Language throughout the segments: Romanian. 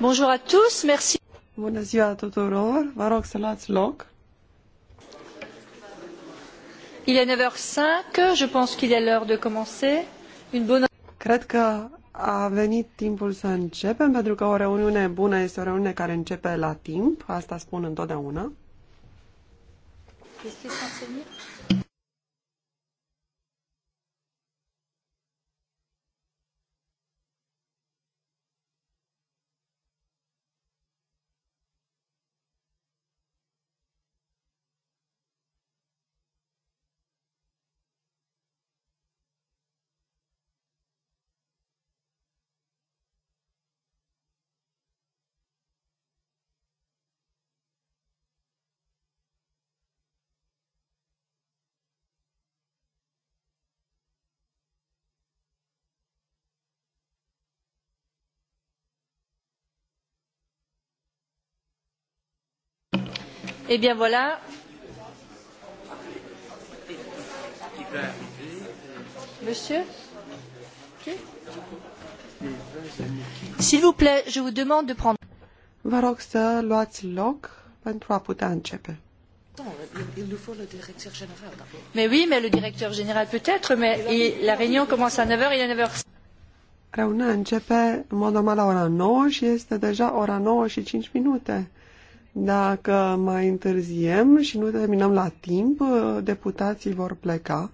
Bonjour à tous, merci. Bună ziua tuturor, vă rog să luați loc. Il est 9h05, je pense qu'il est l'heure de commencer. Une bonne... Cred că a venit timpul să începem, pentru că o reuniune bună este o reuniune care începe la timp, asta spun întotdeauna. Qu'est-ce qui est Eh bien voilà. Monsieur S'il vous plaît, je vous demande de prendre. Vă rog să luați loc pentru a putea începe. Mais oui, mais le directeur général peut-être, mais il, la réunion commence à 9h, il est 9h. Reuniunea începe în mod normal la ora 9 și este deja ora 9 și 5 minute. Dacă mai întârziem și nu terminăm la timp, deputații vor pleca.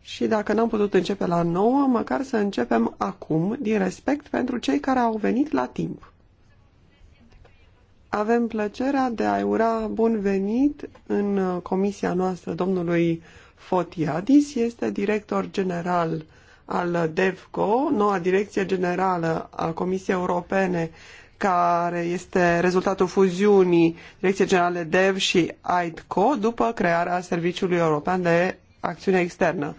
Și dacă n-am putut începe la 9, măcar să începem acum, din respect pentru cei care au venit la timp. Avem plăcerea de a ura bun venit în comisia noastră domnului Fotiadis, este director general al DEVCO, noua direcție generală a Comisiei Europene care este rezultatul fuziunii Direcției Generale DEV și AIDCO după crearea Serviciului European de Acțiune Externă.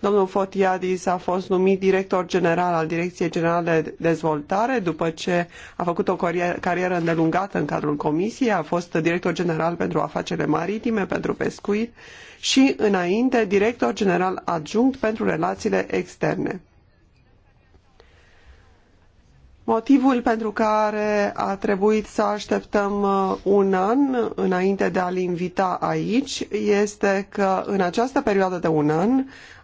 Domnul Fotiadis a fost numit director general al Direcției Generale de Dezvoltare după ce a făcut o carieră îndelungată în cadrul comisiei, a fost director general pentru afacerile maritime, pentru pescuit și înainte director general adjunct pentru relațiile externe. Motivul pentru care a trebuit să așteptăm uh, un an înainte de a-l invita aici este că în această perioadă de un an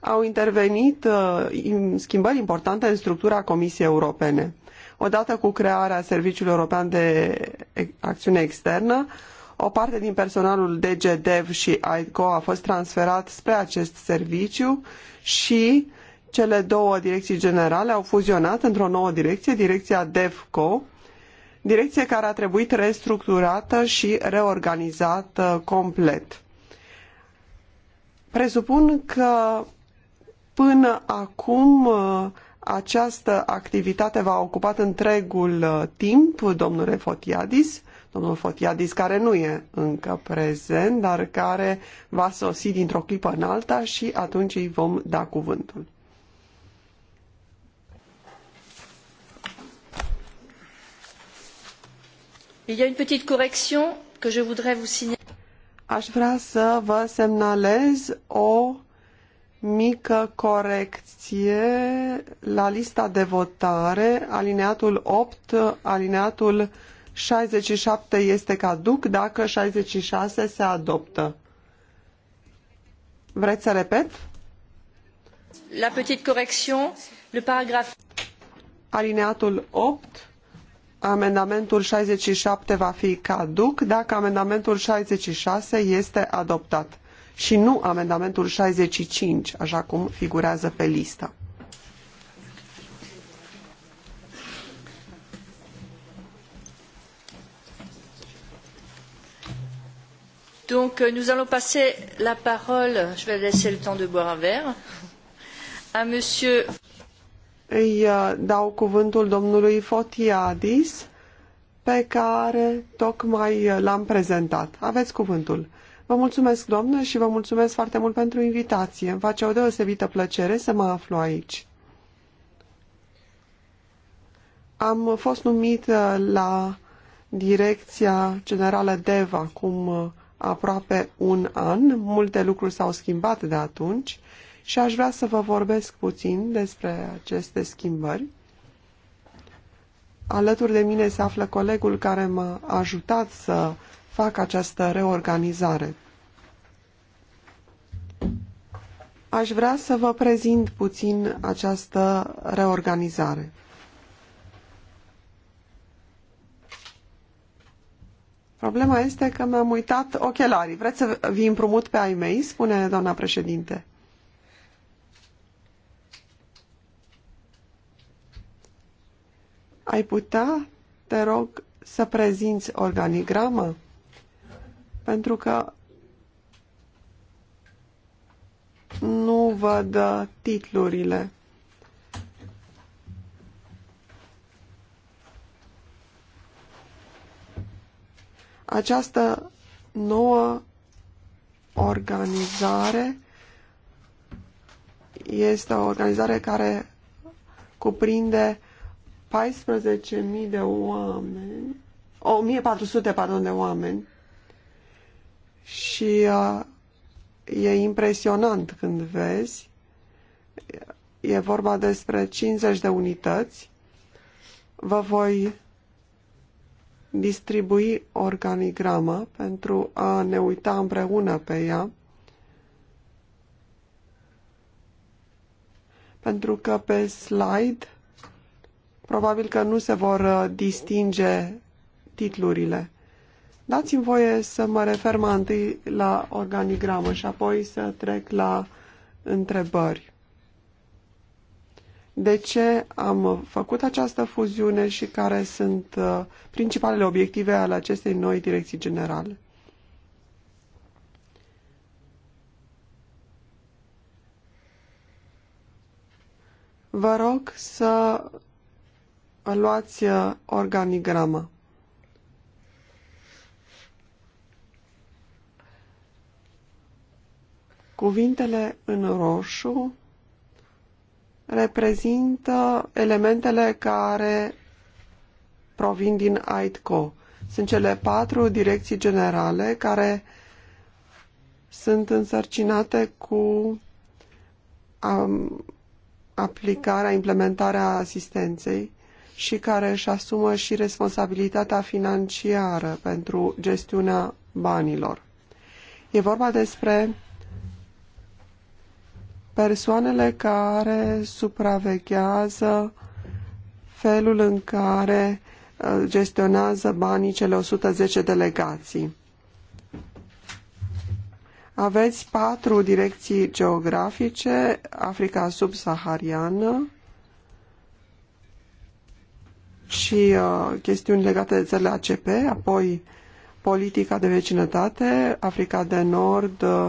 au intervenit uh, schimbări importante în structura Comisiei Europene. Odată cu crearea Serviciului European de Acțiune Externă, o parte din personalul DGDEV și AIDCO a fost transferat spre acest serviciu și cele două direcții generale au fuzionat într-o nouă direcție, direcția DEVCO, direcție care a trebuit restructurată și reorganizată complet. Presupun că până acum uh, această activitate v-a ocupat întregul uh, timp, domnule Fotiadis, domnul Fotiadis care nu e încă prezent, dar care va sosi dintr-o clipă în alta și atunci îi vom da cuvântul. Il y a une petite correction que je voudrais vous signaler. Aș vrea să vă semnalez o mică corecție la lista de votare, alineatul 8, alineatul 67 este caduc dacă 66 se adoptă. Vreți să repet? La petite correction, le paragraf... Alineatul 8, amendamentul 67 va fi caduc dacă amendamentul 66 este adoptat și nu amendamentul 65, așa cum figurează pe listă. Donc euh, nous allons passer la parole, je vais laisser le temps de boire un verre, à monsieur îi uh, dau cuvântul domnului Fotiadis, pe care tocmai uh, l-am prezentat. Aveți cuvântul. Vă mulțumesc, doamnă, și vă mulțumesc foarte mult pentru invitație. Îmi face o deosebită plăcere să mă aflu aici. Am fost numit uh, la Direcția Generală DEVA acum aproape un an. Multe lucruri s-au schimbat de atunci și aș vrea să vă vorbesc puțin despre aceste schimbări. Alături de mine se află colegul care m-a ajutat să fac această reorganizare. Aș vrea să vă prezint puțin această reorganizare. Problema este că mi-am uitat ochelarii. Vreți să vi împrumut pe ai mei? Spune doamna președinte. Ai putea, te rog, să prezinți organigramă? Pentru că nu văd uh, titlurile. Această nouă organizare este o organizare care cuprinde 14.000 de oameni, 1400, pardon, de oameni și uh, e impresionant când vezi. E vorba despre 50 de unități. Vă voi distribui organigrama pentru a ne uita împreună pe ea. Pentru că pe slide Probabil că nu se vor uh, distinge titlurile. Dați-mi voie să mă refer mai întâi la organigramă și apoi să trec la întrebări. De ce am făcut această fuziune și care sunt uh, principalele obiective ale acestei noi direcții generale? Vă rog să luați uh, organigrama. Cuvintele în roșu reprezintă elementele care provin din AITCO. Sunt cele patru direcții generale care sunt însărcinate cu um, aplicarea, implementarea asistenței și care își asumă și responsabilitatea financiară pentru gestiunea banilor. E vorba despre persoanele care supraveghează felul în care uh, gestionează banii cele 110 delegații. Aveți patru direcții geografice, Africa subsahariană, și uh, chestiuni legate de țările ACP, apoi politica de vecinătate, Africa de Nord, uh,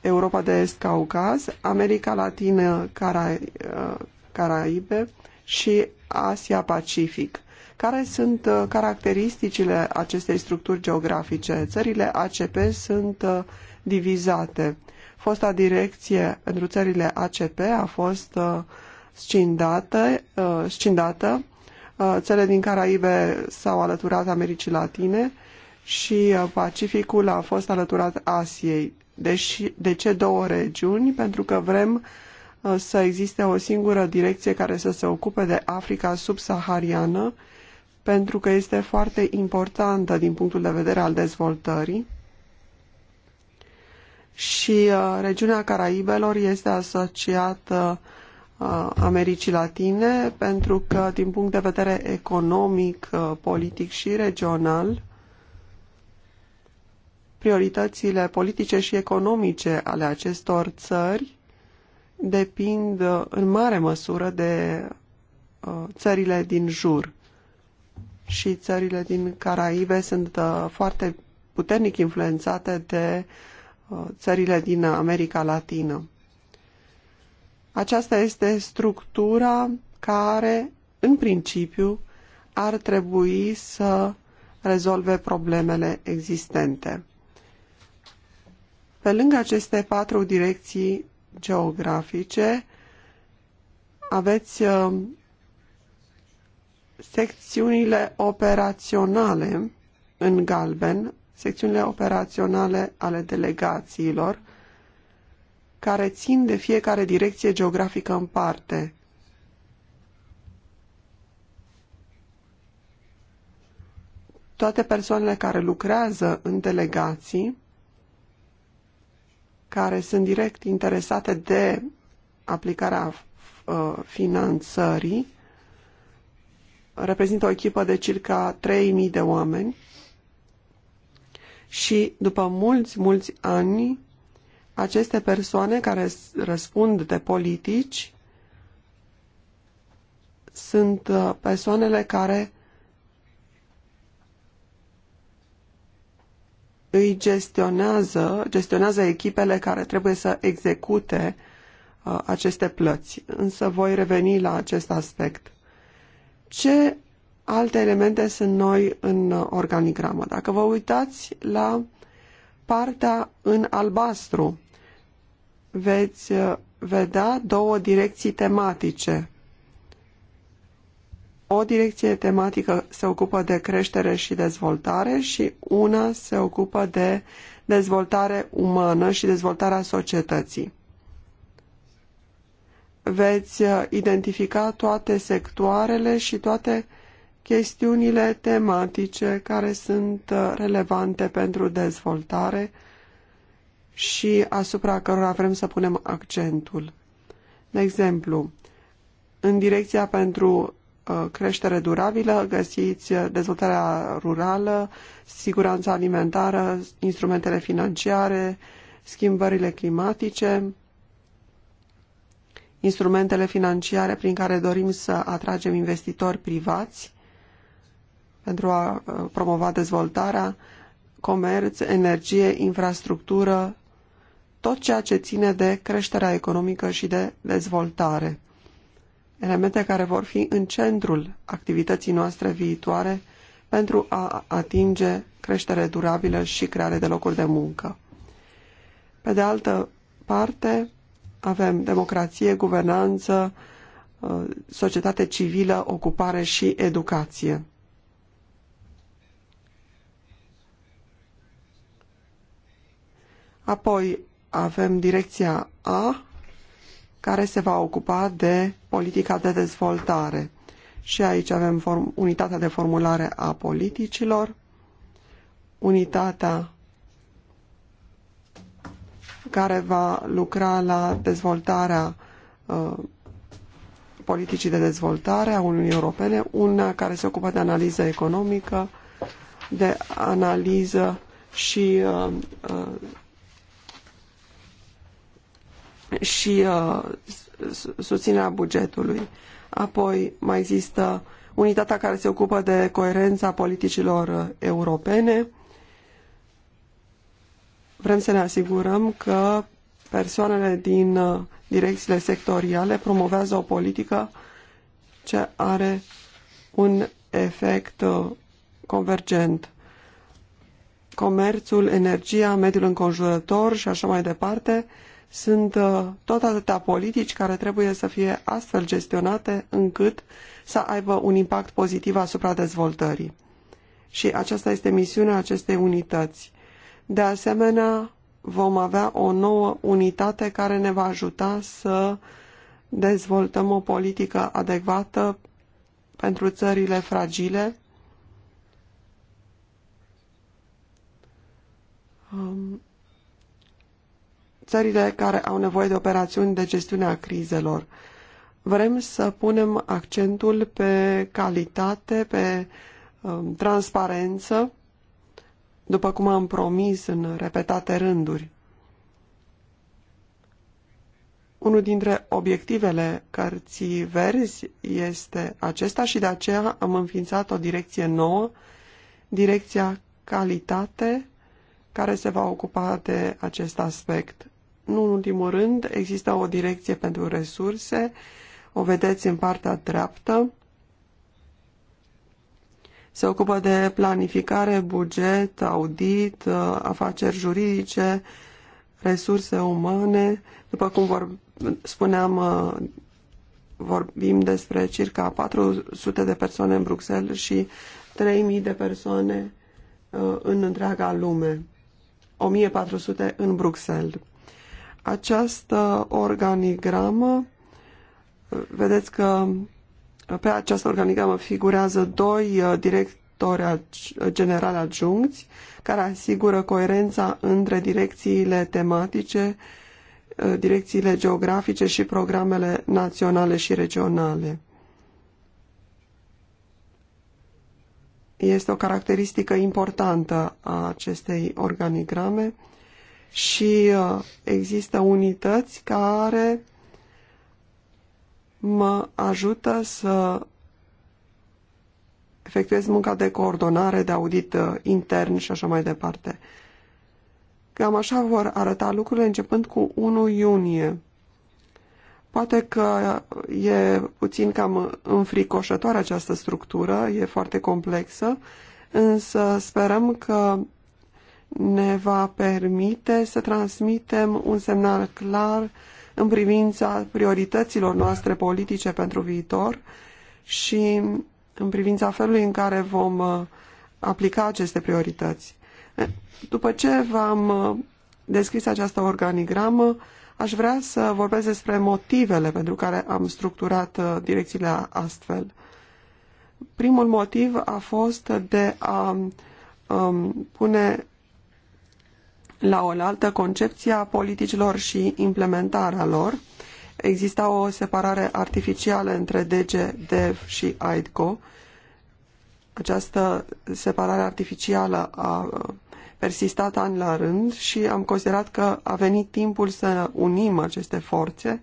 Europa de Est, Caucaz, America Latină, Cara, uh, Caraibe și Asia Pacific. Care sunt caracteristicile acestei structuri geografice? Țările ACP sunt divizate. Fosta direcție pentru țările ACP a fost scindată, scindată Uh, țele din Caraibe s-au alăturat Americii Latine și uh, Pacificul a fost alăturat Asiei. Deși, de ce două regiuni? Pentru că vrem uh, să existe o singură direcție care să se ocupe de Africa subsahariană, pentru că este foarte importantă din punctul de vedere al dezvoltării. Și regiunea Caraibelor este asociată uh, Americii Latine, pentru că, din punct de vedere economic, politic și regional, prioritățile politice și economice ale acestor țări depind în mare măsură de țările din jur. Și țările din Caraibe sunt foarte puternic influențate de țările din America Latină. Aceasta este structura care, în principiu, ar trebui să rezolve problemele existente. Pe lângă aceste patru direcții geografice, aveți uh, secțiunile operaționale în galben, secțiunile operaționale ale delegațiilor, care țin de fiecare direcție geografică în parte. Toate persoanele care lucrează în delegații, care sunt direct interesate de aplicarea uh, finanțării, reprezintă o echipă de circa 3.000 de oameni și după mulți, mulți ani aceste persoane care răspund de politici sunt uh, persoanele care îi gestionează, gestionează echipele care trebuie să execute uh, aceste plăți. Însă voi reveni la acest aspect. Ce alte elemente sunt noi în uh, organigramă? Dacă vă uitați la partea în albastru veți uh, vedea două direcții tematice. O direcție tematică se ocupă de creștere și dezvoltare și una se ocupă de dezvoltare umană și dezvoltarea societății. Veți uh, identifica toate sectoarele și toate chestiunile tematice care sunt uh, relevante pentru dezvoltare și asupra cărora vrem să punem accentul. De exemplu, în direcția pentru uh, creștere durabilă, găsiți uh, dezvoltarea rurală, siguranța alimentară, instrumentele financiare, schimbările climatice, instrumentele financiare prin care dorim să atragem investitori privați, pentru a uh, promova dezvoltarea, comerț, energie, infrastructură, tot ceea ce ține de creșterea economică și de dezvoltare. Elemente care vor fi în centrul activității noastre viitoare pentru a atinge creștere durabilă și creare de locuri de muncă. Pe de altă parte, avem democrație, guvernanță, uh, societate civilă, ocupare și educație. Apoi avem direcția A, care se va ocupa de politica de dezvoltare. Și aici avem unitatea de formulare a politicilor, unitatea care va lucra la dezvoltarea uh, politicii de dezvoltare a Uniunii Europene, una care se ocupă de analiză economică, de analiză și uh, uh, și uh, susținerea bugetului. Apoi mai există unitatea care se ocupă de coerența politicilor uh, europene. Vrem să ne asigurăm că persoanele din uh, direcțiile sectoriale promovează o politică ce are un efect uh, convergent. Comerțul, energia, mediul înconjurător și așa mai departe sunt uh, tot atâtea politici care trebuie să fie astfel gestionate încât să aibă un impact pozitiv asupra dezvoltării. Și aceasta este misiunea acestei unități. De asemenea, vom avea o nouă unitate care ne va ajuta să dezvoltăm o politică adecvată pentru țările fragile. Um, țările care au nevoie de operațiuni de gestiune a crizelor. Vrem să punem accentul pe calitate, pe um, transparență, după cum am promis în repetate rânduri. Unul dintre obiectivele cărții verzi este acesta și de aceea am înființat o direcție nouă, direcția calitate, care se va ocupa de acest aspect. Nu în ultimul rând, există o direcție pentru resurse, o vedeți în partea dreaptă. Se ocupă de planificare, buget, audit, uh, afaceri juridice, resurse umane. După cum vor, spuneam, uh, vorbim despre circa 400 de persoane în Bruxelles și 3000 de persoane uh, în întreaga lume. 1400 în Bruxelles. Această organigramă, vedeți că pe această organigramă figurează doi uh, directori uh, generali adjuncți care asigură coerența între direcțiile tematice, uh, direcțiile geografice și programele naționale și regionale. Este o caracteristică importantă a acestei organigrame și uh, există unități care mă ajută să efectuez munca de coordonare, de audit uh, intern și așa mai departe. Cam așa vor arăta lucrurile începând cu 1 iunie. Poate că e puțin cam înfricoșătoare această structură, e foarte complexă, însă sperăm că ne va permite să transmitem un semnal clar în privința priorităților noastre politice pentru viitor și în privința felului în care vom uh, aplica aceste priorități. După ce v-am uh, descris această organigramă, aș vrea să vorbesc despre motivele pentru care am structurat uh, direcțiile astfel. Primul motiv a fost de a um, pune la oaltă concepția politicilor și implementarea lor. Exista o separare artificială între DG, DEV și AIDCO. Această separare artificială a uh, persistat ani la rând și am considerat că a venit timpul să unim aceste forțe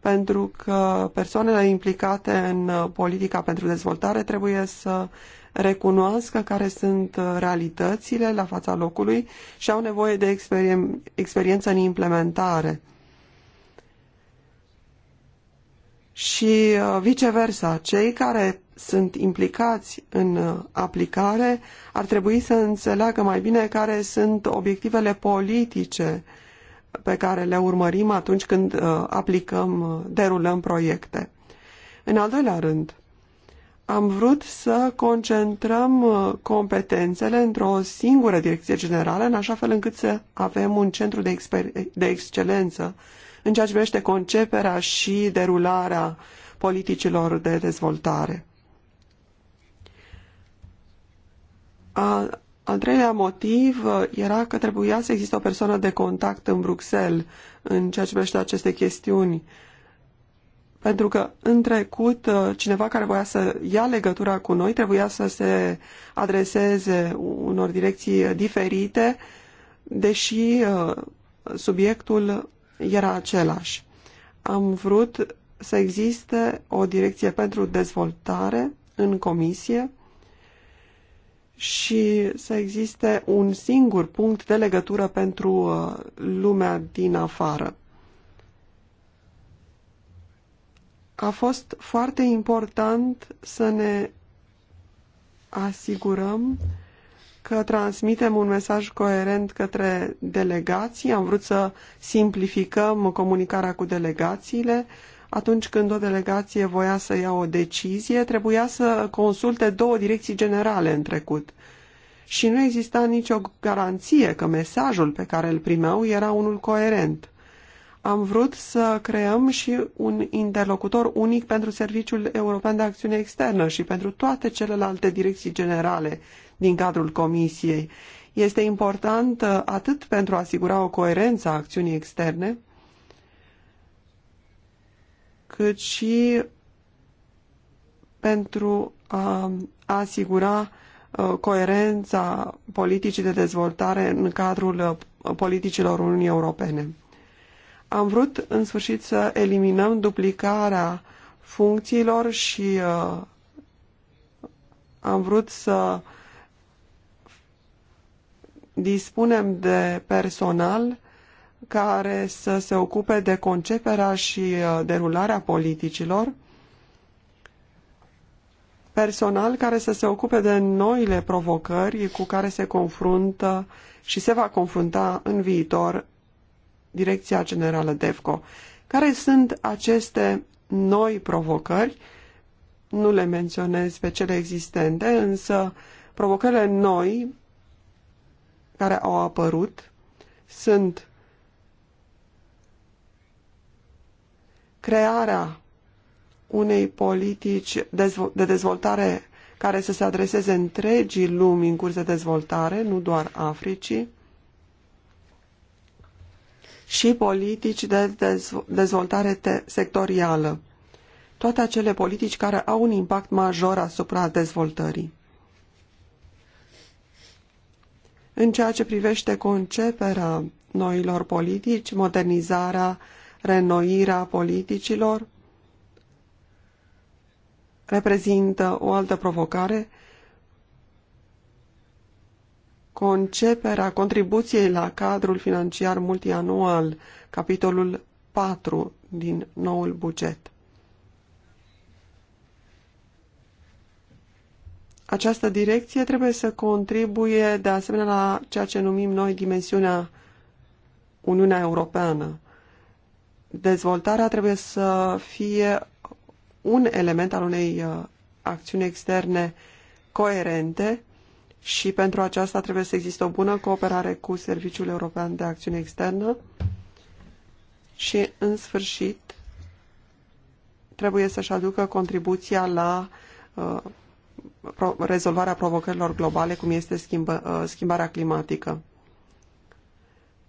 pentru că persoanele implicate în uh, politica pentru dezvoltare trebuie să recunoască care sunt uh, realitățile la fața locului și au nevoie de experien experiență în implementare. Și uh, viceversa, cei care sunt implicați în uh, aplicare ar trebui să înțeleagă mai bine care sunt obiectivele politice pe care le urmărim atunci când aplicăm, derulăm proiecte. În al doilea rând, am vrut să concentrăm uh, competențele într-o singură direcție generală, în așa fel încât să avem un centru de, de excelență în ceea ce privește conceperea și derularea politicilor de dezvoltare. A, al treilea motiv uh, era că trebuia să existe o persoană de contact în Bruxelles în ceea ce privește aceste chestiuni. Pentru că în trecut uh, cineva care voia să ia legătura cu noi trebuia să se adreseze unor direcții diferite, deși uh, subiectul era același. Am vrut să existe o direcție pentru dezvoltare în comisie și să existe un singur punct de legătură pentru uh, lumea din afară. a fost foarte important să ne asigurăm că transmitem un mesaj coerent către delegații. Am vrut să simplificăm comunicarea cu delegațiile. Atunci când o delegație voia să ia o decizie, trebuia să consulte două direcții generale în trecut. Și nu exista nicio garanție că mesajul pe care îl primeau era unul coerent am vrut să creăm și un interlocutor unic pentru Serviciul European de Acțiune Externă și pentru toate celelalte direcții generale din cadrul Comisiei. Este important uh, atât pentru a asigura o coerență a acțiunii externe, cât și pentru a asigura uh, coerența politicii de dezvoltare în cadrul uh, politicilor Uniunii Europene. Am vrut în sfârșit să eliminăm duplicarea funcțiilor și uh, am vrut să dispunem de personal care să se ocupe de conceperea și uh, derularea politicilor, personal care să se ocupe de noile provocări cu care se confruntă și se va confrunta în viitor Direcția Generală DEVCO. Care sunt aceste noi provocări? Nu le menționez pe cele existente, însă provocările noi care au apărut sunt crearea unei politici de dezvoltare care să se adreseze întregii lumi în curs de dezvoltare, nu doar Africii, și politici de dezvoltare sectorială. Toate acele politici care au un impact major asupra dezvoltării. În ceea ce privește conceperea noilor politici, modernizarea, renoirea politicilor, reprezintă o altă provocare conceperea contribuției la cadrul financiar multianual, capitolul 4 din noul buget. Această direcție trebuie să contribuie de asemenea la ceea ce numim noi dimensiunea Uniunea Europeană. Dezvoltarea trebuie să fie un element al unei uh, acțiuni externe coerente și pentru aceasta trebuie să existe o bună cooperare cu Serviciul European de Acțiune Externă și, în sfârșit, trebuie să-și aducă contribuția la uh, rezolvarea provocărilor globale, cum este schimbă, uh, schimbarea climatică.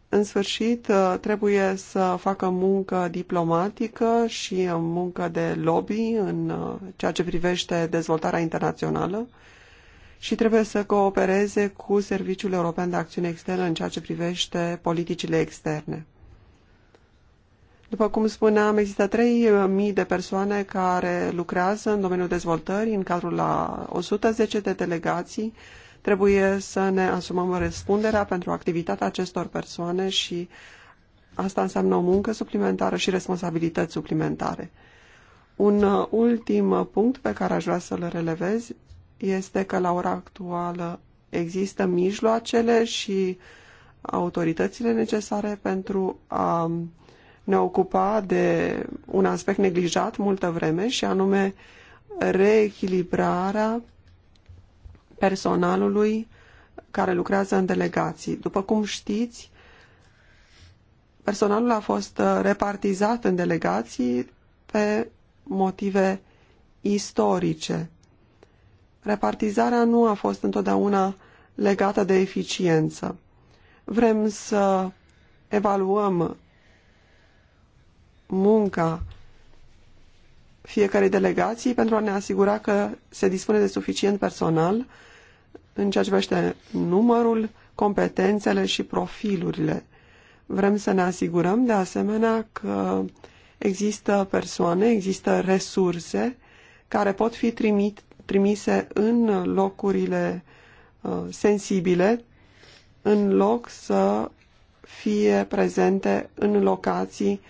În sfârșit, uh, trebuie să facă muncă diplomatică și uh, muncă de lobby în uh, ceea ce privește dezvoltarea internațională și trebuie să coopereze cu Serviciul European de Acțiune Externă în ceea ce privește politicile externe. După cum spuneam, există 3.000 de persoane care lucrează în domeniul dezvoltării în cadrul la 110 de delegații. Trebuie să ne asumăm răspunderea pentru activitatea acestor persoane și asta înseamnă o muncă suplimentară și responsabilități suplimentare. Un ultim punct pe care aș vrea să-l relevez este că la ora actuală există mijloacele și autoritățile necesare pentru a ne ocupa de un aspect neglijat multă vreme și anume reechilibrarea personalului care lucrează în delegații. După cum știți, personalul a fost repartizat în delegații pe motive istorice repartizarea nu a fost întotdeauna legată de eficiență. Vrem să evaluăm munca fiecarei delegații pentru a ne asigura că se dispune de suficient personal în ceea ce privește numărul, competențele și profilurile. Vrem să ne asigurăm de asemenea că există persoane, există resurse care pot fi trimit, trimise în locurile uh, sensibile, în loc să fie prezente în locații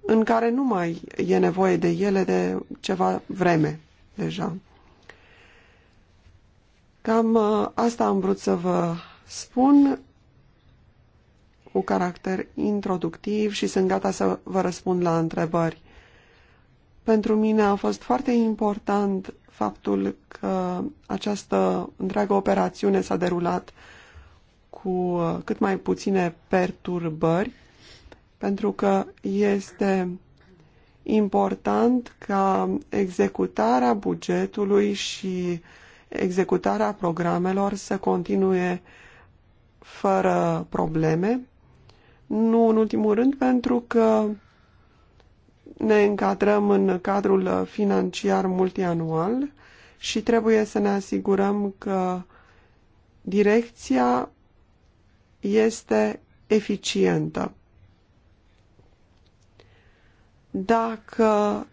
în care nu mai e nevoie de ele de ceva vreme deja. Cam uh, asta am vrut să vă spun cu caracter introductiv și sunt gata să vă răspund la întrebări. Pentru mine a fost foarte important faptul că această întreagă operațiune s-a derulat cu cât mai puține perturbări, pentru că este important ca executarea bugetului și executarea programelor să continue fără probleme. Nu în ultimul rând pentru că ne încadrăm în cadrul financiar multianual și trebuie să ne asigurăm că direcția este eficientă. Dacă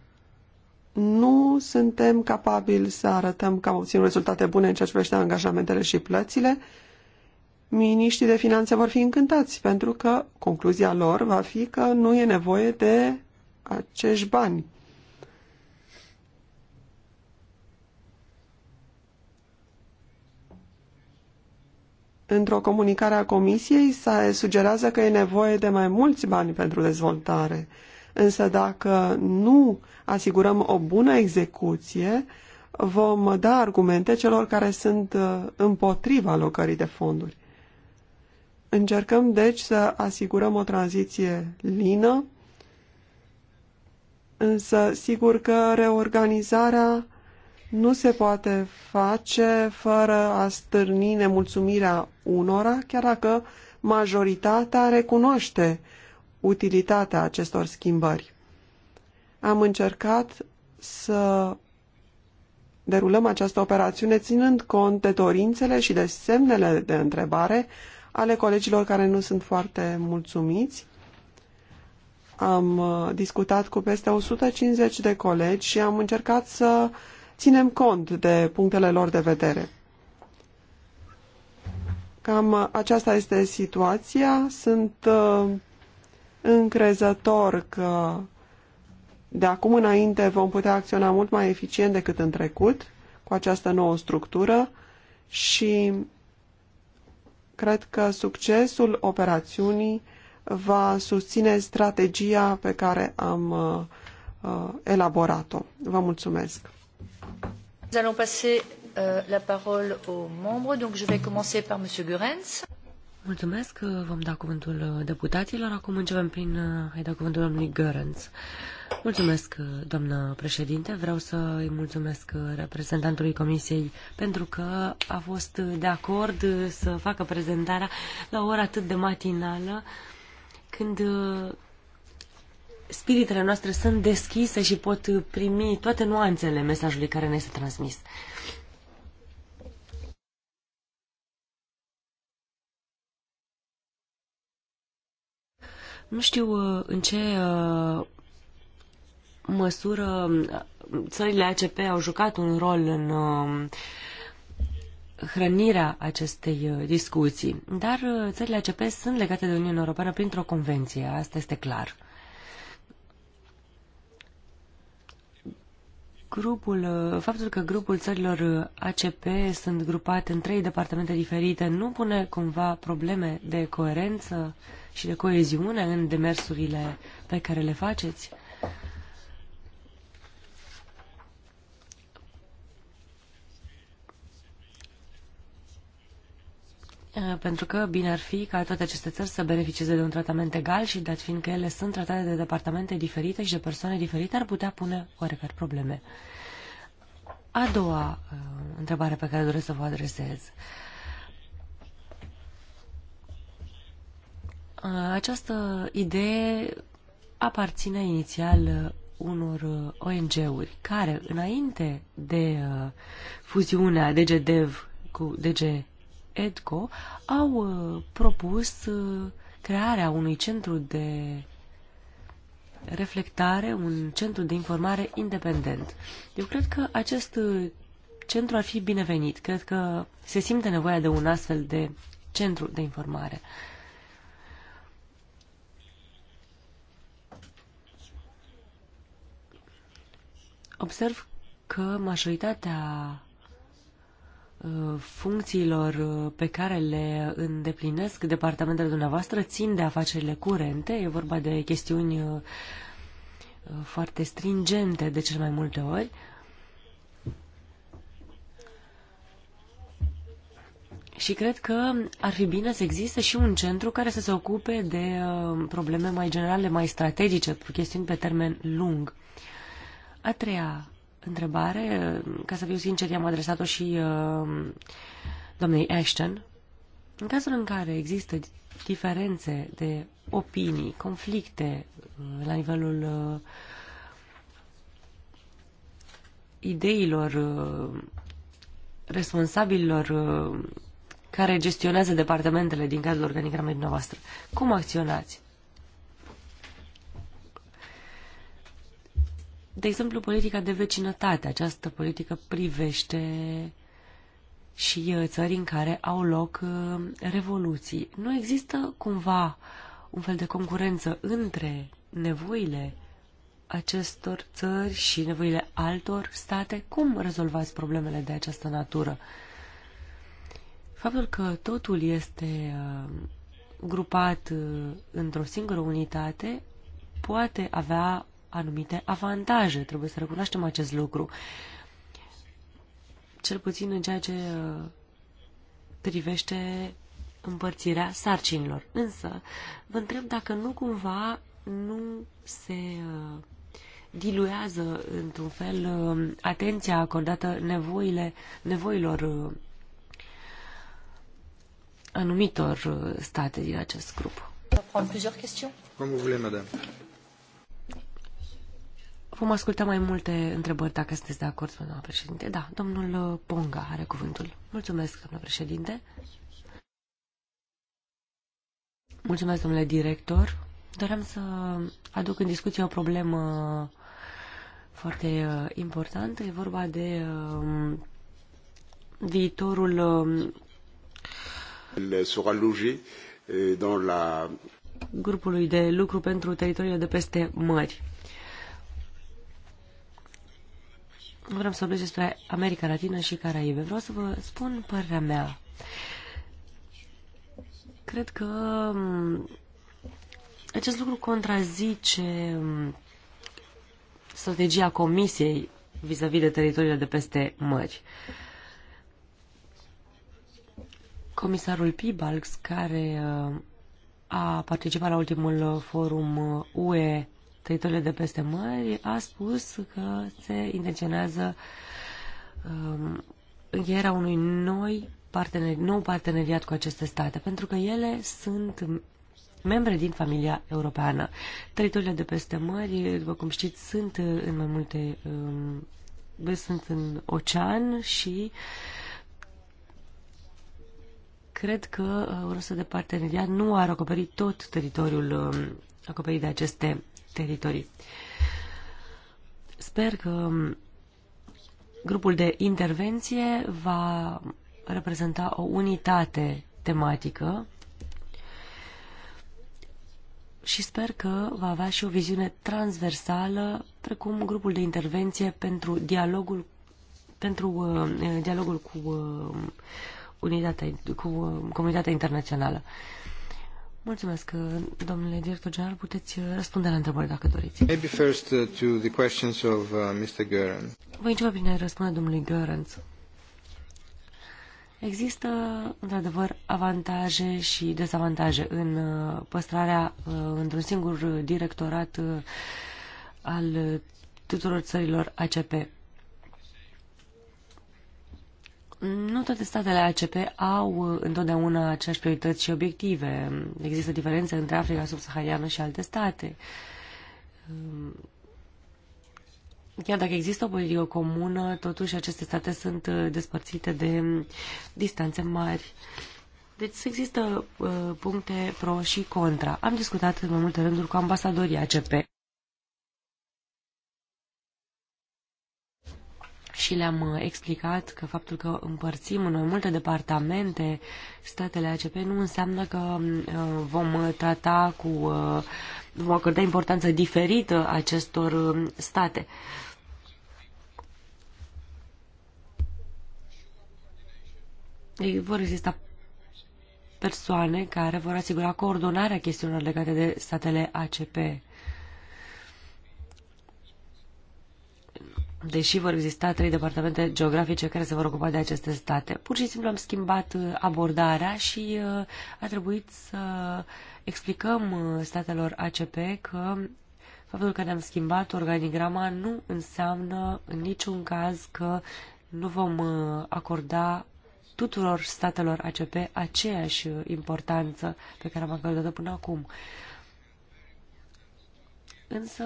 nu suntem capabili să arătăm că obținem rezultate bune în ceea ce privește angajamentele și plățile, miniștrii de finanțe vor fi încântați, pentru că concluzia lor va fi că nu e nevoie de acești bani. Într-o comunicare a Comisiei se sugerează că e nevoie de mai mulți bani pentru dezvoltare. Însă dacă nu asigurăm o bună execuție, vom da argumente celor care sunt uh, împotriva alocării de fonduri. Încercăm, deci, să asigurăm o tranziție lină Însă, sigur că reorganizarea nu se poate face fără a stârni nemulțumirea unora, chiar dacă majoritatea recunoaște utilitatea acestor schimbări. Am încercat să derulăm această operațiune ținând cont de dorințele și de semnele de întrebare ale colegilor care nu sunt foarte mulțumiți am uh, discutat cu peste 150 de colegi și am încercat să ținem cont de punctele lor de vedere. Cam uh, aceasta este situația. Sunt uh, încrezător că de acum înainte vom putea acționa mult mai eficient decât în trecut cu această nouă structură și cred că succesul operațiunii va susține strategia pe care am uh, uh, elaborat-o. Vă mulțumesc. Nous allons passer euh, la parole aux membres. Donc je vais commencer par monsieur Gurens. Mulțumesc, uh, vom da cuvântul uh, deputaților. Acum începem prin a da cuvântul domnului Gărânț. Mulțumesc, doamnă președinte. Vreau să îi mulțumesc reprezentantului Comisiei pentru că a fost de acord să facă prezentarea la o oră atât de matinală când uh, spiritele noastre sunt deschise și pot uh, primi toate nuanțele mesajului care ne este transmis. Nu știu uh, în ce măsură țările ACP au jucat un rol în hrănirea acestei uh, discuții. Dar uh, țările ACP sunt legate de Uniunea Europeană printr-o convenție, asta este clar. Grupul, uh, faptul că grupul țărilor ACP sunt grupate în trei departamente diferite nu pune cumva probleme de coerență și de coeziune în demersurile pe care le faceți? Eh, pentru că bine ar fi ca toate aceste țări să beneficieze de un tratament egal și dat fiindcă ele sunt tratate de departamente diferite și de persoane diferite, ar putea pune oarecare probleme. A doua eh, întrebare pe care doresc să vă adresez. Eh, această idee aparține inițial unor ONG-uri care, înainte de fuziunea DGDev cu DG EDCO au uh, propus uh, crearea unui centru de reflectare, un centru de informare independent. Eu cred că acest uh, centru ar fi binevenit. Cred că se simte nevoia de un astfel de centru de informare. Observ că majoritatea funcțiilor uh, pe care le îndeplinesc departamentele dumneavoastră țin de afacerile curente, e vorba de chestiuni uh, foarte stringente de cel mai multe ori. Și cred că ar fi bine să existe și un centru care să se ocupe de uh, probleme mai generale, mai strategice, chestiuni pe termen lung. A treia întrebare. Ca să fiu sincer, i-am adresat-o și uh, doamnei Ashton. În cazul în care există diferențe de opinii, conflicte uh, la nivelul uh, ideilor uh, responsabililor uh, care gestionează departamentele din cadrul organigramei dumneavoastră, cum acționați? De exemplu, politica de vecinătate. Această politică privește și uh, țări în care au loc uh, revoluții. Nu există cumva un fel de concurență între nevoile acestor țări și nevoile altor state? Cum rezolvați problemele de această natură? Faptul că totul este uh, grupat într-o singură unitate poate avea anumite avantaje. Trebuie să recunoaștem acest lucru. Cel puțin în ceea ce uh, privește împărțirea sarcinilor. Însă, vă întreb dacă nu cumva nu se uh, diluează într-un fel uh, atenția acordată nevoile, nevoilor anumitor state din acest grup. Cum vă voulez, madame. Vom asculta mai multe întrebări dacă sunteți de acord, doamna președinte. Da, domnul uh, Ponga are cuvântul. Mulțumesc, doamna președinte. Mulțumesc, domnule director. Doream să aduc în discuție o problemă foarte uh, importantă. E vorba de um, viitorul... Um, eh, grupului de lucru pentru teritoriile de peste mări. vreau să vorbesc despre America Latină și Caraibe. Vreau să vă spun părerea mea. Cred că mm, acest lucru contrazice mm, strategia Comisiei vis-a-vis -vis de teritoriile de peste mări. Comisarul Pibalx, care mm, a participat la ultimul forum UE trăitorile de peste mări, a spus că se intenționează um, încheierea unui noi parteneri, nou parteneriat cu aceste state, pentru că ele sunt membre din familia europeană. Teritoriile de peste mări, după cum știți, sunt în mai multe um, deci sunt în ocean și cred că o uh, rostă de parteneriat nu ar acoperi tot teritoriul um, acoperit de aceste teritorii. Sper că grupul de intervenție va reprezenta o unitate tematică și sper că va avea și o viziune transversală, precum grupul de intervenție pentru dialogul pentru uh, dialogul cu uh, unitatea, cu uh, comunitatea internațională. Uh, Mulțumesc, domnule director general. Puteți uh, răspunde la întrebări dacă doriți. Maybe first uh, to the questions of uh, Mr. Gören. Voi începe prin a răspunde domnului Görenț. Există, într-adevăr, avantaje și dezavantaje în păstrarea într-un singur directorat al tuturor țărilor ACP. Nu toate statele ACP au uh, întotdeauna aceeași priorități și obiective. Există diferențe între Africa subsahariană și alte state. Um, chiar dacă există o politică comună, totuși aceste state sunt uh, despărțite de um, distanțe mari. Deci există uh, puncte pro și contra. Am discutat în mai multe rânduri cu ambasadorii ACP și le-am uh, explicat că faptul că împărțim în mai multe departamente statele ACP nu înseamnă că um, uh, vom uh, trata cu, vom acorda importanță diferită acestor um, state. Ei, vor exista persoane care vor asigura coordonarea chestiunilor legate de statele ACP deși vor exista trei departamente geografice care se vor ocupa de aceste state. Pur și simplu am schimbat uh, abordarea și uh, a trebuit să explicăm uh, statelor ACP că faptul că ne-am schimbat organigrama nu înseamnă în niciun caz că nu vom acorda tuturor statelor ACP aceeași importanță pe care am acordat-o până acum. Însă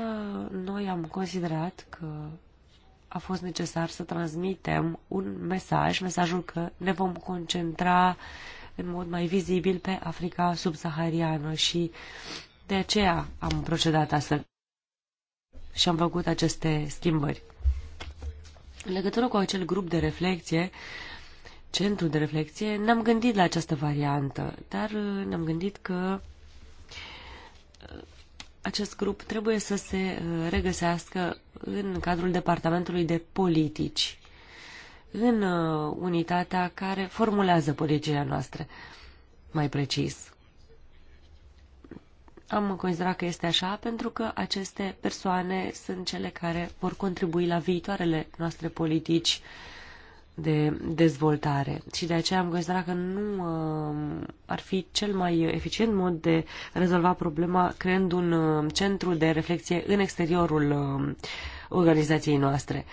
noi am considerat că a fost necesar să transmitem un mesaj, mesajul că ne vom concentra în mod mai vizibil pe Africa subsahariană și de aceea am procedat astfel și am făcut aceste schimbări. În legătură cu acel grup de reflexie, centru de reflexie, ne-am gândit la această variantă, dar ne-am gândit că acest grup trebuie să se uh, regăsească în cadrul Departamentului de Politici, în uh, unitatea care formulează politicile noastre, mai precis. Am considerat că este așa pentru că aceste persoane sunt cele care vor contribui la viitoarele noastre politici uh, de dezvoltare și de aceea am considerat că nu um, ar fi cel mai eficient mod de rezolva problema creând un um, centru de reflexie în exteriorul um, organizației noastre.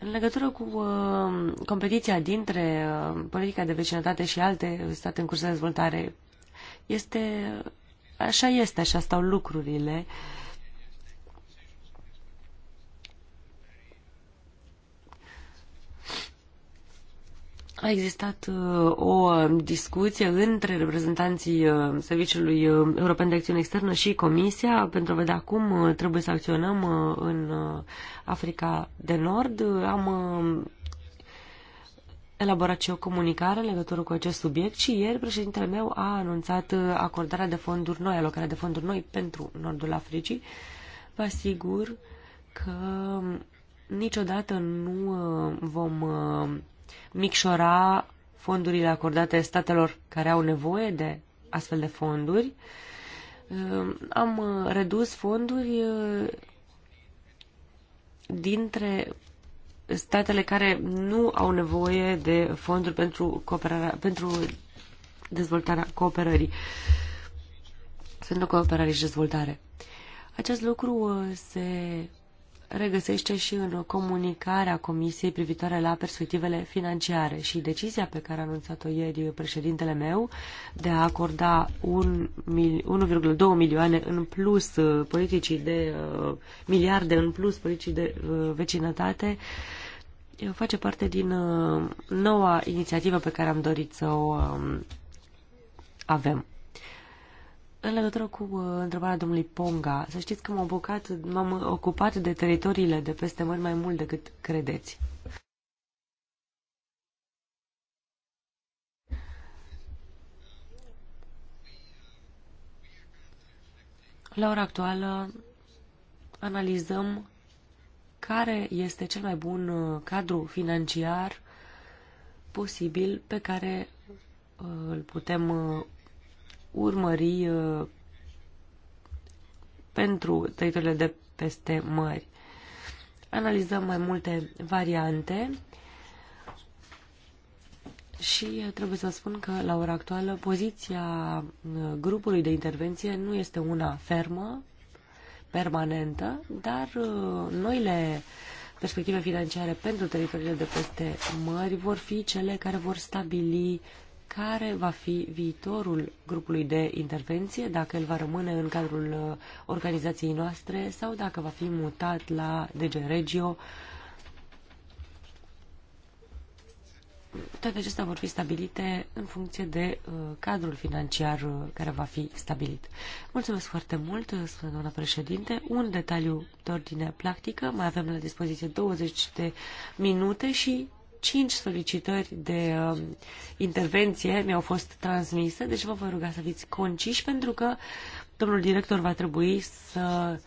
În legătură cu uh, competiția dintre uh, politica de vecinătate și alte state în curs de dezvoltare, este, așa este, așa stau lucrurile. Uh, A existat uh, o discuție între reprezentanții uh, Serviciului uh, European de Acțiune Externă și Comisia pentru a vedea cum trebuie să acționăm în Africa de Nord. Am elaborat și o comunicare în legătură cu acest subiect și ieri președintele meu a anunțat acordarea de fonduri noi, alocarea de fonduri noi pentru Nordul Africii. Vă asigur că niciodată nu vom micșora fondurile acordate statelor care au nevoie de astfel de fonduri. Ehm, am uh, redus fonduri uh, dintre statele care nu au nevoie de fonduri pentru, cooperarea, pentru dezvoltarea cooperării, pentru cooperare și dezvoltare. Acest lucru uh, se regăsește și în comunicarea Comisiei privitoare la perspectivele financiare și decizia pe care a anunțat-o ieri președintele meu de a acorda 1,2 milioane în plus uh, politicii de uh, miliarde în plus politicii de uh, vecinătate face parte din noua inițiativă pe care am dorit să o um, avem. În legătură cu uh, întrebarea domnului Ponga, să știți că m-am bucat, m-am ocupat de teritoriile de peste mări mai mult decât credeți. La ora actuală analizăm care este cel mai bun uh, cadru financiar posibil pe care uh, îl putem urmări uh, pentru teritoriile de peste mări. Analizăm mai multe variante și trebuie să spun că la ora actuală poziția uh, grupului de intervenție nu este una fermă, permanentă, dar uh, noile perspective financiare pentru teritoriile de peste mări vor fi cele care vor stabili care va fi viitorul grupului de intervenție, dacă el va rămâne în cadrul uh, organizației noastre sau dacă va fi mutat la DG Regio. Toate acestea vor fi stabilite în funcție de uh, cadrul financiar uh, care va fi stabilit. Mulțumesc foarte mult, uh, spune doamna președinte. Un detaliu de ordine practică. Mai avem la dispoziție 20 de minute și Cinci solicitări de uh, intervenție mi-au fost transmise, deci vă voi ruga să fiți conciși pentru că domnul director va trebui să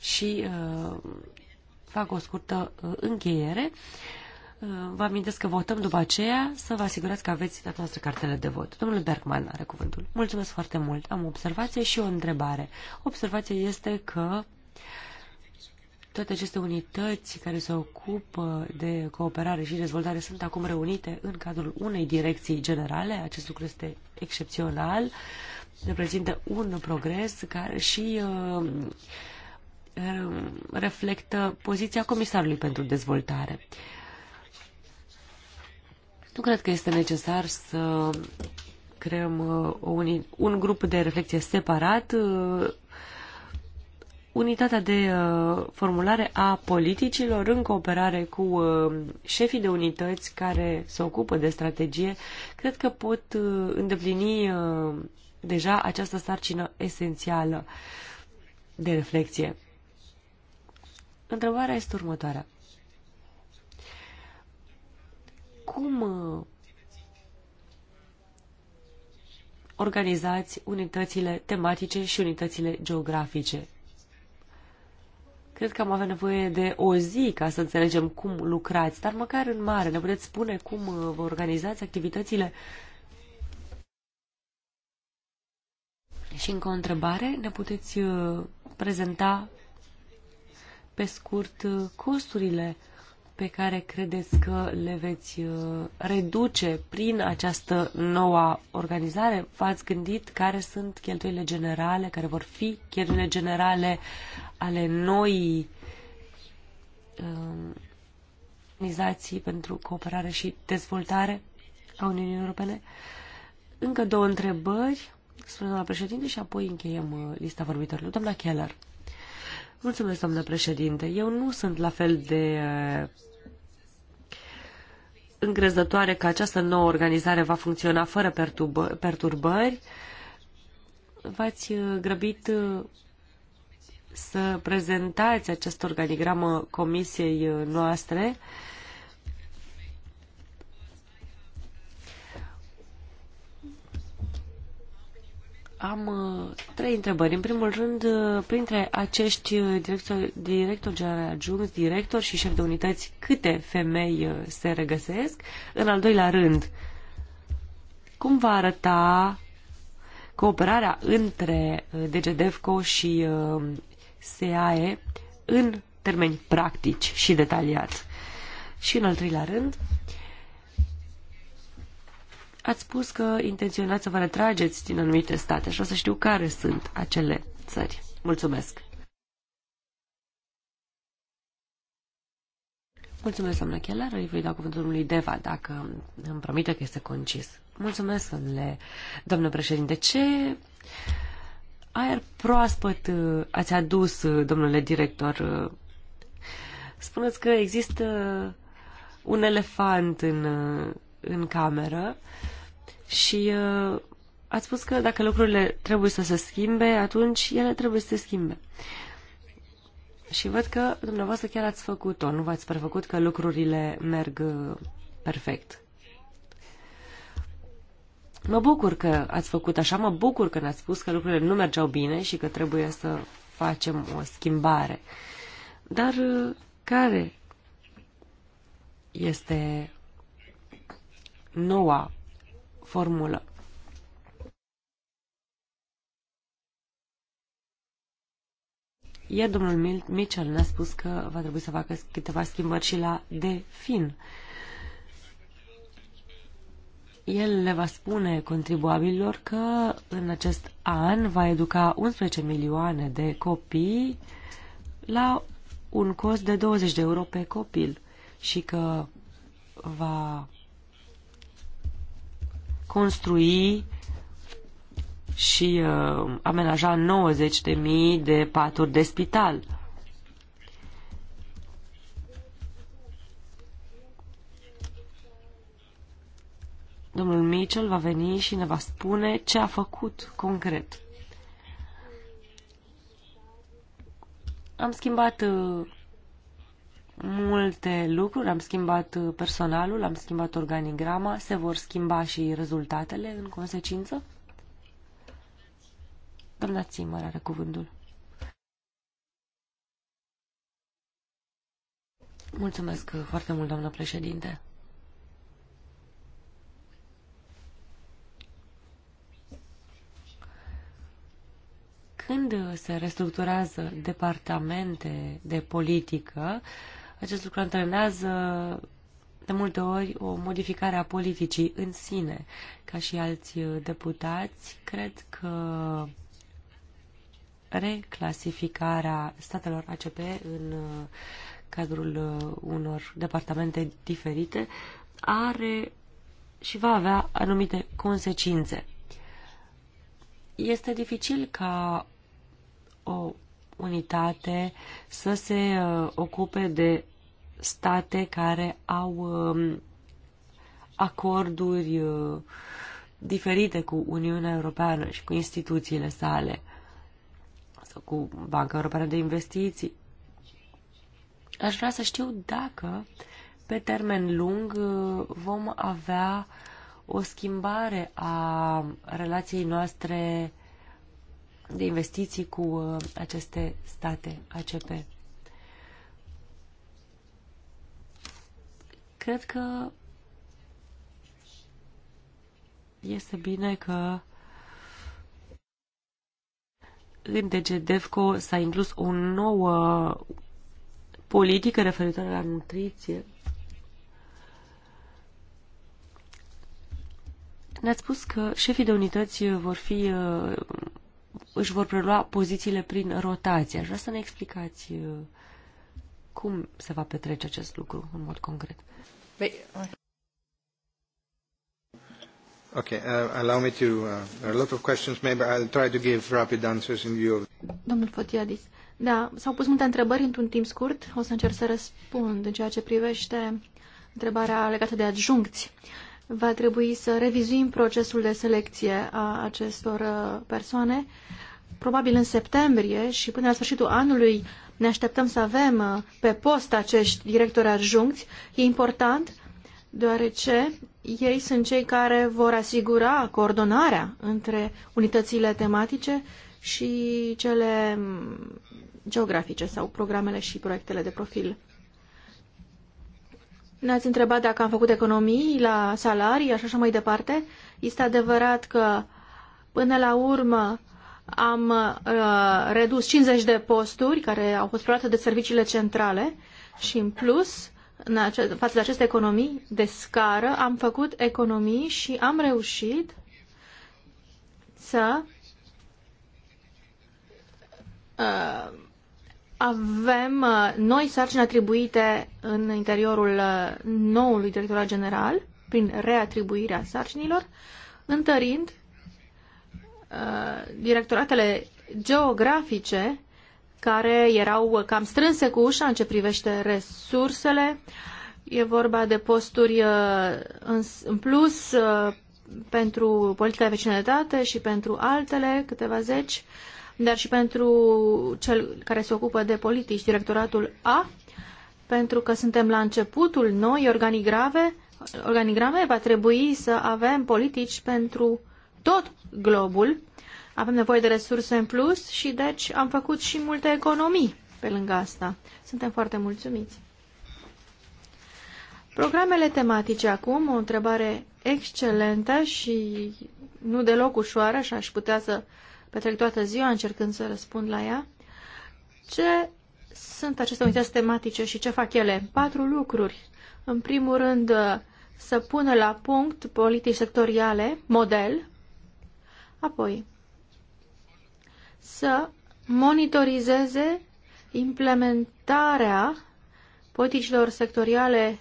și uh, fac o scurtă uh, încheiere. Uh, vă amintesc că votăm după aceea să vă asigurați că aveți la noastră cartele de vot. Domnul Bergman are cuvântul. Mulțumesc foarte mult. Am o observație și o întrebare. Observația este că uh, toate aceste unități care se ocupă de cooperare și dezvoltare sunt acum reunite în cadrul unei direcții generale. Acest lucru este excepțional, reprezintă un progres care și uh, reflectă poziția Comisarului pentru Dezvoltare. Nu cred că este necesar să creăm uh, un, un grup de reflexie separat uh, unitatea de uh, formulare a politicilor în cooperare cu uh, șefii de unități care se ocupă de strategie, cred că pot uh, îndeplini uh, deja această sarcină esențială de reflexie. Întrebarea este următoarea. Cum uh, organizați unitățile tematice și unitățile geografice Cred că am avea nevoie de o zi ca să înțelegem cum lucrați, dar măcar în mare. Ne puteți spune cum uh, vă organizați activitățile? Și încă o întrebare, ne puteți uh, prezenta pe scurt uh, costurile pe care credeți că le veți uh, reduce prin această noua organizare? V-ați gândit care sunt cheltuielile generale, care vor fi cheltuielile generale ale noii um, organizații pentru cooperare și dezvoltare a Uniunii Europene? Încă două întrebări, spune doamna președinte, și apoi încheiem uh, lista vorbitorilor. Doamna Keller. Mulțumesc, doamnă președinte. Eu nu sunt la fel de uh, încrezătoare că această nouă organizare va funcționa fără perturbări. V-ați uh, grăbit uh, să prezentați această organigramă comisiei uh, noastre Am uh, trei întrebări. În primul rând, uh, printre acești directori, uh, directori generali adjunți, directori și șef de unități, câte femei se regăsesc? În al doilea rând, cum va arăta cooperarea între DGDEFCO și SAE în termeni practici și detaliați? Și în al treilea rând, Ați spus că intenționați să vă retrageți din anumite state și o să știu care sunt acele țări. Mulțumesc! Mulțumesc, doamna Cheller. Îi voi da cuvântul lui Deva, dacă îmi promite că este concis. Mulțumesc, domnule, domnule președinte. Ce aer proaspăt uh, ați adus, uh, domnule director? Uh, spuneți că există un elefant în în cameră și uh, ați spus că dacă lucrurile trebuie să se schimbe, atunci ele trebuie să se schimbe. Și văd că dumneavoastră chiar ați făcut-o, nu v-ați prefăcut că lucrurile merg uh, perfect. Mă bucur că ați făcut așa, mă bucur că ne-ați spus că lucrurile nu mergeau bine și că trebuie să facem o schimbare. Dar uh, care este noua formulă. Iar domnul Mitchell ne-a spus că va trebui să facă câteva schimbări și la DEFIN. El le va spune contribuabililor că în acest an va educa 11 milioane de copii la un cost de 20 de euro pe copil și că va construi și uh, amenaja 90.000 de paturi de spital. Domnul Mitchell va veni și ne va spune ce a făcut concret. Am schimbat uh, multe lucruri, am schimbat personalul, am schimbat organigrama, se vor schimba și rezultatele în consecință? Doamna Țimăr are cuvântul. Mulțumesc foarte mult, doamnă președinte. Când se restructurează departamente de politică, uh, acest lucru antrenează de multe ori o modificare a politicii în sine. Ca și alți uh, deputați, cred că reclasificarea statelor ACP în uh, cadrul uh, unor departamente diferite are și va avea anumite consecințe. Este dificil ca o unitate să se uh, ocupe de state care au um, acorduri uh, diferite cu Uniunea Europeană și cu instituțiile sale sau cu Banca Europeană de Investiții. Aș vrea să știu dacă pe termen lung uh, vom avea o schimbare a relației noastre de investiții cu uh, aceste state ACP. Cred că este bine că în DGDEFCO s-a inclus o nouă politică referitoare la nutriție. Ne-ați spus că șefii de unități vor fi uh, își vor prelua pozițiile prin rotație. Aș vrea să ne explicați uh, cum se va petrece acest lucru în mod concret. Păi, okay, uh, allow me to, uh, there are a lot of questions, maybe I'll try to give rapid answers in view of... Domnul Fotiadis, da, s-au pus multe întrebări într-un timp scurt, o să încerc să răspund în ceea ce privește întrebarea legată de adjuncți. Uh, va trebui să revizuim procesul de selecție a acestor uh, persoane. Probabil în septembrie și până la sfârșitul anului ne așteptăm să avem uh, pe post acești directori adjuncți. E important deoarece ei sunt cei care vor asigura coordonarea între unitățile tematice și cele mm, geografice sau programele și proiectele de profil. Ne-ați întrebat dacă am făcut economii la salarii așa și mai departe. Este adevărat că până la urmă am uh, redus 50 de posturi care au fost preluate de serviciile centrale și în plus, în ace- față de aceste economii de scară, am făcut economii și am reușit să uh, avem uh, noi sarcini atribuite în interiorul uh, noului directorat general, prin reatribuirea sarcinilor, întărind uh, directoratele geografice care erau cam strânse cu ușa în ce privește resursele. E vorba de posturi în, plus pentru politica de vecinătate și pentru altele, câteva zeci. Uh, dar și pentru cel care se ocupă de politici, directoratul A, pentru că suntem la începutul noi organigrave, organigrame, va trebui să avem politici pentru tot globul. Avem nevoie de resurse în plus și deci am făcut și multe economii pe lângă asta. Suntem foarte mulțumiți. Programele tematice acum, o întrebare excelentă și nu deloc ușoară și aș putea să uh, petrec toată ziua încercând să răspund la ea. Ce sunt aceste unități tematice și ce fac ele? Patru lucruri. În primul rând, uh, să pună la punct politici sectoriale, model, apoi să monitorizeze implementarea politicilor sectoriale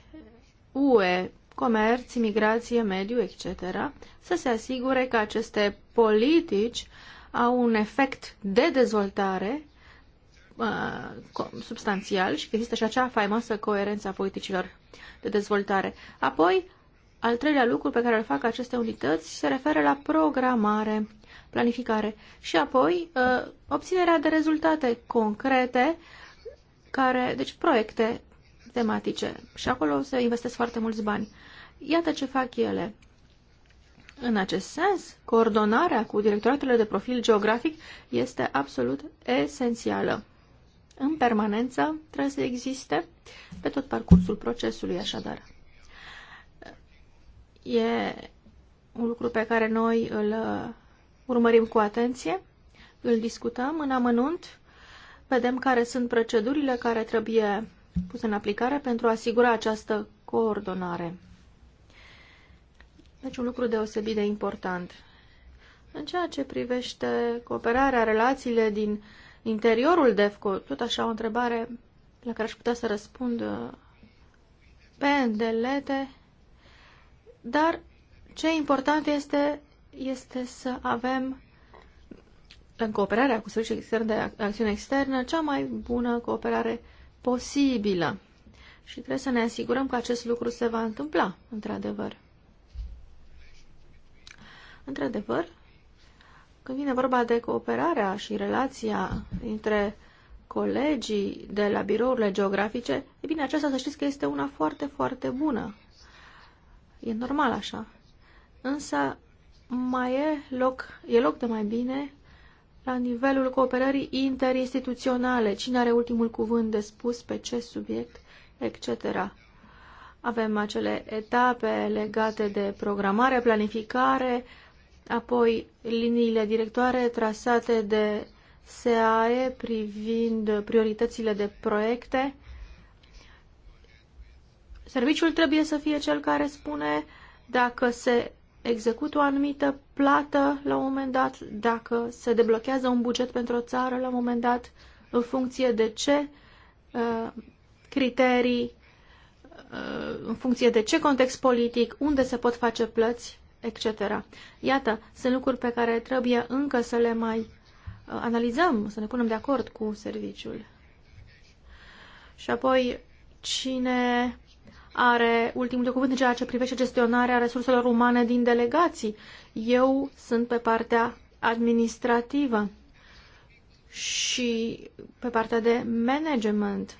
UE, comerț, migrație, mediu, etc., să se asigure că aceste politici au un efect de dezvoltare uh, substanțial și că există și acea faimoasă coerență a politicilor de dezvoltare. Apoi, al treilea lucru pe care îl fac aceste unități se referă la programare, planificare și apoi uh, obținerea de rezultate concrete, care, deci proiecte tematice și acolo se investesc foarte mulți bani. Iată ce fac ele. În acest sens, coordonarea cu directoratele de profil geografic este absolut esențială. În permanență trebuie să existe pe tot parcursul procesului, așadar. E un lucru pe care noi îl uh, urmărim cu atenție, îl discutăm în amănunt, vedem care sunt procedurile care trebuie puse în aplicare pentru a asigura această coordonare. Deci un lucru deosebit de important. În ceea ce privește cooperarea, relațiile din interiorul DEFCO, tot așa o întrebare la care aș putea să răspund uh, pe îndelete, dar ce important este, este să avem în cooperarea cu serviciul extern de acțiune externă cea mai bună cooperare posibilă. Și trebuie să ne asigurăm că acest lucru se va întâmpla, într-adevăr. Într-adevăr, când vine vorba de cooperarea și relația între colegii de la birourile geografice, e bine, aceasta să știți că este una foarte, foarte bună. E normal așa. Însă mai e loc, e loc de mai bine la nivelul cooperării interinstituționale, cine are ultimul cuvânt de spus pe ce subiect, etc. Avem acele etape legate de programare, planificare, apoi liniile directoare trasate de SAE privind prioritățile de proiecte. Serviciul trebuie să fie cel care spune dacă se execută o anumită plată la un moment dat, dacă se deblochează un buget pentru o țară la un moment dat, în funcție de ce uh, criterii, uh, în funcție de ce context politic, unde se pot face plăți etc. Iată, sunt lucruri pe care trebuie încă să le mai uh, analizăm, să ne punem de acord cu serviciul. Și apoi, cine are ultimul cuvânt în ceea ce privește gestionarea resurselor umane din delegații. Eu sunt pe partea administrativă și pe partea de management.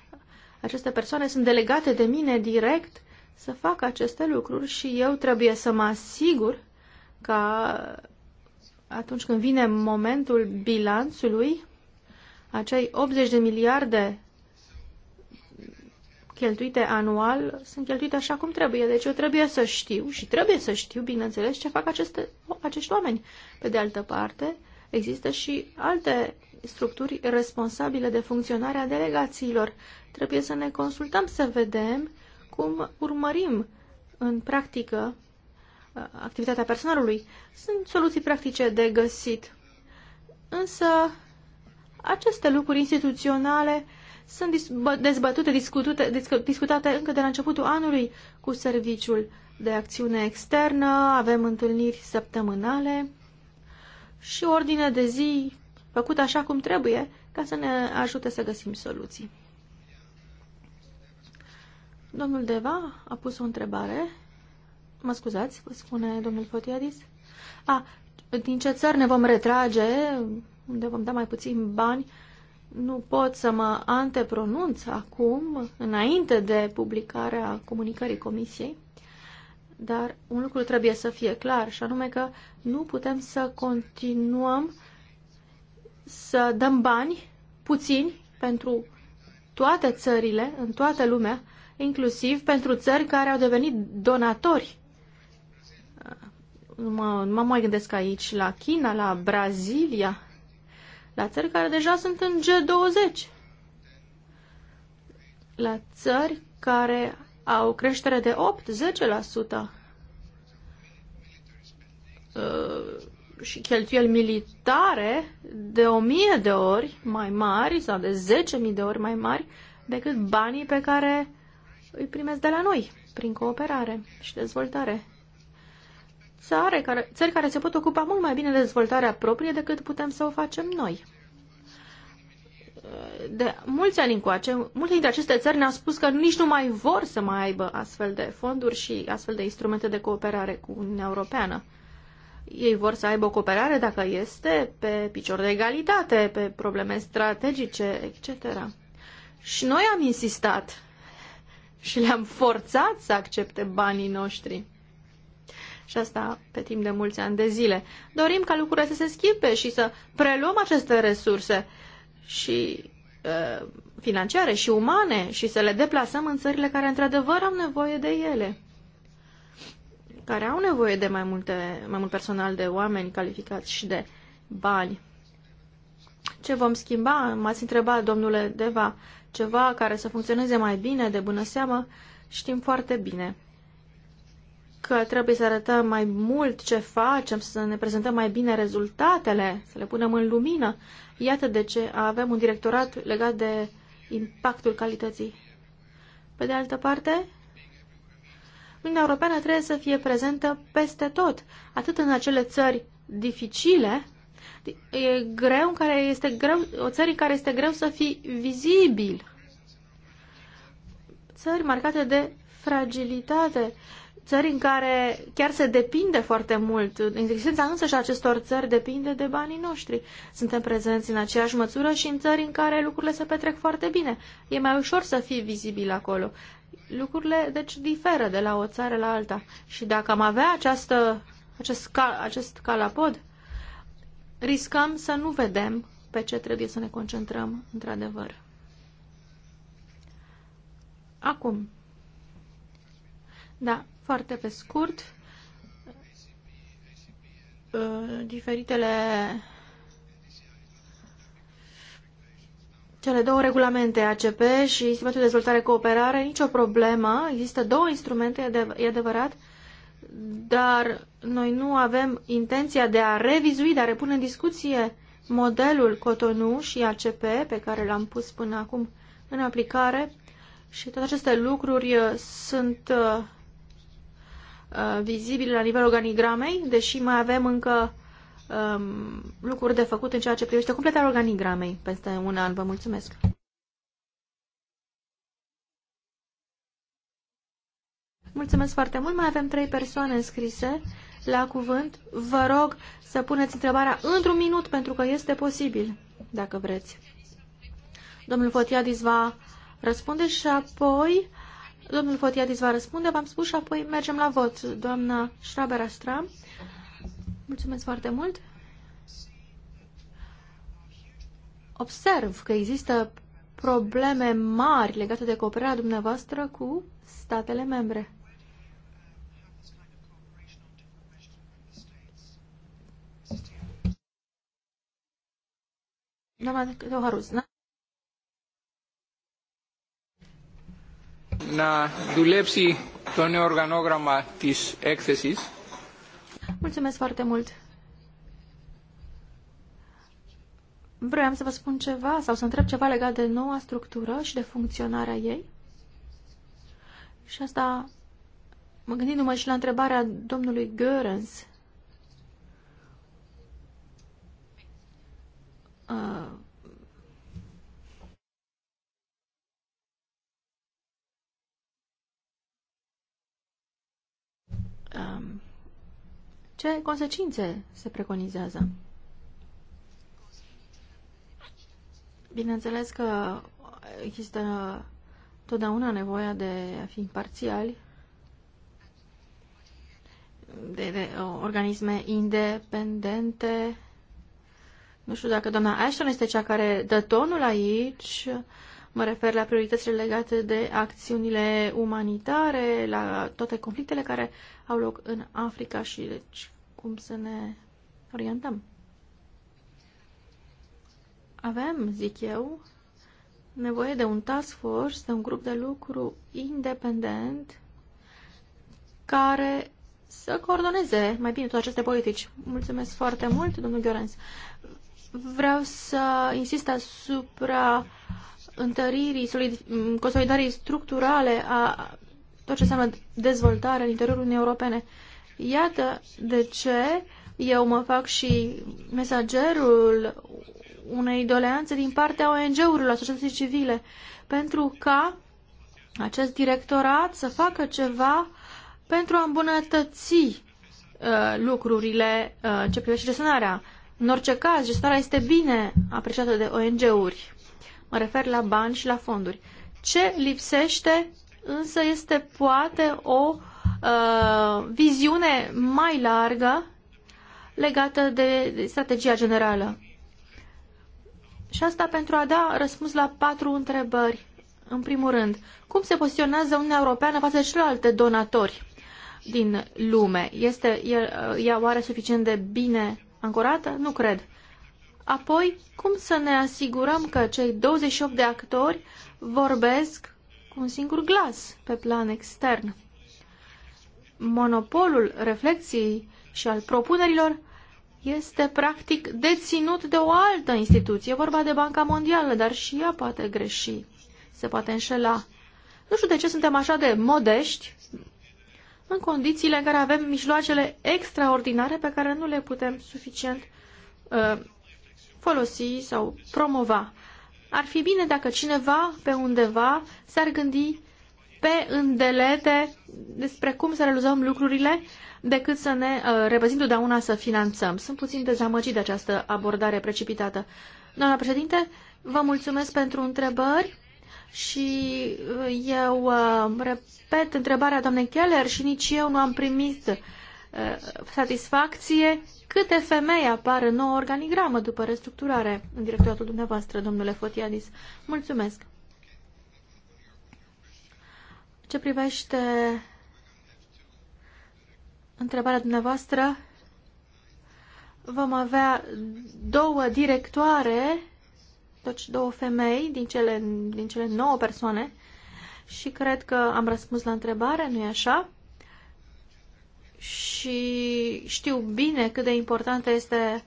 Aceste persoane sunt delegate de mine direct să fac aceste lucruri și eu trebuie să mă asigur că atunci când vine momentul bilanțului, acei 80 de miliarde cheltuite anual sunt cheltuite așa cum trebuie. Deci eu trebuie să știu și trebuie să știu, bineînțeles, ce fac aceste, acești oameni. Pe de altă parte, există și alte structuri responsabile de funcționarea delegațiilor. Trebuie să ne consultăm, să vedem cum urmărim în practică uh, activitatea personalului. Sunt soluții practice de găsit. Însă, aceste lucruri instituționale sunt dezbătute, discutute, discutate încă de la începutul anului cu serviciul de acțiune externă, avem întâlniri săptămânale și ordine de zi făcută așa cum trebuie ca să ne ajute să găsim soluții. Domnul Deva a pus o întrebare. Mă scuzați, vă spune domnul Fotiadis. A, din ce țări ne vom retrage, unde vom da mai puțin bani, nu pot să mă antepronunț acum, înainte de publicarea comunicării comisiei, dar un lucru trebuie să fie clar, și anume că nu putem să continuăm să dăm bani puțini pentru toate țările, în toată lumea, inclusiv pentru țări care au devenit donatori. Nu mă, mă mai gândesc aici la China, la Brazilia, la țări care deja sunt în G20, la țări care au creștere de 8-10% uh, și cheltuieli militare de o mie de ori mai mari sau de zece mii de ori mai mari decât banii pe care îi primesc de la noi, prin cooperare și dezvoltare. Țare care, țări care se pot ocupa mult mai bine de dezvoltarea proprie decât putem să o facem noi. De mulți ani încoace, multe dintre aceste țări ne-au spus că nici nu mai vor să mai aibă astfel de fonduri și astfel de instrumente de cooperare cu Uniunea Europeană. Ei vor să aibă o cooperare dacă este pe picior de egalitate, pe probleme strategice, etc. Și noi am insistat și le-am forțat să accepte banii noștri. Și asta pe timp de mulți ani de zile. Dorim ca lucrurile să se schimbe și să preluăm aceste resurse și uh, financiare și umane și să le deplasăm în țările care într-adevăr au nevoie de ele care au nevoie de mai, multe, mai mult personal, de oameni calificați și de bani. Ce vom schimba? M-ați întrebat, domnule Deva ceva care să funcționeze mai bine, de bună seamă, știm foarte bine că trebuie să arătăm mai mult ce facem, să ne prezentăm mai bine rezultatele, să le punem în lumină. Iată de ce avem un directorat legat de impactul calității. Pe de altă parte, Uniunea Europeană trebuie să fie prezentă peste tot, atât în acele țări dificile, e greu, în care este greu, o țară în care este greu să fii vizibil. Țări marcate de fragilitate, țări în care chiar se depinde foarte mult. Existența însă și acestor țări depinde de banii noștri. Suntem prezenți în aceeași măsură și în țări în care lucrurile se petrec foarte bine. E mai ușor să fii vizibil acolo. Lucrurile, deci, diferă de la o țară la alta. Și dacă am avea această, acest, cal, acest calapod, riscăm să nu vedem pe ce trebuie să ne concentrăm într-adevăr. Acum, da, foarte pe scurt, uh, diferitele cele două regulamente, ACP și Instrumentul de Dezvoltare Cooperare, nicio problemă. Există două instrumente, e adevărat, dar noi nu avem intenția de a revizui, de a repune în discuție modelul Cotonou și ACP pe care l-am pus până acum în aplicare și toate aceste lucruri uh, sunt uh, uh, vizibile la nivelul organigramei, deși mai avem încă um, lucruri de făcut în ceea ce privește completarea organigramei peste un an. Vă mulțumesc! Mulțumesc foarte mult. Mai avem trei persoane înscrise la cuvânt. Vă rog să puneți întrebarea într-un minut, pentru că este posibil, dacă vreți. Domnul Fotiadis va răspunde și apoi... Domnul Fotiadis va răspunde, v-am spus și apoi mergem la vot. Doamna Șrabera Stram, mulțumesc foarte mult. Observ că există probleme mari legate de cooperarea dumneavoastră cu statele membre. Doamna Teoharuzna. Da? να δουλέψει το νέο οργανόγραμμα της έκθεσης. Mulțumesc foarte mult. Vreau să vă spun ceva sau să întreb ceva legat de noua structură și de funcționarea ei. Și asta mă gândindu-mă și la întrebarea domnului Görens. Uh, um, ce consecințe se preconizează? Bineînțeles că există totdeauna nevoia de a fi imparțiali, de, de uh, organisme independente nu știu dacă doamna Ashton este cea care dă tonul aici. Mă refer la prioritățile legate de acțiunile umanitare, la toate conflictele care au loc în Africa și deci cum să ne orientăm. Avem, zic eu, nevoie de un task force, de un grup de lucru independent care să coordoneze mai bine toate aceste politici. Mulțumesc foarte mult, domnul Gheorens vreau să insist asupra întăririi, solid- consolidării structurale a tot ce înseamnă dezvoltare în interiorul Uniunii Europene. Iată de ce eu mă fac și mesagerul unei doleanțe din partea ONG-urilor, asociații civile, pentru ca acest directorat să facă ceva pentru a îmbunătăți uh, lucrurile uh, ce privește gestionarea în orice caz, gestarea este bine apreciată de ONG-uri. Mă refer la bani și la fonduri. Ce lipsește însă este poate o uh, viziune mai largă legată de, de strategia generală. Și asta pentru a da răspuns la patru întrebări. În primul rând, cum se poziționează Uniunea Europeană față de celelalte donatori din lume? Este uh, ea oare suficient de bine ancorată? Nu cred. Apoi, cum să ne asigurăm că cei 28 de actori vorbesc cu un singur glas pe plan extern? Monopolul reflexiei și al propunerilor este practic deținut de o altă instituție, vorba de Banca Mondială, dar și ea poate greși, se poate înșela. Nu știu de ce suntem așa de modești, în condițiile în care avem mijloacele extraordinare pe care nu le putem suficient uh, folosi sau promova. Ar fi bine dacă cineva pe undeva s-ar gândi pe îndelete despre cum să realizăm lucrurile decât să ne uh, repăzim totdeauna să finanțăm. Sunt puțin dezamăgit de această abordare precipitată. Doamna președinte, vă mulțumesc pentru întrebări și uh, eu uh, repet întrebarea doamnei Keller și nici eu nu am primit uh, satisfacție câte femei apar în nouă organigramă după restructurare în directoratul dumneavoastră, domnule Fotiadis. Mulțumesc! Ce privește întrebarea dumneavoastră, vom avea două directoare deci două femei din cele, din cele nouă persoane și cred că am răspuns la întrebare, nu-i așa? Și știu bine cât de importantă este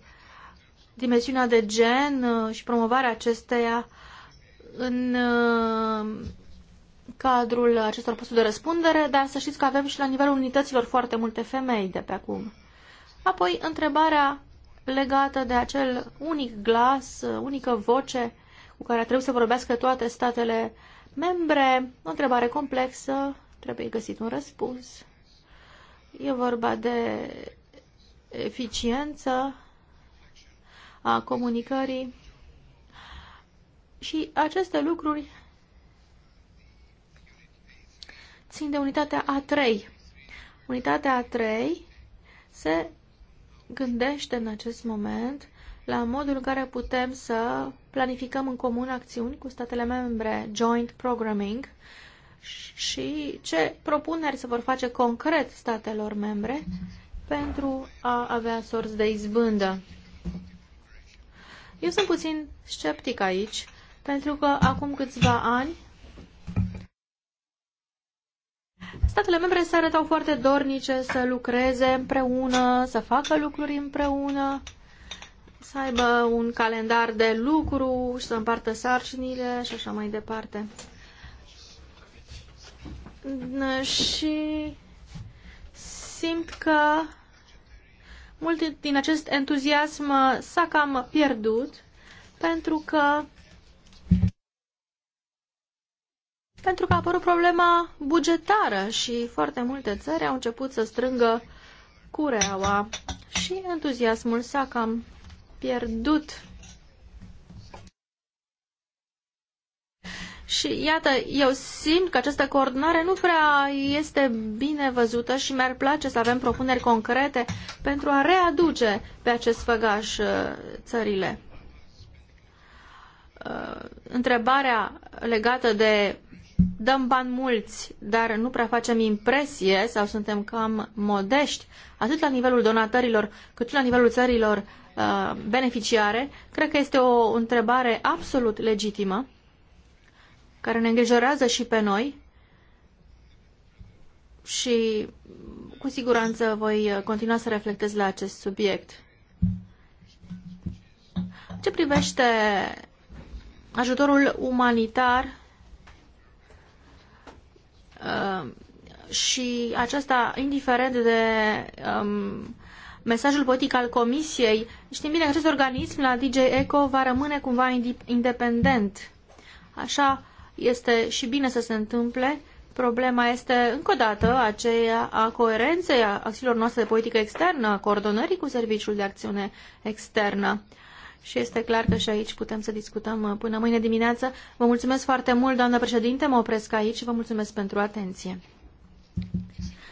dimensiunea de gen uh, și promovarea acesteia în uh, cadrul acestor posturi de răspundere, dar să știți că avem și la nivelul unităților foarte multe femei de pe acum. Apoi, întrebarea legată de acel unic glas, unică voce cu care trebuie să vorbească toate statele membre. O întrebare complexă, trebuie găsit un răspuns. E vorba de eficiență a comunicării și aceste lucruri țin de unitatea A3. Unitatea A3 se gândește în acest moment la modul în care putem să planificăm în comun acțiuni cu statele membre, joint programming, și ce propuneri se vor face concret statelor membre pentru a avea sorți de izbândă. Eu sunt puțin sceptic aici, pentru că acum câțiva ani Statele membre se arătau foarte dornice să lucreze împreună, să facă lucruri împreună, să aibă un calendar de lucru și să împartă sarcinile și așa mai departe. Și simt că mult din acest entuziasm s-a cam pierdut pentru că pentru că a apărut problema bugetară și foarte multe țări au început să strângă cureaua și entuziasmul s-a cam pierdut. Și iată, eu simt că această coordonare nu prea este bine văzută și mi-ar place să avem propuneri concrete pentru a readuce pe acest făgaș uh, țările. Uh, întrebarea legată de dăm bani mulți, dar nu prea facem impresie sau suntem cam modești, atât la nivelul donatorilor, cât și la nivelul țărilor uh, beneficiare, cred că este o întrebare absolut legitimă, care ne îngrijorează și pe noi și cu siguranță voi continua să reflectez la acest subiect. Ce privește ajutorul umanitar Um, și aceasta indiferent de um, mesajul politic al Comisiei, știm bine că acest organism la DJ ECO va rămâne cumva independent. Așa este și bine să se întâmple. Problema este, încă o dată, aceea a coerenței a acțiunilor noastre de politică externă, a coordonării cu Serviciul de Acțiune Externă și este clar că și aici putem să discutăm uh, până mâine dimineață. Vă mulțumesc foarte mult, doamnă președinte, mă opresc aici și vă mulțumesc pentru atenție.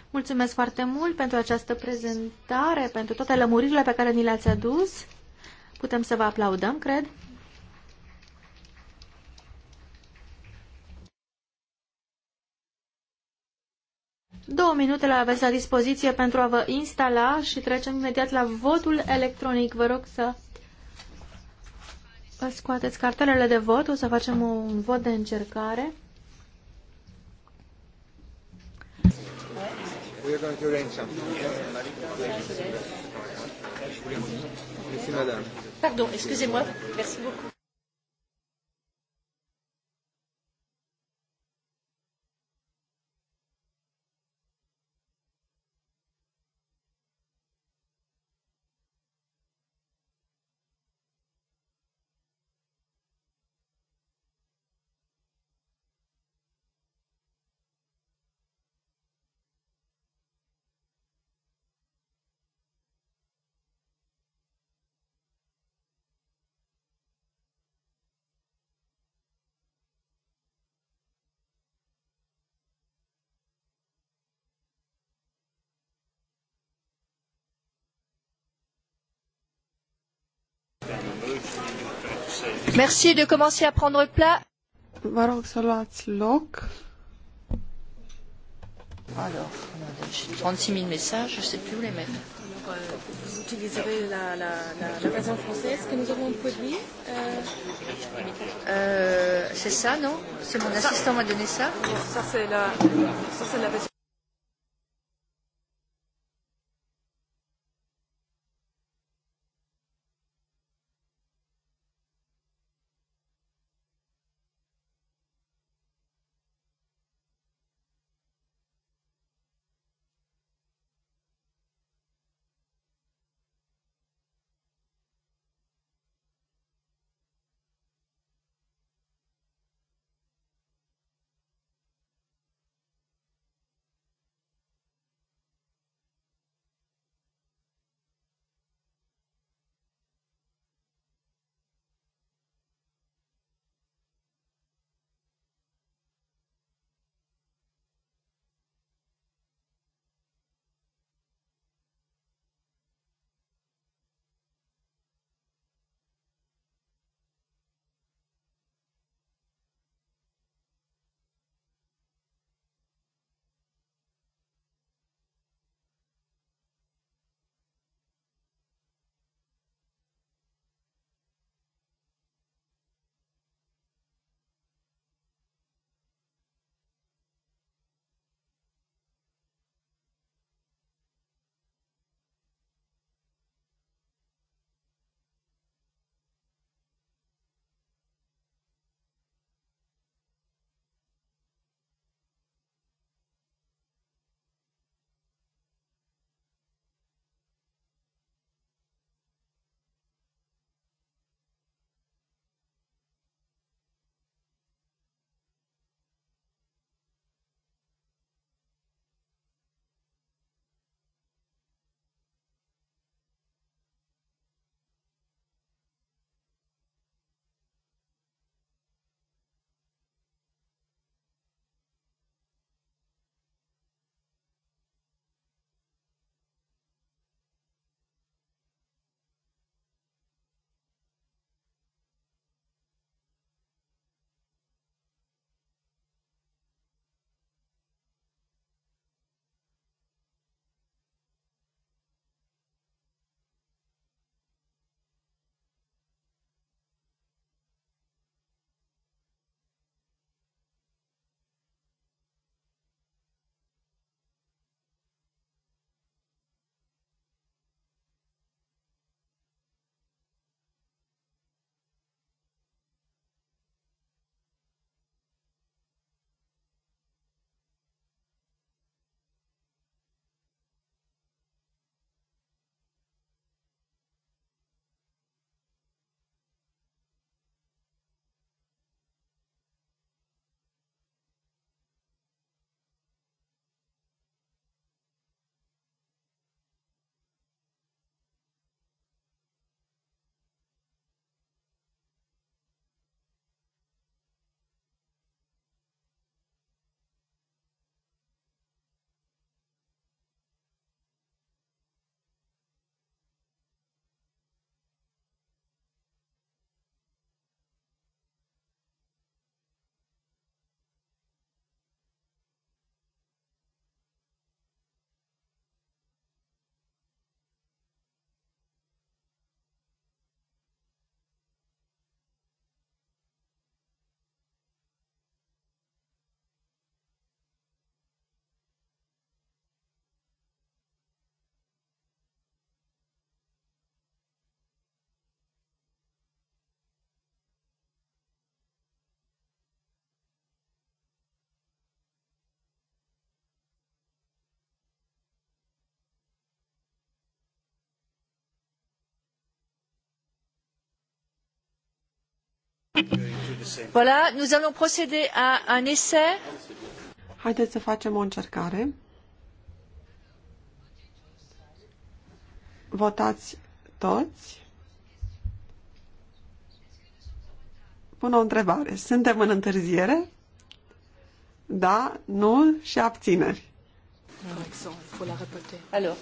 Mulțumesc foarte mult pentru această prezentare, pentru toate lămuririle pe care ni le-ați adus. Putem să vă aplaudăm, cred. Două minute le aveți la dispoziție pentru a vă instala și trecem imediat la votul electronic. Vă rog să scoateți cartelele de vot, o să facem un vot de încercare. Pardon, excusez-moi. Merci beaucoup. Merci de commencer à prendre place. Vă rog să luați loc. Alors, j'ai 36 000 messages, je ne sais plus où les mettre. Alors, euh, vous utiliserez la, la, la, la version française que nous avons produite. Euh. euh, c'est ça, non C'est mon assistant m'a donné ça. Ça, c'est la, la version. Voilà, nous allons procéder à un essai. Haideți să facem o încercare. Votați toți. Pun o întrebare. Suntem în întârziere? Da, nu și abțineri. Alors,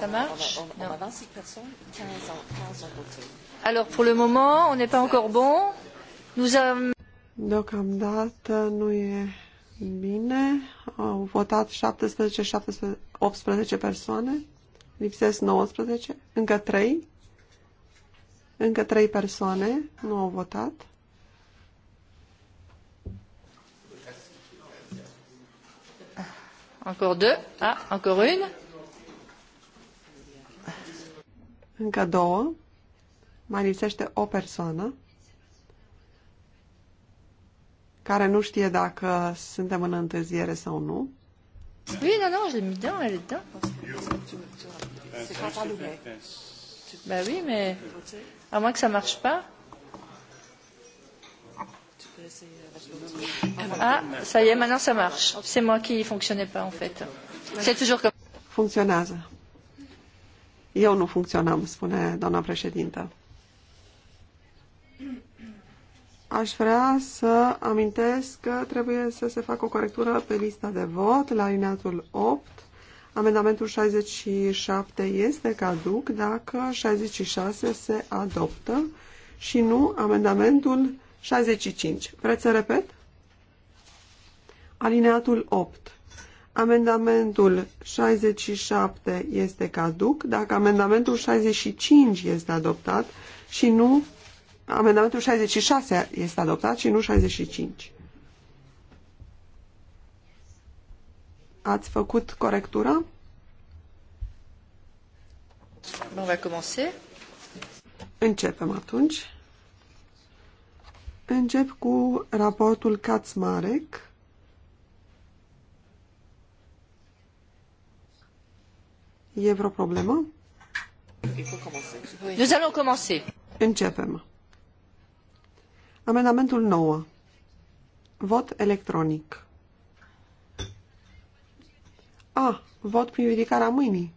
ça marche? Non. 15 ans, 15 ans Alors pour le moment, on n'est pas encore bon. Nous avons... Deocamdată nu e bine. Au votat 17, 17 18 persoane. Lipsesc 19. Încă 3. Încă 3 persoane nu au votat. Encore deux. Ah, encore une. Încă două mai lipsește o persoană care nu știe dacă suntem în întârziere sau nu. Oui, non, non, je l'ai mis dedans, elle est dedans. C'est pas allumé. Bah oui, mais à moins que ça marche pas. Euh, ah, ça y est, maintenant ça marche. C'est moi qui fonctionnais pas en fait. C'est toujours comme. Funcționează. Eu nu funcționam, spune doamna președintă. Aș vrea să amintesc că trebuie să se facă o corectură pe lista de vot la alineatul 8. Amendamentul 67 este caduc dacă 66 se adoptă și nu amendamentul 65. Vreți să repet? Alineatul 8. Amendamentul 67 este caduc dacă amendamentul 65 este adoptat și nu Amendamentul 66 este adoptat și nu 65. Ați făcut corectura? On va commencer. Începem atunci. Încep cu raportul Kaczmarek. E vreo problemă? Nous allons commencer. Începem. Amendamentul 9. Vot electronic. A. Vot prin ridicarea mâinii.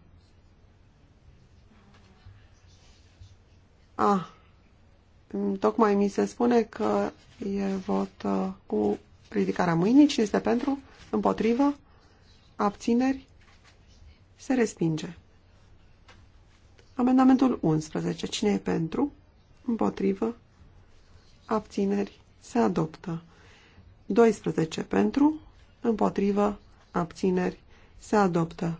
A. Tocmai mi se spune că e vot uh, cu ridicarea mâinii. Cine este pentru? Împotrivă? Abțineri? Se respinge. Amendamentul 11. Cine e pentru? Împotrivă? abțineri, se adoptă. 12 pentru, împotrivă, abțineri, se adoptă.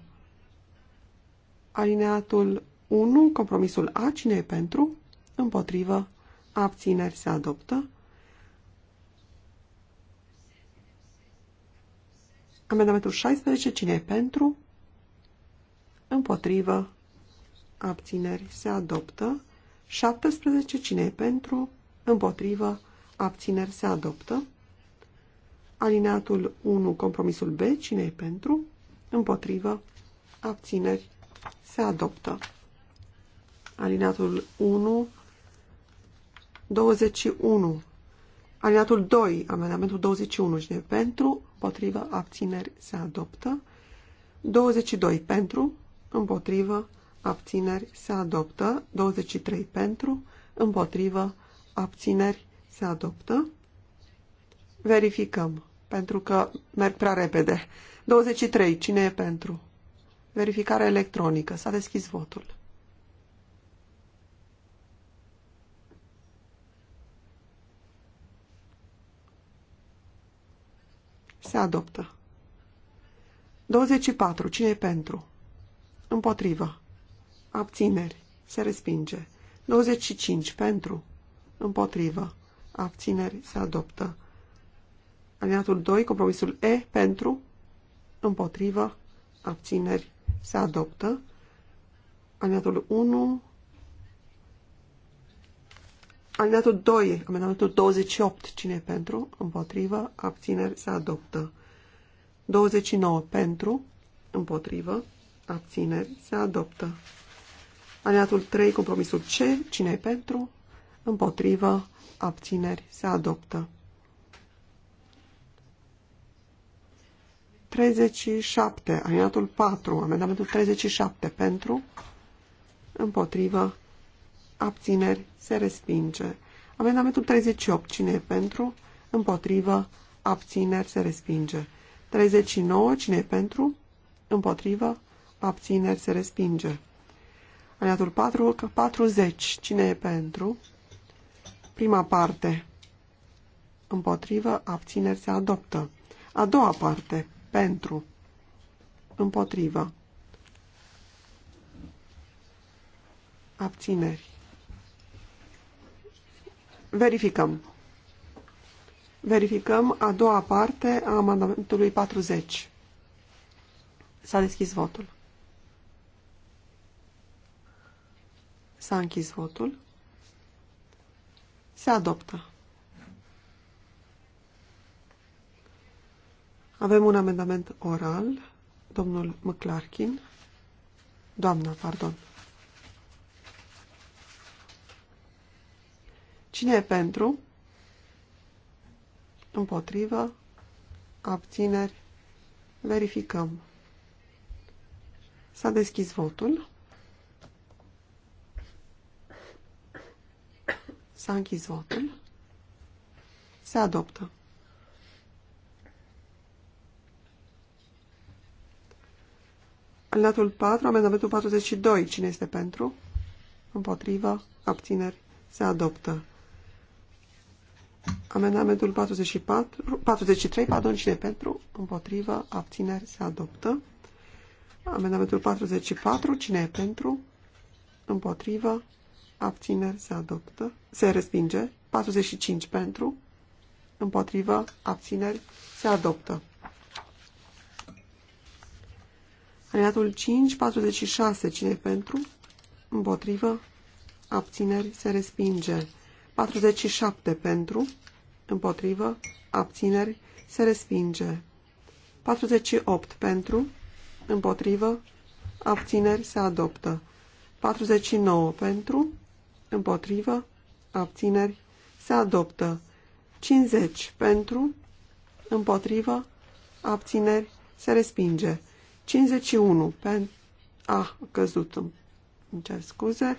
Alineatul 1, compromisul A, cine e pentru, împotrivă, abțineri, se adoptă. Amendamentul 16, cine e pentru, împotrivă, abțineri, se adoptă. 17, cine e pentru, împotrivă, abțineri se adoptă. Alineatul 1, compromisul B, cine e pentru, împotrivă, abțineri se adoptă. Alineatul 1, 21. Alineatul 2, amendamentul 21, cine e pentru, împotrivă, abțineri se adoptă. 22 pentru, împotrivă, abțineri se adoptă. 23 pentru, împotrivă, abțineri, se adoptă. Verificăm, pentru că merg prea repede. 23. Cine e pentru? Verificare electronică. S-a deschis votul. Se adoptă. 24. Cine e pentru? Împotrivă. Abțineri. Se respinge. 25. Pentru împotrivă, abțineri, se adoptă. Aliniatul 2, compromisul E, pentru, împotrivă, abțineri, se adoptă. Aliniatul 1, Alineatul 2, amendamentul 28, cine e pentru? Împotrivă, abțineri, se adoptă. 29, pentru, împotrivă, abțineri, se adoptă. Alineatul 3, compromisul C, cine e pentru? împotrivă, abțineri, se adoptă. 37, alineatul 4, amendamentul 37 pentru, împotrivă, abțineri, se respinge. Amendamentul 38, cine e pentru, împotrivă, abțineri, se respinge. 39, cine e pentru, împotrivă, abțineri, se respinge. Alineatul 4, 40, cine e pentru, Prima parte. Împotrivă, abțineri se adoptă. A doua parte. Pentru. Împotrivă. Abțineri. Verificăm. Verificăm a doua parte a amendamentului 40. S-a deschis votul. S-a închis votul. Se adoptă. Avem un amendament oral, domnul McClarkin, doamna, pardon. Cine e pentru? Împotrivă? Abțineri? Verificăm. S-a deschis votul. S-a închis votul. Se adoptă. Alineatul 4, amendamentul 42. Cine este pentru? Împotriva. Abțineri. Se adoptă. Amendamentul 44, 43, pardon, cine pentru? Împotrivă, abțineri, se adoptă. Amendamentul 44, cine e pentru? Împotrivă, abțineri se adoptă, se respinge, 45 pentru, împotrivă, abțineri se adoptă. Aliatul 5, 46, cine pentru, împotrivă, abțineri se respinge, 47 pentru, împotrivă, abțineri se respinge, 48 pentru, împotrivă, abțineri se adoptă. 49 pentru, împotrivă, abțineri, se adoptă. 50 pentru, împotrivă, abțineri, se respinge. 51 pentru, a, căzut, îmi cer scuze.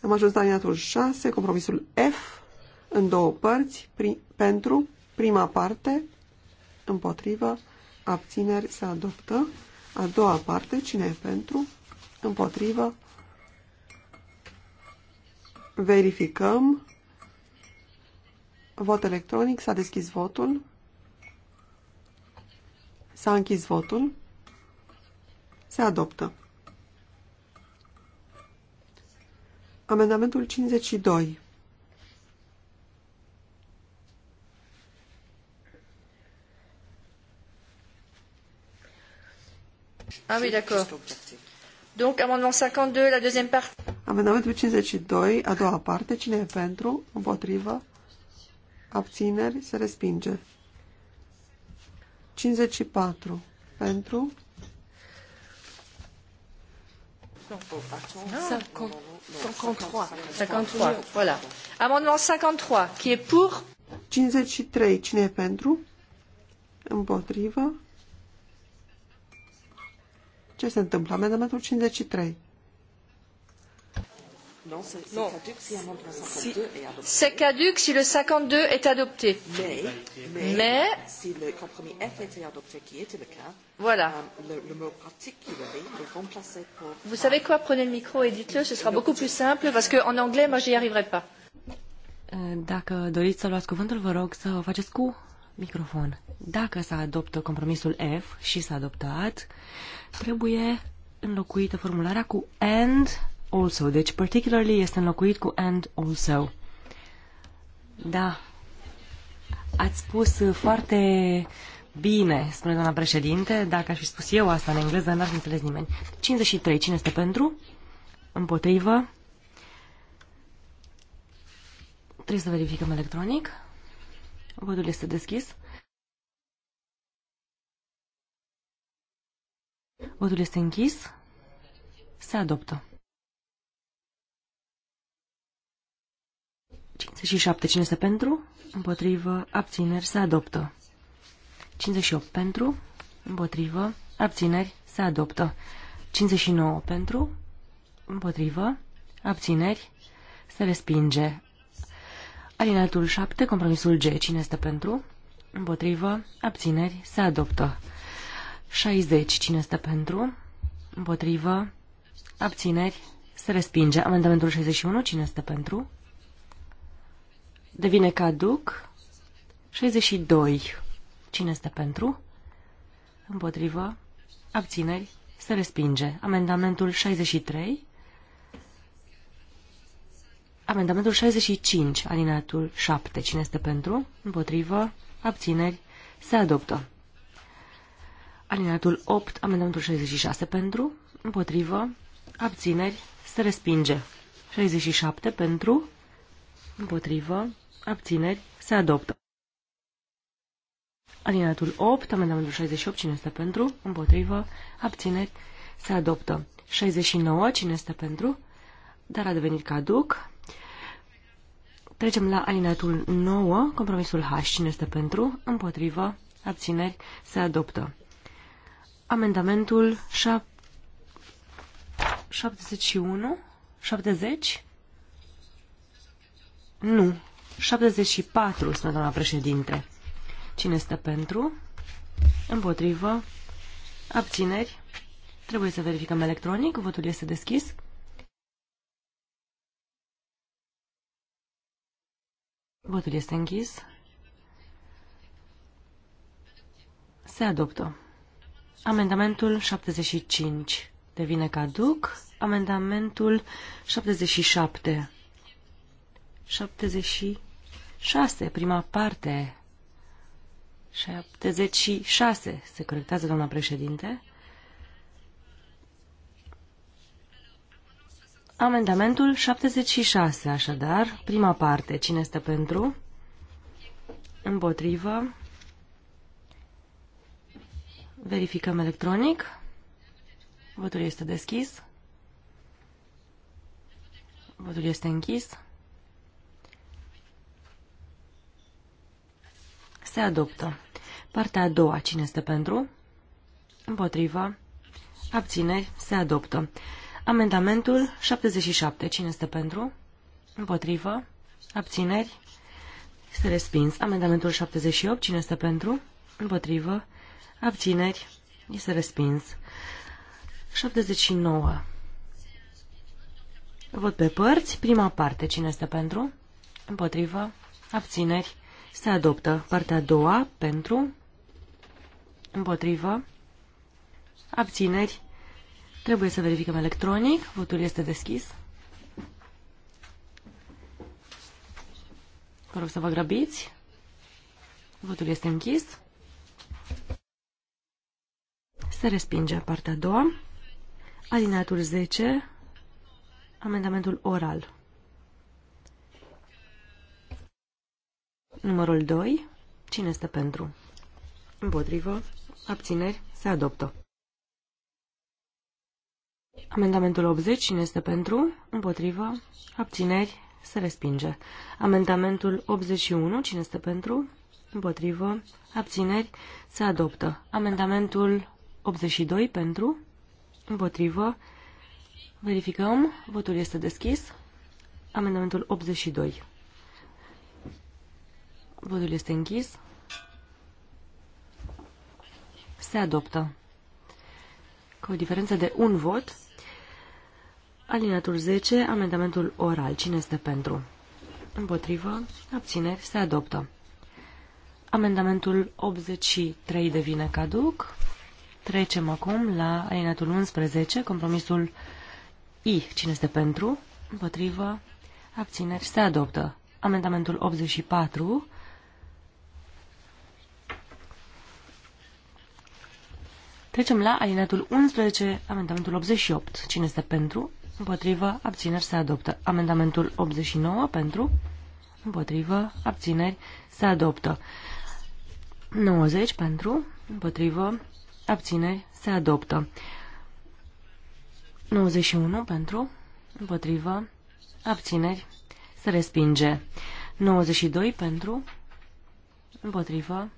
Am ajuns la liniatul 6, compromisul F, în două părți, pri, pentru, prima parte, împotrivă, abțineri, se adoptă. A doua parte, cine e pentru, împotrivă, Verificăm. Vot electronic. S-a deschis votul. S-a închis votul. Se adoptă. Amendamentul 52. Ah oui, d'accord. Donc, amendement 52, la deuxième partie. Amendamentul 52, a doua parte, cine e pentru, împotrivă, abțineri, se respinge. 54, pentru, 53. 53. Voilà. Amendement 53, qui est pour 53. Cine e pentru? Împotrivă. Ce se întâmplă? Amendamentul 53. Non, c'est caduc si le 52 est adopté. Mais, mais, mais si le compromis F était adopté, qui était le cas, voilà. Euh, le, le mot particulier le remplacer pour. Vous savez quoi Prenez le micro et dites-le, ce sera beaucoup plus simple parce qu'en anglais, moi, j'y arriverai pas. Euh, dacă doriți să luați cuvântul, vă rog să o faceți cu Microfon. Dacă se adoptă compromisul F și s-a adoptat, trebuie înlocuită formularea cu and also. Deci particularly este înlocuit cu and also. Da. Ați spus foarte bine, spune doamna președinte. Dacă aș fi spus eu asta în engleză, n-ar fi înțeles nimeni. 53. Cine este pentru? Împotrivă. Trebuie să verificăm electronic. Vădul este deschis. Votul este închis. Se adoptă. 57. Cine este pentru? Împotrivă. Abțineri. Se adoptă. 58 pentru. Împotrivă. Abțineri. Se adoptă. 59 pentru. Împotrivă. Abțineri. Se respinge. Alinatul 7, compromisul G. Cine este pentru? Împotrivă. Abțineri. Se adoptă. 60. Cine este pentru? Împotrivă. Abțineri. Se respinge. Amendamentul 61. Cine este pentru? Devine caduc. 62. Cine este pentru? Împotrivă. Abțineri. Se respinge. Amendamentul 63. Amendamentul 65, alineatul 7. Cine este pentru? Împotrivă? Abțineri? Se adoptă. Alineatul 8, amendamentul 66 pentru? Împotrivă? Abțineri? Se respinge. 67 pentru? Împotrivă? Abțineri? Se adoptă. Alineatul 8, amendamentul 68, cine este pentru? Împotrivă? Abțineri? Se adoptă. 69, cine este pentru? Dar a devenit caduc. Trecem la alinatul 9, compromisul H. Cine este pentru? Împotrivă. Abțineri. Se adoptă. Amendamentul 71? 70? Nu. 74, spune doamna președinte. Cine este pentru? Împotrivă. Abțineri. Trebuie să verificăm electronic. Votul este deschis. Votul este închis. Se adoptă. Amendamentul 75 devine caduc. Amendamentul 77. 76, prima parte. 76, se corectează, doamna președinte. Amendamentul 76, așadar, prima parte, cine este pentru? Împotrivă. Verificăm electronic. Votul este deschis. Votul este închis. Se adoptă. Partea a doua, cine este pentru? Împotrivă. Abțineri. Se adoptă. Amendamentul 77. Cine este pentru? Împotrivă. Abțineri. Este respins. Amendamentul 78. Cine este pentru? Împotrivă. Abțineri. Este respins. 79. Vot pe părți. Prima parte. Cine este pentru? Împotrivă. Abțineri. Se adoptă. Partea a doua. Pentru. Împotrivă. Abțineri. Trebuie să verificăm electronic. Votul este deschis. Vă rog să vă grăbiți. Votul este închis. Se respinge partea a doua. Alineatul 10. Amendamentul oral. Numărul 2. Cine este pentru? Împotrivă. Abțineri. Se adoptă. Amendamentul 80, cine este pentru? Împotrivă. Abțineri. Se respinge. Amendamentul 81, cine este pentru? Împotrivă. Abțineri. Se adoptă. Amendamentul 82, pentru? Împotrivă. Verificăm. Votul este deschis. Amendamentul 82. Votul este închis. Se adoptă. Cu o diferență de un vot, Alinatul 10, amendamentul oral. Cine este pentru? Împotrivă, abțineri, se adoptă. Amendamentul 83 devine caduc. Trecem acum la alinatul 11, compromisul I. Cine este pentru? Împotrivă, abțineri, se adoptă. Amendamentul 84, Trecem la alinatul 11, amendamentul 88. Cine este pentru? Împotrivă, abțineri se adoptă. Amendamentul 89 pentru. Împotrivă, abțineri se adoptă. 90 pentru. Împotrivă, abțineri se adoptă. 91 pentru. Împotrivă, abțineri se respinge. 92 pentru. Împotrivă.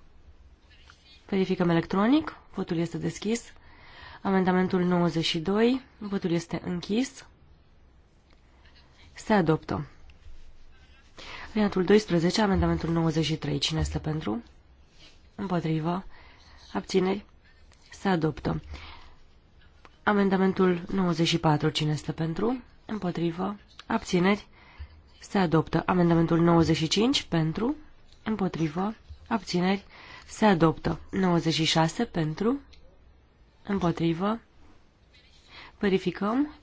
Verificăm electronic. Votul este deschis. Amendamentul 92. Votul este închis. Se adoptă. Alineatul 12, amendamentul 93. Cine este pentru? Împotrivă. Abțineri. Se adoptă. Amendamentul 94. Cine este pentru? Împotrivă. Abțineri. Se adoptă. Amendamentul 95. Pentru. Împotrivă. Abțineri. Se adoptă. 96. Pentru. Împotrivă. Verificăm.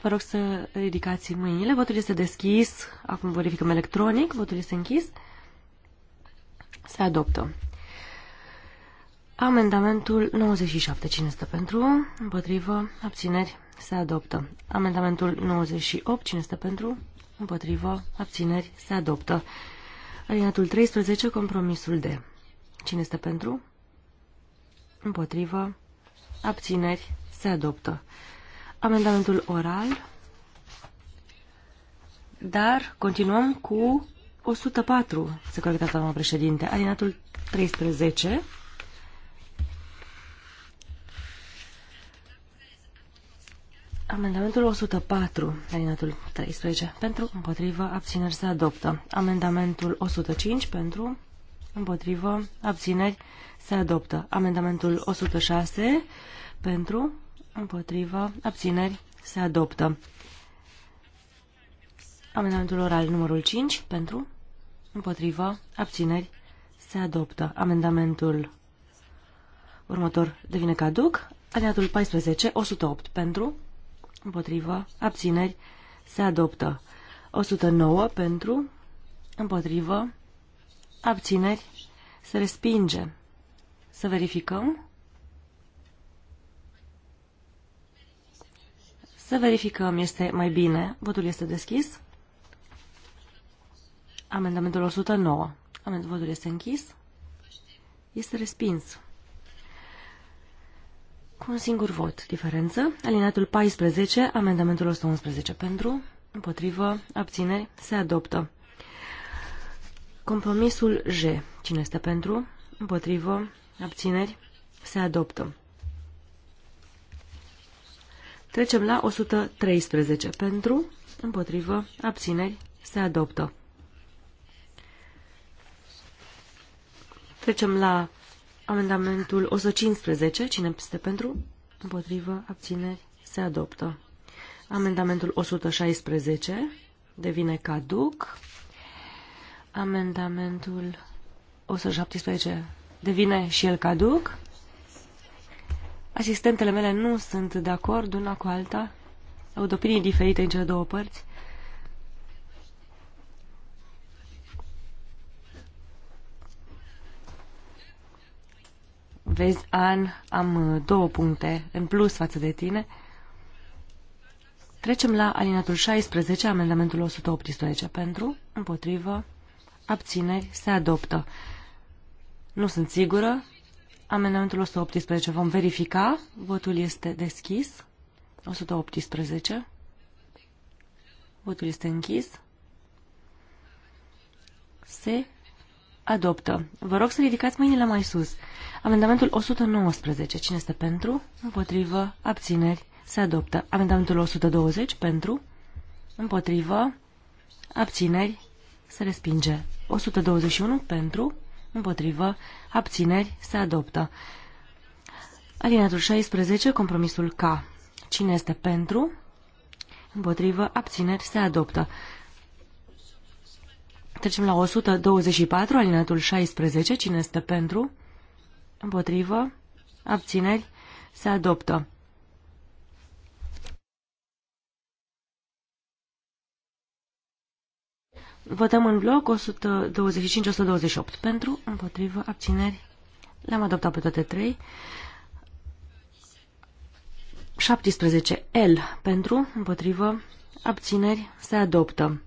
Vă rog să ridicați mâinile. Votul este deschis. Acum verificăm electronic. Votul este închis. Se adoptă. Amendamentul 97. Cine stă pentru? Împotrivă. Abțineri. Se adoptă. Amendamentul 98. Cine stă pentru? Împotrivă. Abțineri. Se adoptă. Alinatul 13. Compromisul D. Cine stă pentru? Împotrivă. Abțineri. Se adoptă. Amendamentul oral. Dar continuăm cu 104, securitatea doamna președinte, alinatul 13. Amendamentul 104, alinatul 13, pentru, împotrivă, abțineri se adoptă. Amendamentul 105, pentru, împotrivă, abțineri se adoptă. Amendamentul 106 pentru, împotriva, abțineri. Se adoptă. Amendamentul oral numărul 5 pentru, împotriva, abțineri. Se adoptă. Amendamentul următor devine caduc. Aliatul 14, 108 pentru, împotriva, abțineri. Se adoptă. 109 pentru, împotrivă, abțineri, se respinge. Să verificăm. Să verificăm, este mai bine. Votul este deschis. Amendamentul 109. Amendamentul votul este închis. Este respins. Cu un singur vot. Diferență. Alineatul 14, amendamentul 111 pentru, împotrivă, abțineri, se adoptă. Compromisul J. Cine este pentru? Împotrivă, Abțineri? Se adoptă. Trecem la 113. Pentru, împotrivă, abțineri, se adoptă. Trecem la amendamentul 115. Cine este pentru? Împotrivă, abțineri, se adoptă. Amendamentul 116 devine caduc. Amendamentul 117 devine și el caduc. Asistentele mele nu sunt de acord una cu alta. Au opinii diferite în cele două părți. Vezi, An, am uh, două puncte în plus față de tine. Trecem la alinatul 16, amendamentul 118. Pentru, împotrivă, abțineri, se adoptă. Nu sunt sigură. Amendamentul 118 vom verifica. Votul este deschis. 118. Votul este închis. Se adoptă. Vă rog să ridicați mâinile mai sus. Amendamentul 119. Cine este pentru? Împotrivă. Abțineri. Se adoptă. Amendamentul 120. Pentru. Împotrivă. Abțineri. Se respinge. 121. Pentru împotrivă, abțineri, se adoptă. Alineatul 16, compromisul K. Cine este pentru, împotrivă, abțineri, se adoptă. Trecem la 124, alineatul 16. Cine este pentru? Împotrivă? Abțineri? Se adoptă. Votăm în bloc 125-128 pentru, împotrivă, abțineri. Le-am adoptat pe toate trei. 17. L pentru, împotrivă, abțineri, se adoptă.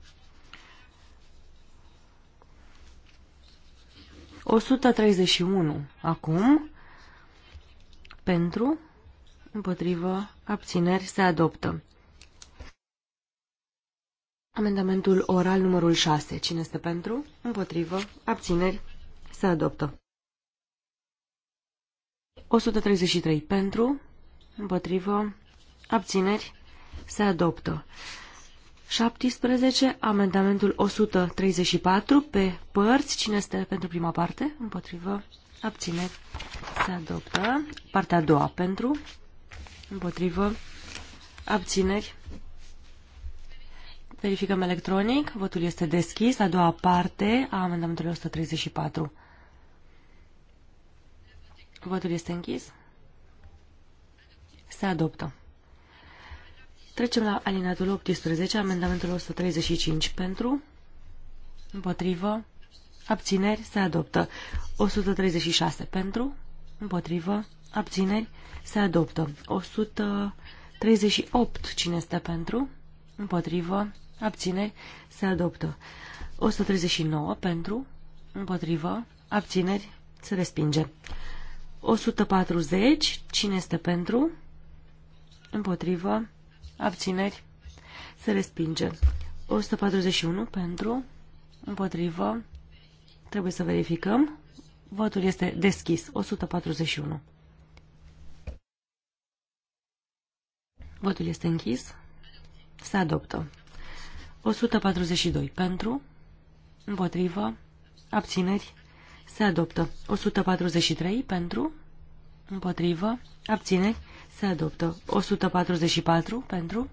131 acum, pentru, împotrivă, abțineri, se adoptă. Amendamentul oral numărul 6. Cine este pentru? Împotrivă. Abțineri. Se adoptă. 133 pentru. Împotrivă. Abțineri. Se adoptă. 17. Amendamentul 134 pe părți. Cine este pentru prima parte? Împotrivă. Abțineri. Se adoptă. Partea a doua pentru. Împotrivă. Abțineri. Verificăm electronic. Votul este deschis. A doua parte a amendamentului 134. Votul este închis. Se adoptă. Trecem la alineatul 18, amendamentul 135 pentru, împotrivă, abțineri, se adoptă. 136 pentru, împotrivă, abțineri, se adoptă. 138, cine este pentru, împotrivă, Abține. se adoptă. 139 pentru, împotrivă, abțineri, se respinge. 140, cine este pentru, împotrivă, abțineri, se respinge. 141 pentru, împotrivă, trebuie să verificăm. Votul este deschis, 141. Votul este închis. Se adoptă. 142 pentru, împotrivă, abțineri, se adoptă. 143 pentru, împotrivă, abțineri, se adoptă. 144 pentru,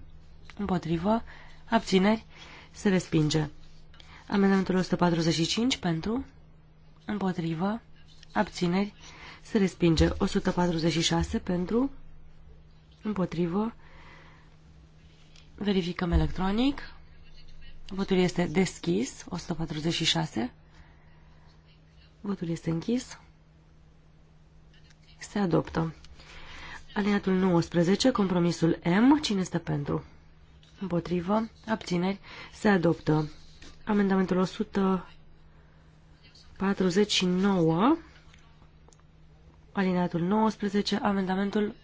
împotrivă, abțineri, se respinge. Amendamentul 145 pentru, împotrivă, abțineri, se respinge. 146 pentru, împotrivă, verificăm electronic. Votul este deschis, 146. Votul este închis. Se adoptă. Aliatul 19, compromisul M, cine este pentru? Împotrivă, abțineri, se adoptă. Amendamentul 149, alineatul 19, amendamentul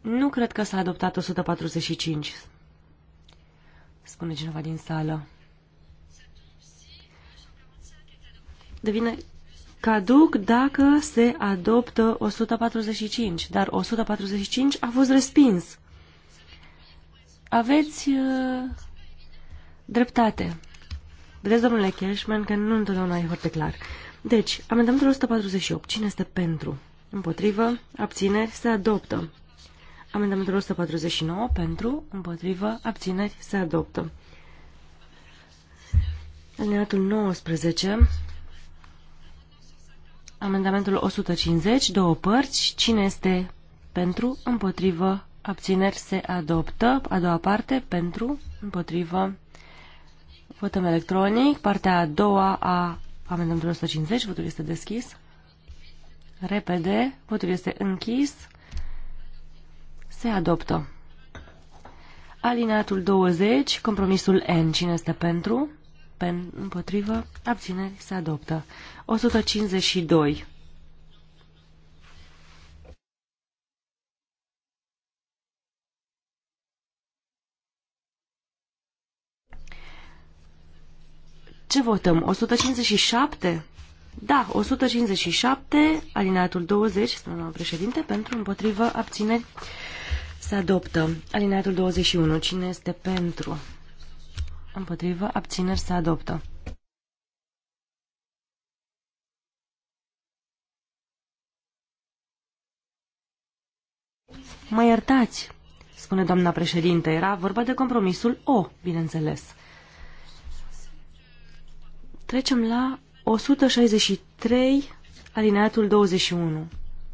Nu cred că s-a adoptat 145, spune cineva din sală. Devine caduc dacă se adoptă 145, dar 145 a fost respins. Aveți uh, dreptate. Vedeți, domnule Cashman, că nu întotdeauna e foarte clar. Deci, amendamentul 148. Cine este pentru? Împotrivă? Abțineri? Se adoptă. Amendamentul 149 pentru, împotrivă, abțineri, se adoptă. Alineatul 19, amendamentul 150, două părți, cine este pentru, împotrivă, abțineri, se adoptă. A doua parte, pentru, împotrivă, votăm electronic. Partea a doua a amendamentului 150, votul este deschis. Repede, votul este închis. Se adoptă. Alineatul 20, compromisul N. Cine este pentru? Pen, împotrivă, abțineri, se adoptă. 152. Ce votăm? 157? Da, 157, alineatul 20, spune președinte, pentru împotrivă abțineri se adoptă. Alineatul 21. Cine este pentru? Împotrivă. Abțineri. Se adoptă. Mă iertați, spune doamna președinte. Era vorba de compromisul O, bineînțeles. Trecem la 163, alineatul 21.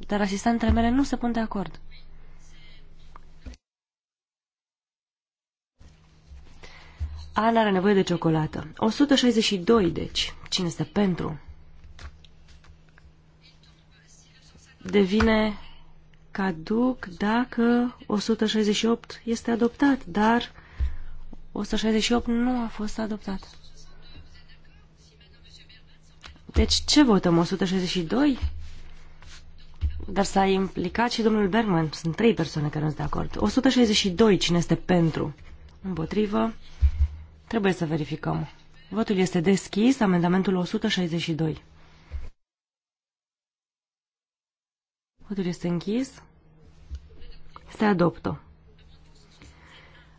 Dar asistentele mele nu se pun de acord. Ana are nevoie de ciocolată. 162, deci. Cine este pentru? Devine caduc dacă 168 este adoptat, dar 168 nu a fost adoptat. Deci ce votăm? 162? Dar s-a implicat și domnul Bergman. Sunt trei persoane care nu sunt de acord. 162, cine este pentru? Împotrivă. Trebuie să verificăm. Votul este deschis, amendamentul 162. Votul este închis. Se adoptă.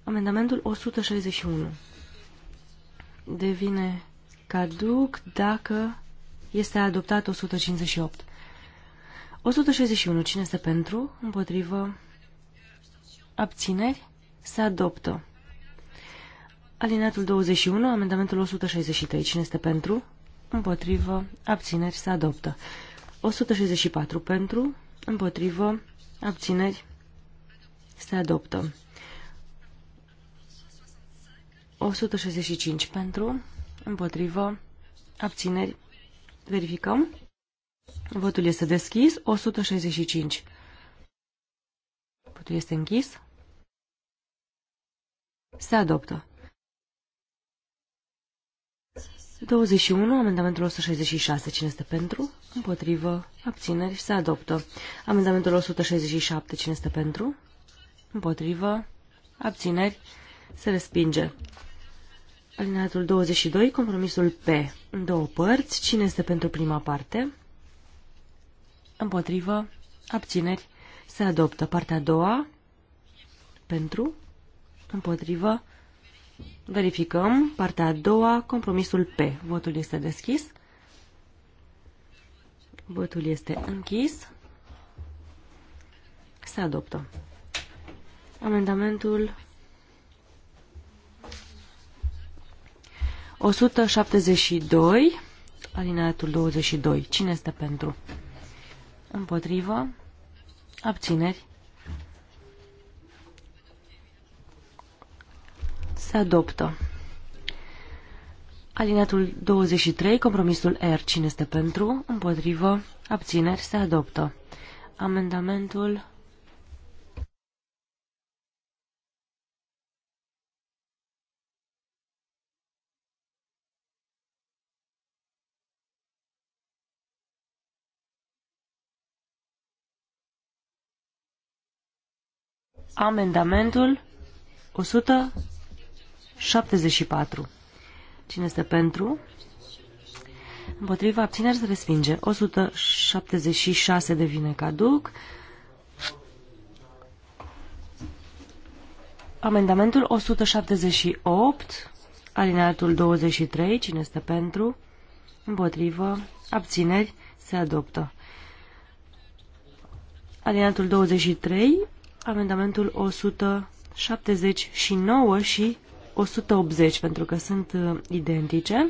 Amendamentul 161 devine caduc dacă este adoptat 158. 161. Cine este pentru? Împotrivă? Abțineri? Se adoptă. Alineatul 21, amendamentul 163. Cine este pentru? Împotrivă. Abțineri. Se adoptă. 164 pentru. Împotrivă. Abțineri. Se adoptă. 165 pentru. Împotrivă. Abțineri. Verificăm. Votul este deschis. 165. Votul este închis. Se adoptă. 21, amendamentul 166, cine este pentru? Împotrivă, abțineri, se adoptă. Amendamentul 167, cine este pentru? Împotrivă, abțineri, se respinge. Alineatul 22, compromisul P, în două părți, cine este pentru prima parte? Împotrivă, abțineri, se adoptă. Partea a doua, pentru, împotrivă, Verificăm partea a doua, compromisul P. Votul este deschis. Votul este închis. Se adoptă. Amendamentul 172, alineatul 22. Cine este pentru? Împotrivă? Abțineri? se adoptă. Alineatul 23, compromisul R, cine este pentru, împotrivă, abțineri, se adoptă. Amendamentul Amendamentul 100 74. Cine este pentru? Împotriva abțineri se respinge. 176 devine caduc. Amendamentul 178, alineatul 23, cine este pentru? Împotrivă, abțineri, se adoptă. Alineatul 23, amendamentul 179 și 180 pentru că sunt uh, identice.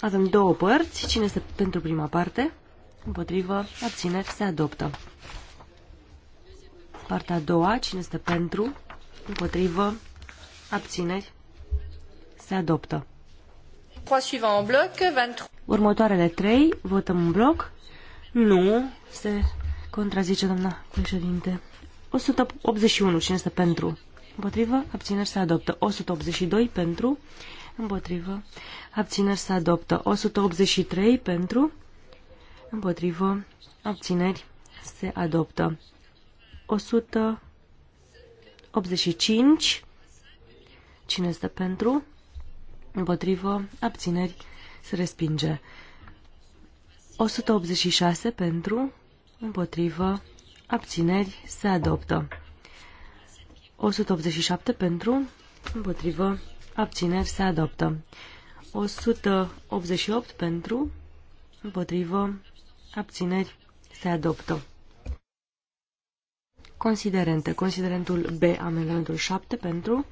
Avem două părți. Cine este pentru prima parte? Împotrivă, abțineri, se adoptă. Partea a doua, cine este pentru? Împotrivă, abțineri, se adoptă. Următoarele trei, votăm în bloc. Nu, se contrazice doamna președinte. 181, cine este pentru? Împotrivă, abțineri se adoptă. 182 pentru. Împotrivă, abțineri se adoptă. 183 pentru. Împotrivă, abțineri se adoptă. 185. Cine este pentru? Împotrivă, abțineri se respinge. 186 pentru. Împotrivă, abțineri se adoptă. 187 pentru, împotrivă, abțineri se adoptă. 188 pentru, împotrivă, abțineri se adoptă. Considerente. Considerentul B, amendamentul 7 pentru,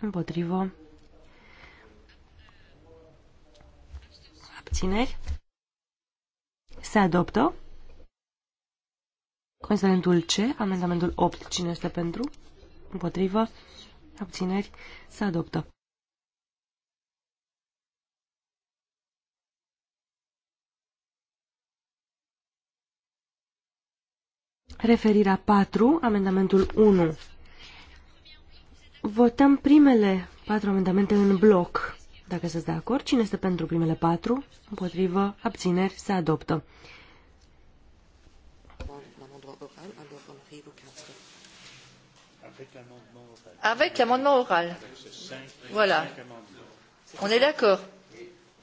împotrivă, abțineri se adoptă. Considerentul C, amendamentul 8, cine este pentru? Împotrivă. Abțineri. Se adoptă. Referirea 4, amendamentul 1. Votăm primele patru amendamente în bloc. Dacă sunteți de acord, cine este pentru primele patru? Împotrivă, abțineri, se adoptă. Avec l'amendement oral. Voilà. On est d'accord.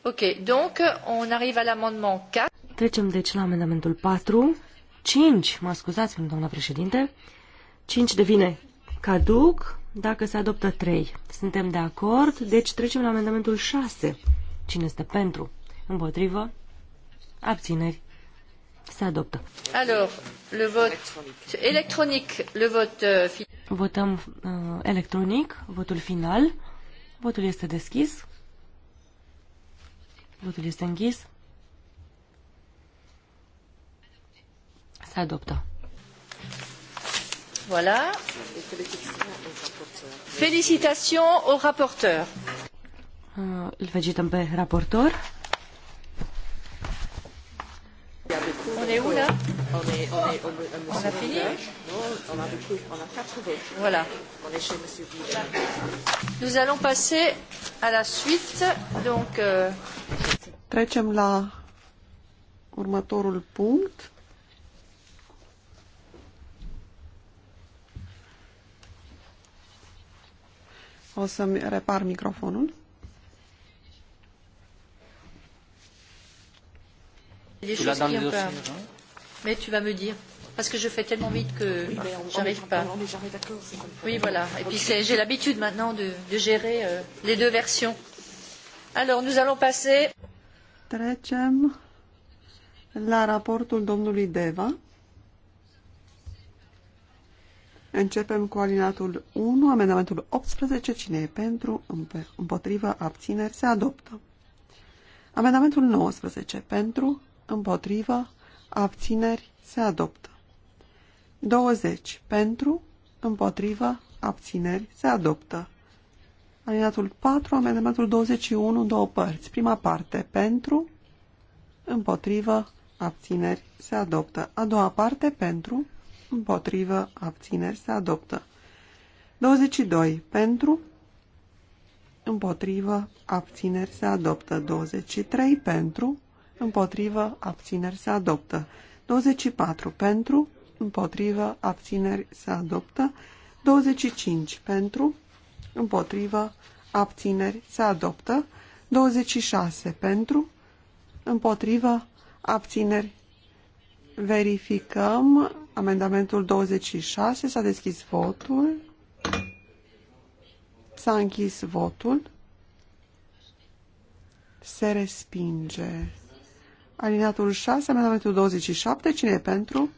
Ok, donc on arrive à l'amendement 4. Trecem deci la amendamentul 4. 5, mă scuzați, doamna președinte. 5 devine caduc dacă se adoptă 3. Suntem de acord, deci trecem la amendamentul 6. Cine este pentru? Împotrivă? Abțineri? Se adoptă. Alors, le vote electronic, le vote uh, Votăm uh, electronic, votul final. Votul este deschis. Votul este închis. Se adoptă. Voilà. Félicitations au rapporteur. Uh, îl felicităm pe raportor. On est où là on, est, on, est, on, on, on a fini Non, on a, beaucoup, on a quatre votes. Voilà. On est chez Monsieur Guillaume. Nous allons passer à la suite. Donc, euh, Trecem la următorul punct. O să-mi repar microfonul. Il y a Des choses qui ont pas... Mais tu vas me dire. Parce que je fais tellement vite que oui, j'arrive pas. On est jamais d'accord. Oui, voilà. Et puis j'ai l'habitude maintenant de, de gérer euh, les deux versions. Alors, nous allons passer... Trecem la raportul domnului Deva. Începem cu alinatul 1, amendamentul 18. Cine e pentru, împotrivă, abțineri, se adoptă. Amendamentul 19. Pentru, împotrivă, abțineri, se adoptă. 20. Pentru, împotrivă, abțineri, se adoptă. Alineatul 4, amendamentul 21, două părți. Prima parte, pentru, împotrivă, abțineri, se adoptă. A doua parte, pentru, împotrivă, abțineri, se adoptă. 22. Pentru, împotrivă, abțineri, se adoptă. 23. Pentru, împotrivă, abțineri se adoptă. 24 pentru, împotrivă, abțineri se adoptă. 25 pentru, împotrivă, abțineri se adoptă. 26 pentru, împotrivă, abțineri. Verificăm amendamentul 26, s-a deschis votul, s-a închis votul, se respinge. Alineatul 6, amendamentul 27, cine e pentru?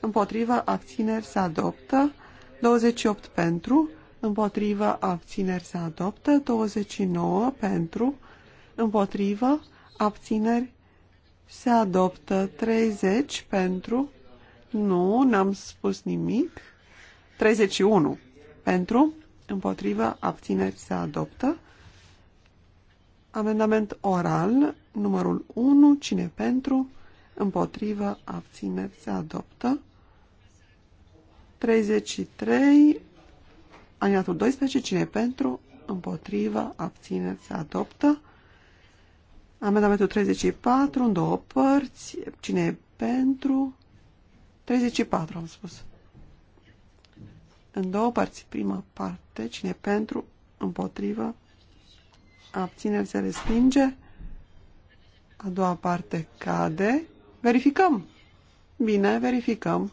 Împotrivă, abțineri, se adoptă. 28 pentru, împotrivă, abțineri, se adoptă. 29 pentru, împotrivă, abțineri, se adoptă. 30 pentru, nu, n-am spus nimic. 31 pentru, împotrivă, abțineri, se adoptă. Amendament oral Numărul 1, cine pentru, împotrivă, abțineri, se adoptă. 33, aliniatul 12, cine pentru, împotrivă, abțineri, se adoptă. Amendamentul 34, în două părți, cine e pentru, 34 am spus. În două părți, prima parte, cine e pentru, împotrivă, abțineri, se respinge. A doua parte cade. Verificăm. Bine, verificăm.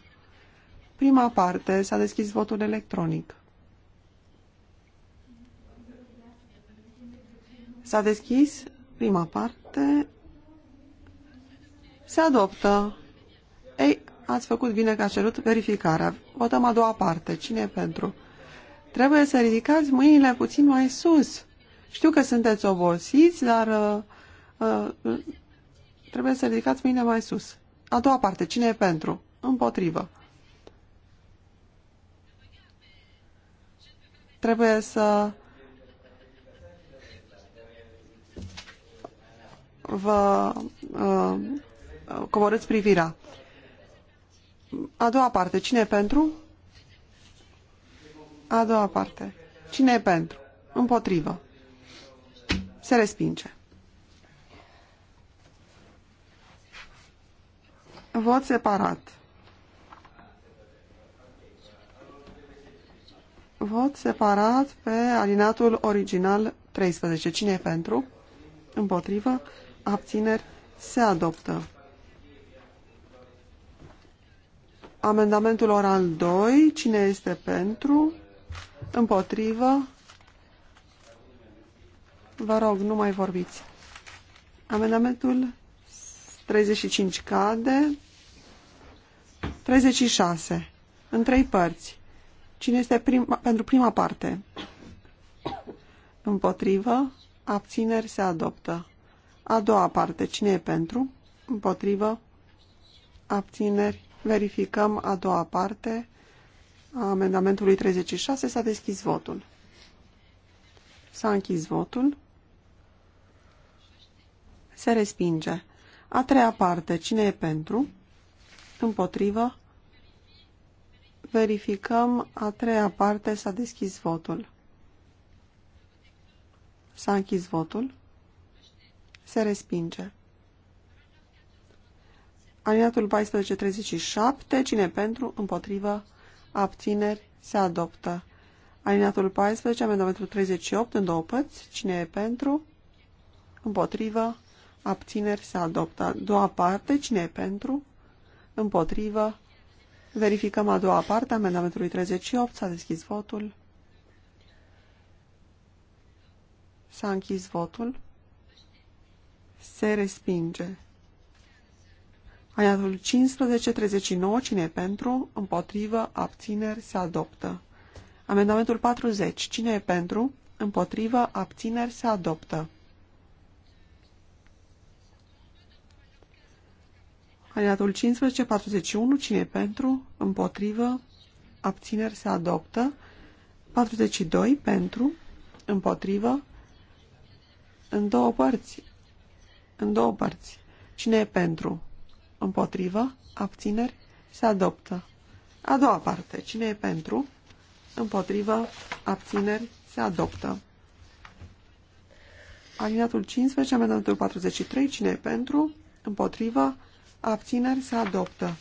Prima parte s-a deschis votul electronic. S-a deschis prima parte. Se adoptă. Ei, ați făcut bine că a cerut verificarea. Votăm a doua parte. Cine e pentru? Trebuie să ridicați mâinile puțin mai sus. Știu că sunteți obosiți, dar uh, Uh, uh, trebuie să ridicați mine mai sus. A doua parte, cine e pentru? Împotrivă. Trebuie să vă uh, coborâți privirea. A doua parte, cine e pentru? A doua parte, cine e pentru? Împotrivă. Se respinge. Vot separat. Vot separat pe alinatul original 13. Cine e pentru? Împotrivă? Abțineri? Se adoptă. Amendamentul oral 2. Cine este pentru? Împotrivă? Vă rog, nu mai vorbiți. Amendamentul 35 cade. 36. În trei părți. Cine este prima, pentru prima parte? Împotrivă. Abțineri se adoptă. A doua parte. Cine e pentru? Împotrivă. Abțineri. Verificăm a doua parte a amendamentului 36. S-a deschis votul. S-a închis votul. Se respinge. A treia parte. Cine e pentru? împotrivă. Verificăm a treia parte, s-a deschis votul. S-a închis votul. Se respinge. Aliniatul 1437, cine pentru, împotrivă, abțineri, se adoptă. Aliniatul 14, amendamentul 38, în două părți, cine e pentru, împotrivă, abțineri, se adoptă. Doua parte, cine e pentru, împotrivă. Verificăm a doua parte a amendamentului 38. S-a deschis votul. S-a închis votul. Se respinge. Aiatul 15, 39, cine pentru, împotrivă, abțineri, se adoptă. Amendamentul 40, cine e pentru, împotrivă, abțineri, se adoptă. Alinatul 15, 41, cine pentru, împotrivă, abțineri se adoptă. 42 pentru, împotrivă, în două părți. În două părți. Cine e pentru? Împotrivă, abțineri, se adoptă. A doua parte. Cine e pentru? Împotrivă, abțineri, se adoptă. Alinatul 15, amendamentul 43. Cine e pentru? Împotrivă, abțineri, se adoptă.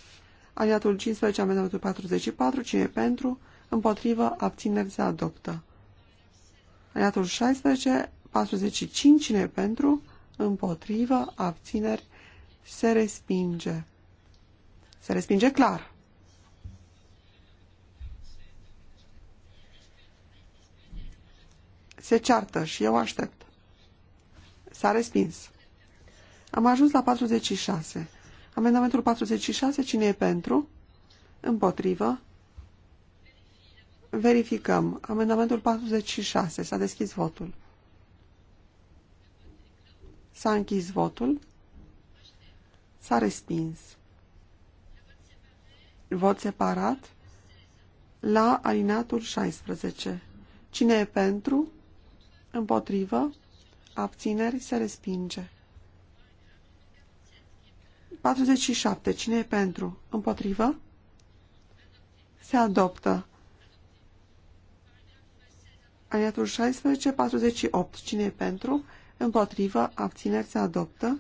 Aliatul 15, amendamentul 44, cine pentru, împotrivă, abțineri, se adoptă. Aliatul 16, 45, cine pentru, împotrivă, abțineri, se respinge. Se respinge clar. Se ceartă și eu aștept. S-a respins. Am ajuns la 46. Amendamentul 46, cine e pentru? Împotrivă. Verificăm. Amendamentul 46. S-a deschis votul. S-a închis votul. S-a respins. Vot separat la alinatul 16. Cine e pentru? Împotrivă? Abțineri? Se respinge. 47. Cine e pentru? Împotrivă? Se adoptă. Aliatul 16, 48. Cine e pentru? Împotrivă? Abțineri? Se adoptă.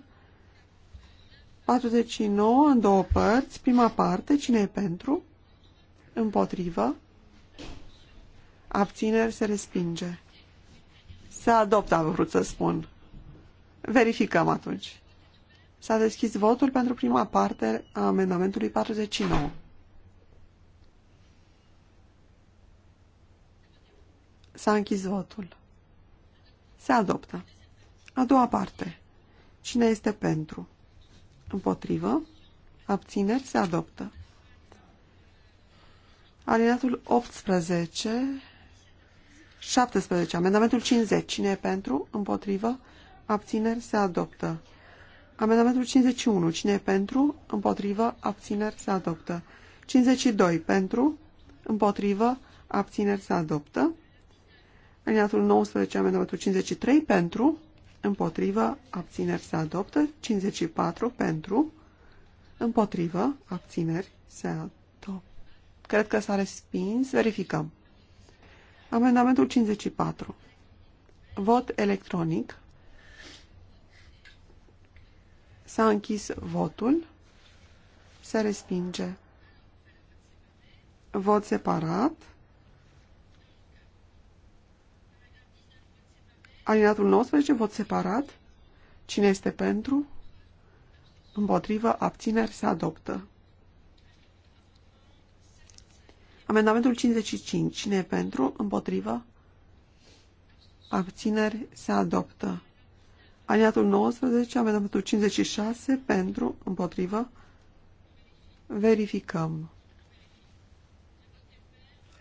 49 în două părți. Prima parte. Cine e pentru? Împotrivă? Abțineri? Se respinge. Se adoptă, am vrut să spun. Verificăm atunci. S-a deschis votul pentru prima parte a amendamentului 49. S-a închis votul. Se adoptă. A doua parte. Cine este pentru? Împotrivă. Abțineri se adoptă. Alineatul 18, 17, amendamentul 50. Cine e pentru? Împotrivă. Abțineri se adoptă. Amendamentul 51. Cine e pentru? Împotrivă. Abțineri se adoptă. 52. Pentru? Împotrivă. Abțineri se adoptă. Alineatul 19. Amendamentul 53. Pentru? Împotrivă. Abțineri se adoptă. 54. Pentru? Împotrivă. Abțineri se adoptă. Cred că s-a respins. Verificăm. Amendamentul 54. Vot electronic. S-a închis votul. Se respinge. Vot separat. Alinatul 19, vot separat. Cine este pentru? Împotrivă, abțineri, se adoptă. Amendamentul 55. Cine e pentru? Împotrivă? Abțineri, se adoptă. Aliatul 19, amendamentul 56, pentru, împotrivă, verificăm.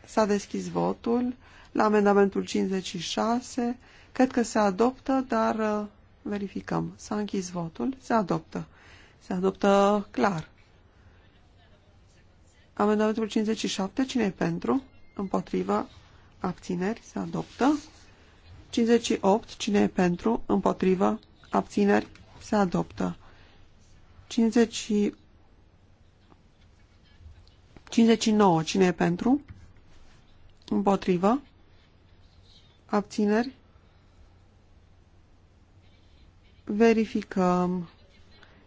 S-a deschis votul la amendamentul 56. Cred că se adoptă, dar uh, verificăm. S-a închis votul, se adoptă. Se adoptă clar. Amendamentul 57, cine e pentru? Împotrivă, abțineri, se adoptă. 58. Cine e pentru? Împotrivă? Abțineri? Se adoptă. 50... 59. Cine e pentru? Împotrivă? Abțineri? Verificăm.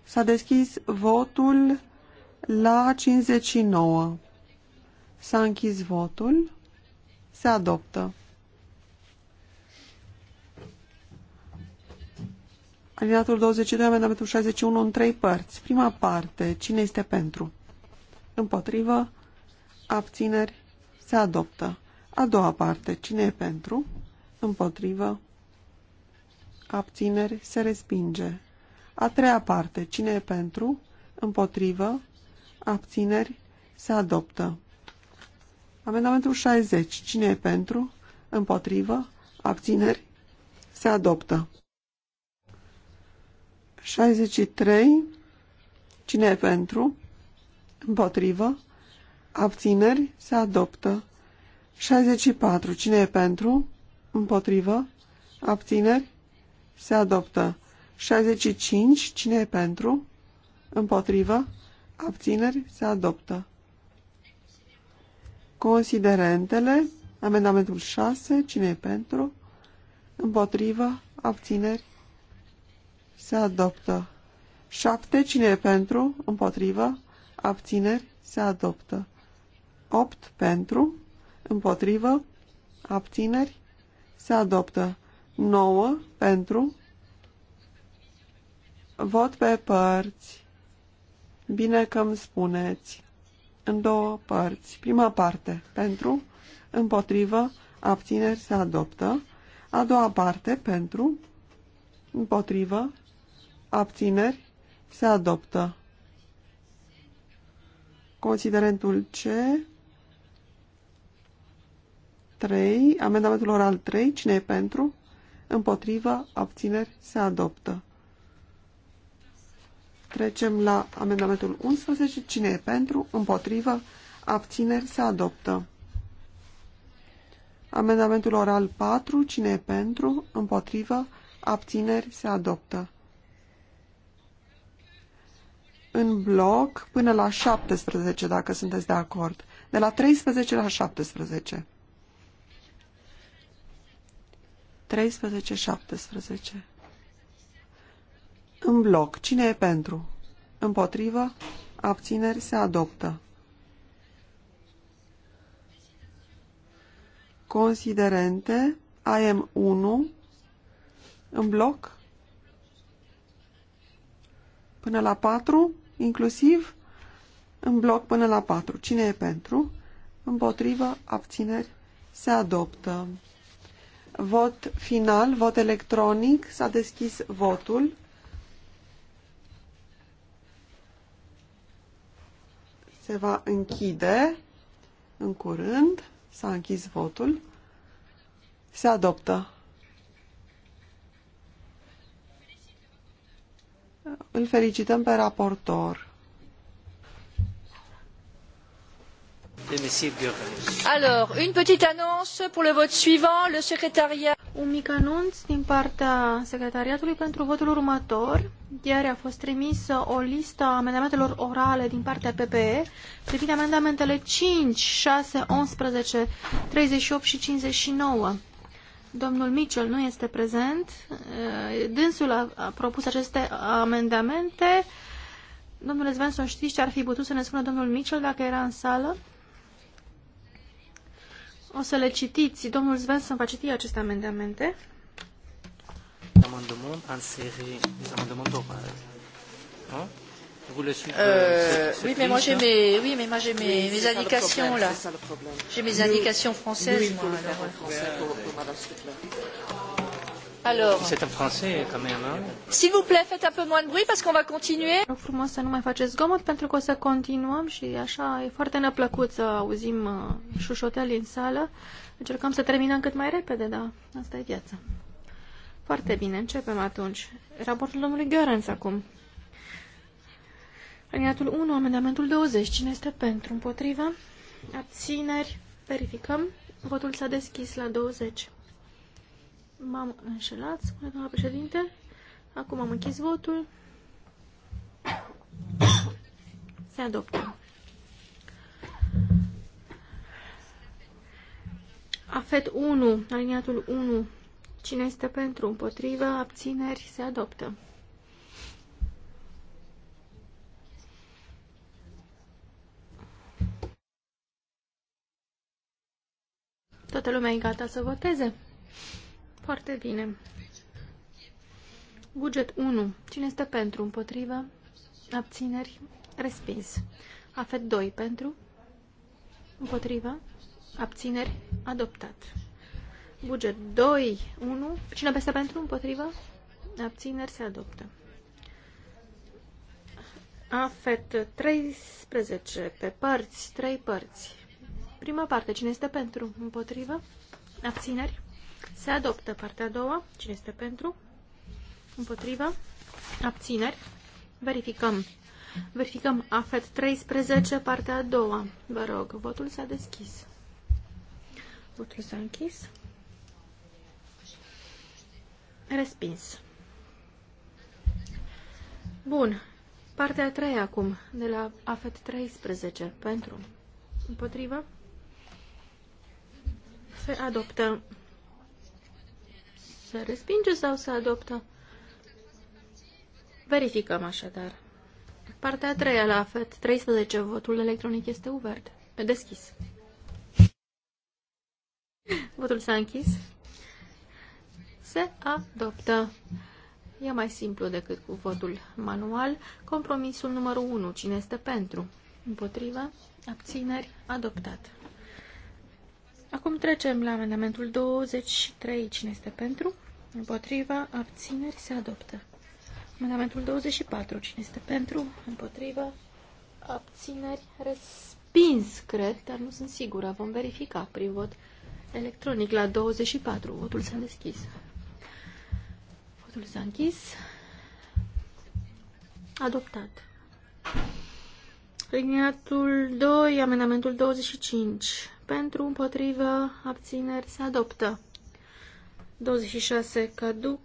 S-a deschis votul la 59. S-a închis votul. Se adoptă. Alineatul 22, amendamentul 61 în trei părți. Prima parte, cine este pentru? Împotrivă, abțineri, se adoptă. A doua parte, cine e pentru? Împotrivă, abțineri, se respinge. A treia parte, cine e pentru? Împotrivă, abțineri, se adoptă. Amendamentul 60, cine e pentru? Împotrivă, abțineri, se adoptă. 63. Cine e pentru? Împotrivă. Abțineri se adoptă. 64. Cine e pentru? Împotrivă. Abțineri se adoptă. 65. Cine e pentru? Împotrivă. Abțineri se adoptă. Considerentele. Amendamentul 6. Cine e pentru? Împotrivă. Abțineri se adoptă. 7. Cine e pentru? Împotrivă. Abțineri. Se adoptă. 8. Pentru. Împotrivă. Abțineri. Se adoptă. 9. Pentru. Vot pe părți. Bine că îmi spuneți. În două părți. Prima parte. Pentru. Împotrivă. Abțineri. Se adoptă. A doua parte. Pentru. Împotrivă abțineri, se adoptă. Considerentul C, 3, amendamentul oral 3, cine e pentru? Împotrivă, abțineri, se adoptă. Trecem la amendamentul 11, cine e pentru? Împotrivă, abțineri, se adoptă. Amendamentul oral 4, cine e pentru? Împotrivă, abțineri, se adoptă în bloc până la 17, dacă sunteți de acord. De la 13 la 17. 13-17. În bloc. Cine e pentru? Împotrivă? Abțineri se adoptă. Considerente. AM1. În bloc. Până la 4 inclusiv în bloc până la 4. Cine e pentru? Împotrivă, abțineri, se adoptă. Vot final, vot electronic, s-a deschis votul. Se va închide în curând, s-a închis votul, se adoptă. Îl felicităm pe raportor. Alors, une petite annonce pour le vote suivant, le secrétariat. Un mic anunț din partea secretariatului pentru votul următor. Ieri a fost trimisă o listă a amendamentelor orale din partea PPE privind amendamentele 5, 6, 11, 38 și 59. Domnul Mitchell nu este prezent. Dânsul a, a propus aceste amendamente. Domnule Svensson, știți ce ar fi putut să ne spună domnul Mitchell dacă era în sală? O să le citiți. Domnul Svensson va citi aceste amendamente. Amendement en série, les Vous le euh, euh Oui, mais moi j'ai mes, oui, mais moi j'ai mes, oui, mes indications là. J'ai mes indications françaises. Nous, moi, alors. En français pour, pour alors. C'est en français quand même. Hein? S'il vous plaît, faites un peu moins de bruit parce qu'on va continuer. Rog frumos să nu mai faceți zgomot pentru că o să continuăm și așa e foarte neplăcut să auzim uh, șușoteli în sală. Încercăm să terminăm cât mai repede, da. Asta e viața. Foarte bine, începem atunci. Raportul domnului Görens acum. Aliniatul 1, amendamentul 20. Cine este pentru? Împotrivă? Abțineri? Verificăm. Votul s-a deschis la 20. M-am înșelat, spune doamna președinte. Acum am închis votul. Se adoptă. Afet 1, aliniatul 1. Cine este pentru, împotrivă, abțineri, se adoptă. Toată lumea e gata să voteze? Foarte bine. Buget 1. Cine este pentru? Împotrivă? Abțineri? Respins. Afet 2. Pentru? Împotrivă? Abțineri? Adoptat. Buget 2. 1. Cine peste pentru? Împotrivă? Abțineri? Se adoptă. Afet 13. Pe părți. 3 părți. Prima parte, cine este pentru? Împotrivă? Abțineri? Se adoptă. Partea a doua, cine este pentru? Împotrivă? Abțineri? Verificăm. Verificăm AFET 13, partea a doua. Vă rog, votul s-a deschis. Votul s-a închis. Respins. Bun. Partea a treia acum, de la AFET 13, pentru, împotrivă, se adoptă. Se respinge sau se adoptă? Verificăm așadar. Partea a treia la FET 13. Votul electronic este uvert. Pe deschis. Votul s-a închis. Se adoptă. E mai simplu decât cu votul manual. Compromisul numărul 1. Cine este pentru? Împotrivă? Abțineri? Adoptat. Acum trecem la amendamentul 23. Cine este pentru? Împotriva, abțineri, se adoptă. Amendamentul 24. Cine este pentru? Împotriva, abțineri, respins, cred, dar nu sunt sigură. Vom verifica prin vot electronic la 24. Votul s-a deschis. Votul s-a închis. Adoptat. Liniatul 2, amendamentul 25 pentru, împotrivă, abțineri, se adoptă. 26 caduc,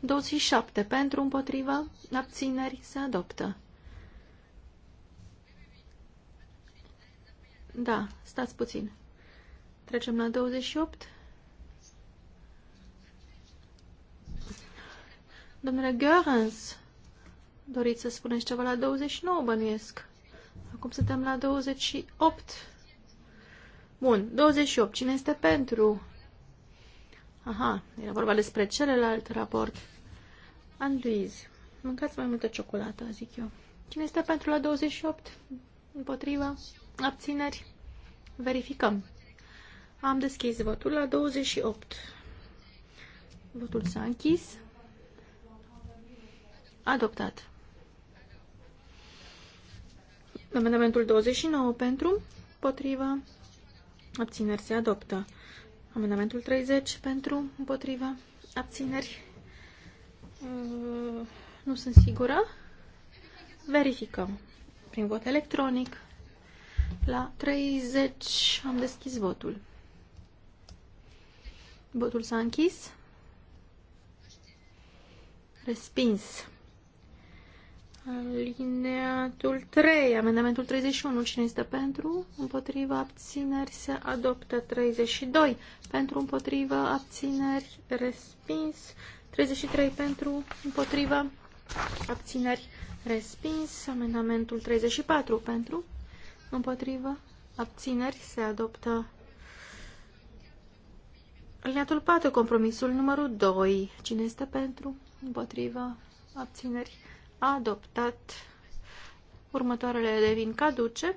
27 pentru, împotrivă, abțineri, se adoptă. Da, stați puțin. Trecem la 28. Domnule Görens, doriți să spuneți ceva la 29, bănuiesc. Acum suntem la 28. Bun, 28. Cine este pentru? Aha, era vorba despre celălalt raport. Andriz, mâncați mai multă ciocolată, zic eu. Cine este pentru la 28? Împotriva? Abțineri? Verificăm. Am deschis votul la 28. Votul s-a închis. Adoptat. Amendamentul 29 pentru, potrivă, Abțineri se adoptă. Amendamentul 30 pentru, împotriva, abțineri. Uh, nu sunt sigură. Verificăm prin vot electronic. La 30 am deschis votul. Votul s-a închis. Respins. Alineatul 3, amendamentul 31, cine este pentru? Împotriva abțineri se adoptă 32. Pentru împotriva abțineri respins. 33 pentru împotriva abțineri respins. Amendamentul 34 pentru împotriva abțineri se adoptă. Alineatul 4, compromisul numărul 2. Cine este pentru? Împotriva abțineri adoptat. Următoarele devin caduce.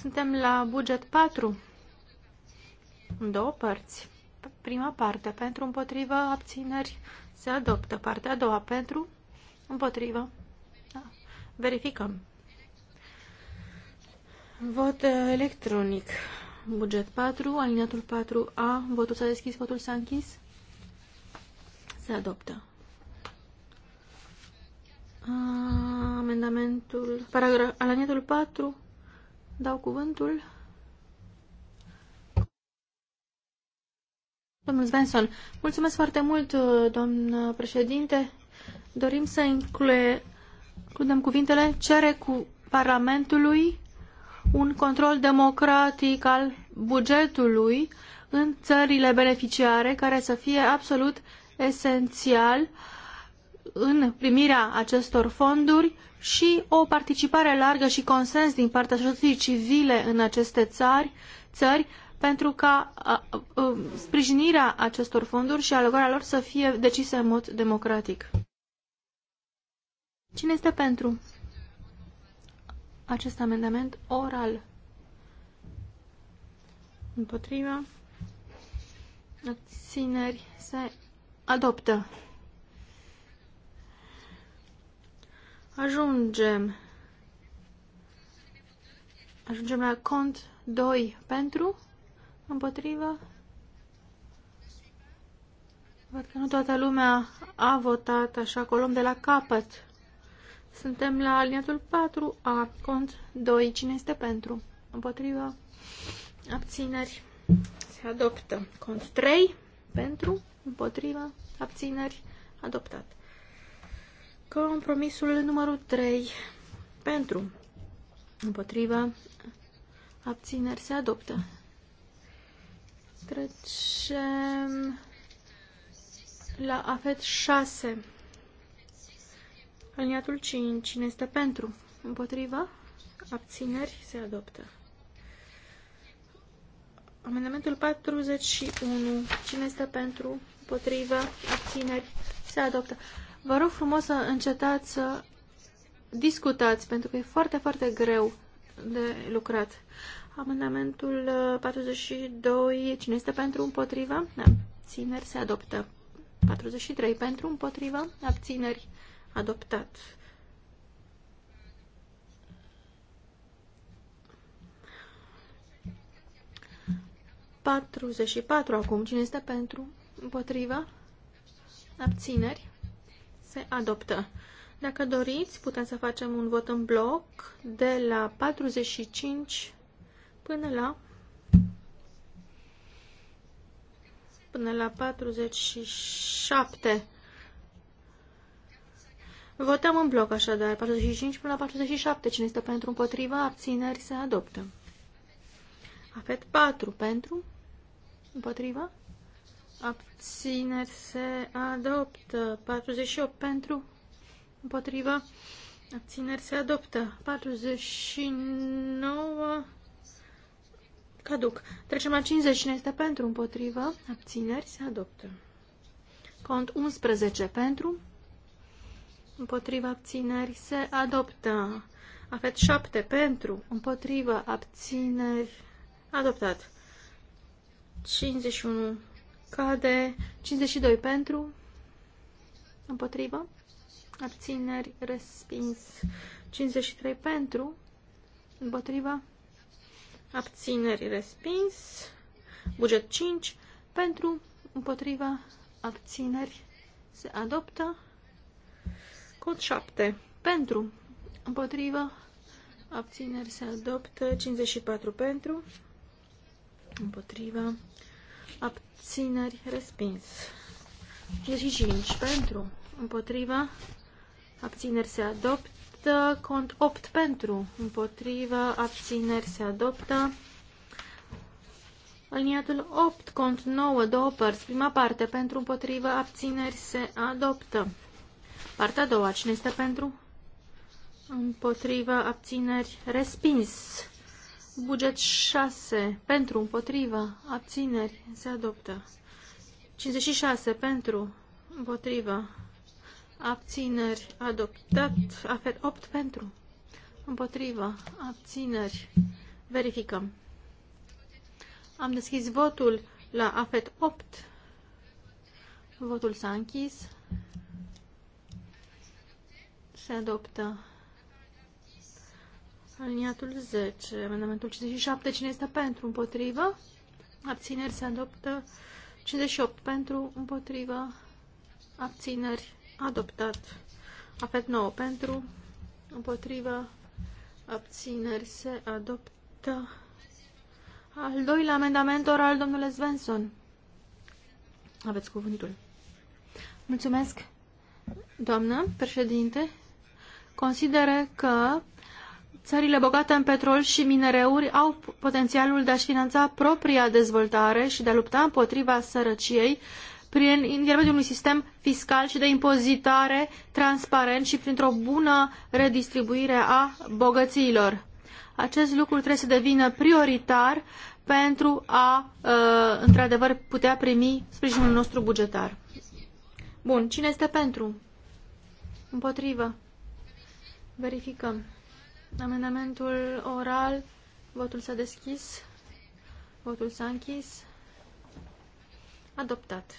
Suntem la buget 4, în două părți. Prima parte, pentru împotrivă, abțineri, se adoptă. Partea a doua, pentru împotrivă. Da. Verificăm. Vot electronic. Buget 4, alineatul 4A, votul s-a deschis, votul s-a închis. Se adoptă. Amendamentul, paragraf, alaniatul 4, dau cuvântul. Domnul Svensson, mulțumesc foarte mult, domn președinte. Dorim să includem cuvintele cere cu Parlamentului un control democratic al bugetului în țările beneficiare, care să fie absolut esențial uh, în primirea acestor fonduri și o participare largă și consens din partea societății civile în aceste țări, țări pentru ca a, a, sprijinirea acestor fonduri și alocarea lor să fie decise în mod democratic. Cine este pentru acest amendament oral? Împotriva? Abțineri? Se adoptă. Ajungem. Ajungem la cont 2 pentru, împotrivă. Văd că nu toată lumea a votat, așa că o luăm de la capăt. Suntem la aliniatul 4A, cont 2. Cine este pentru? Împotrivă. abțineri. Se adoptă. Cont 3, pentru, Împotrivă. abțineri, adoptat. Compromisul numărul 3. Pentru. Împotriva. Abțineri se adoptă. Trecem la afet 6. Aliniatul 5. Cine este pentru? Împotriva? Abțineri se adoptă. Amendamentul 41. Cine este pentru? Împotriva? Abțineri se adoptă. Vă rog frumos să încetați să discutați, pentru că e foarte, foarte greu de lucrat. Amendamentul 42, uh, cine este pentru împotriva? Abțineri se adoptă. 43 pentru împotriva, abțineri adoptat. Patruzeci și patru acum. Cine este pentru? Împotriva? Abțineri? se adoptă. Dacă doriți, putem să facem un vot în bloc de la 45 până la până la 47. Votăm în bloc așadar, 45 până la 47. Cine este pentru împotriva, abțineri se adoptă. Afet 4 pentru împotriva, abțineri se adoptă. 48 pentru, Împotriva. abțineri se adoptă. 49 caduc. Trecem la 50. Cine este pentru, Împotriva. abțineri se adoptă. Cont 11 pentru, împotriva abțineri se adoptă. Afet 7 pentru, împotriva abțineri adoptat. 51 Cade 52 pentru, împotrivă, abțineri, respins. 53 pentru, împotrivă, abțineri, respins. Buget 5 pentru, Împotrivă. abțineri, se adoptă. Cod 7 pentru, Împotrivă. abțineri, se adoptă. 54 pentru, Împotrivă abțineri, respins. 55 pentru, împotriva, abțineri se adoptă, cont 8 pentru, împotriva, abțineri se adoptă. Aliniatul 8, cont 9, două părți, prima parte, pentru, împotriva, abțineri se adoptă. Partea a doua, cine este pentru? Împotriva, abțineri, respins. Buget 6 pentru, împotrivă, abțineri, se adoptă. 56 pentru, împotrivă, abțineri, adoptat. Afet 8 pentru, împotrivă, abțineri, verificăm. Am deschis votul la AFET 8. Votul s-a închis. Se adoptă Aliniatul 10, amendamentul 57, cine este pentru, împotrivă? Abțineri se adoptă 58 pentru, împotrivă, abțineri, adoptat. Afet 9 pentru, împotrivă, abțineri se adoptă. Al doilea amendament oral, domnule Svensson. Aveți cuvântul. Mulțumesc, doamnă președinte. Consideră că Țările bogate în petrol și minereuri au potențialul de a-și finanța propria dezvoltare și de a lupta împotriva sărăciei prin intermediul unui sistem fiscal și de impozitare transparent și printr-o bună redistribuire a bogățiilor. Acest lucru trebuie să devină prioritar pentru a, ă, într-adevăr, putea primi sprijinul nostru bugetar. Bun, cine este pentru? Împotrivă. Verificăm. Amendamentul oral, votul s-a deschis, votul s-a închis, adoptat.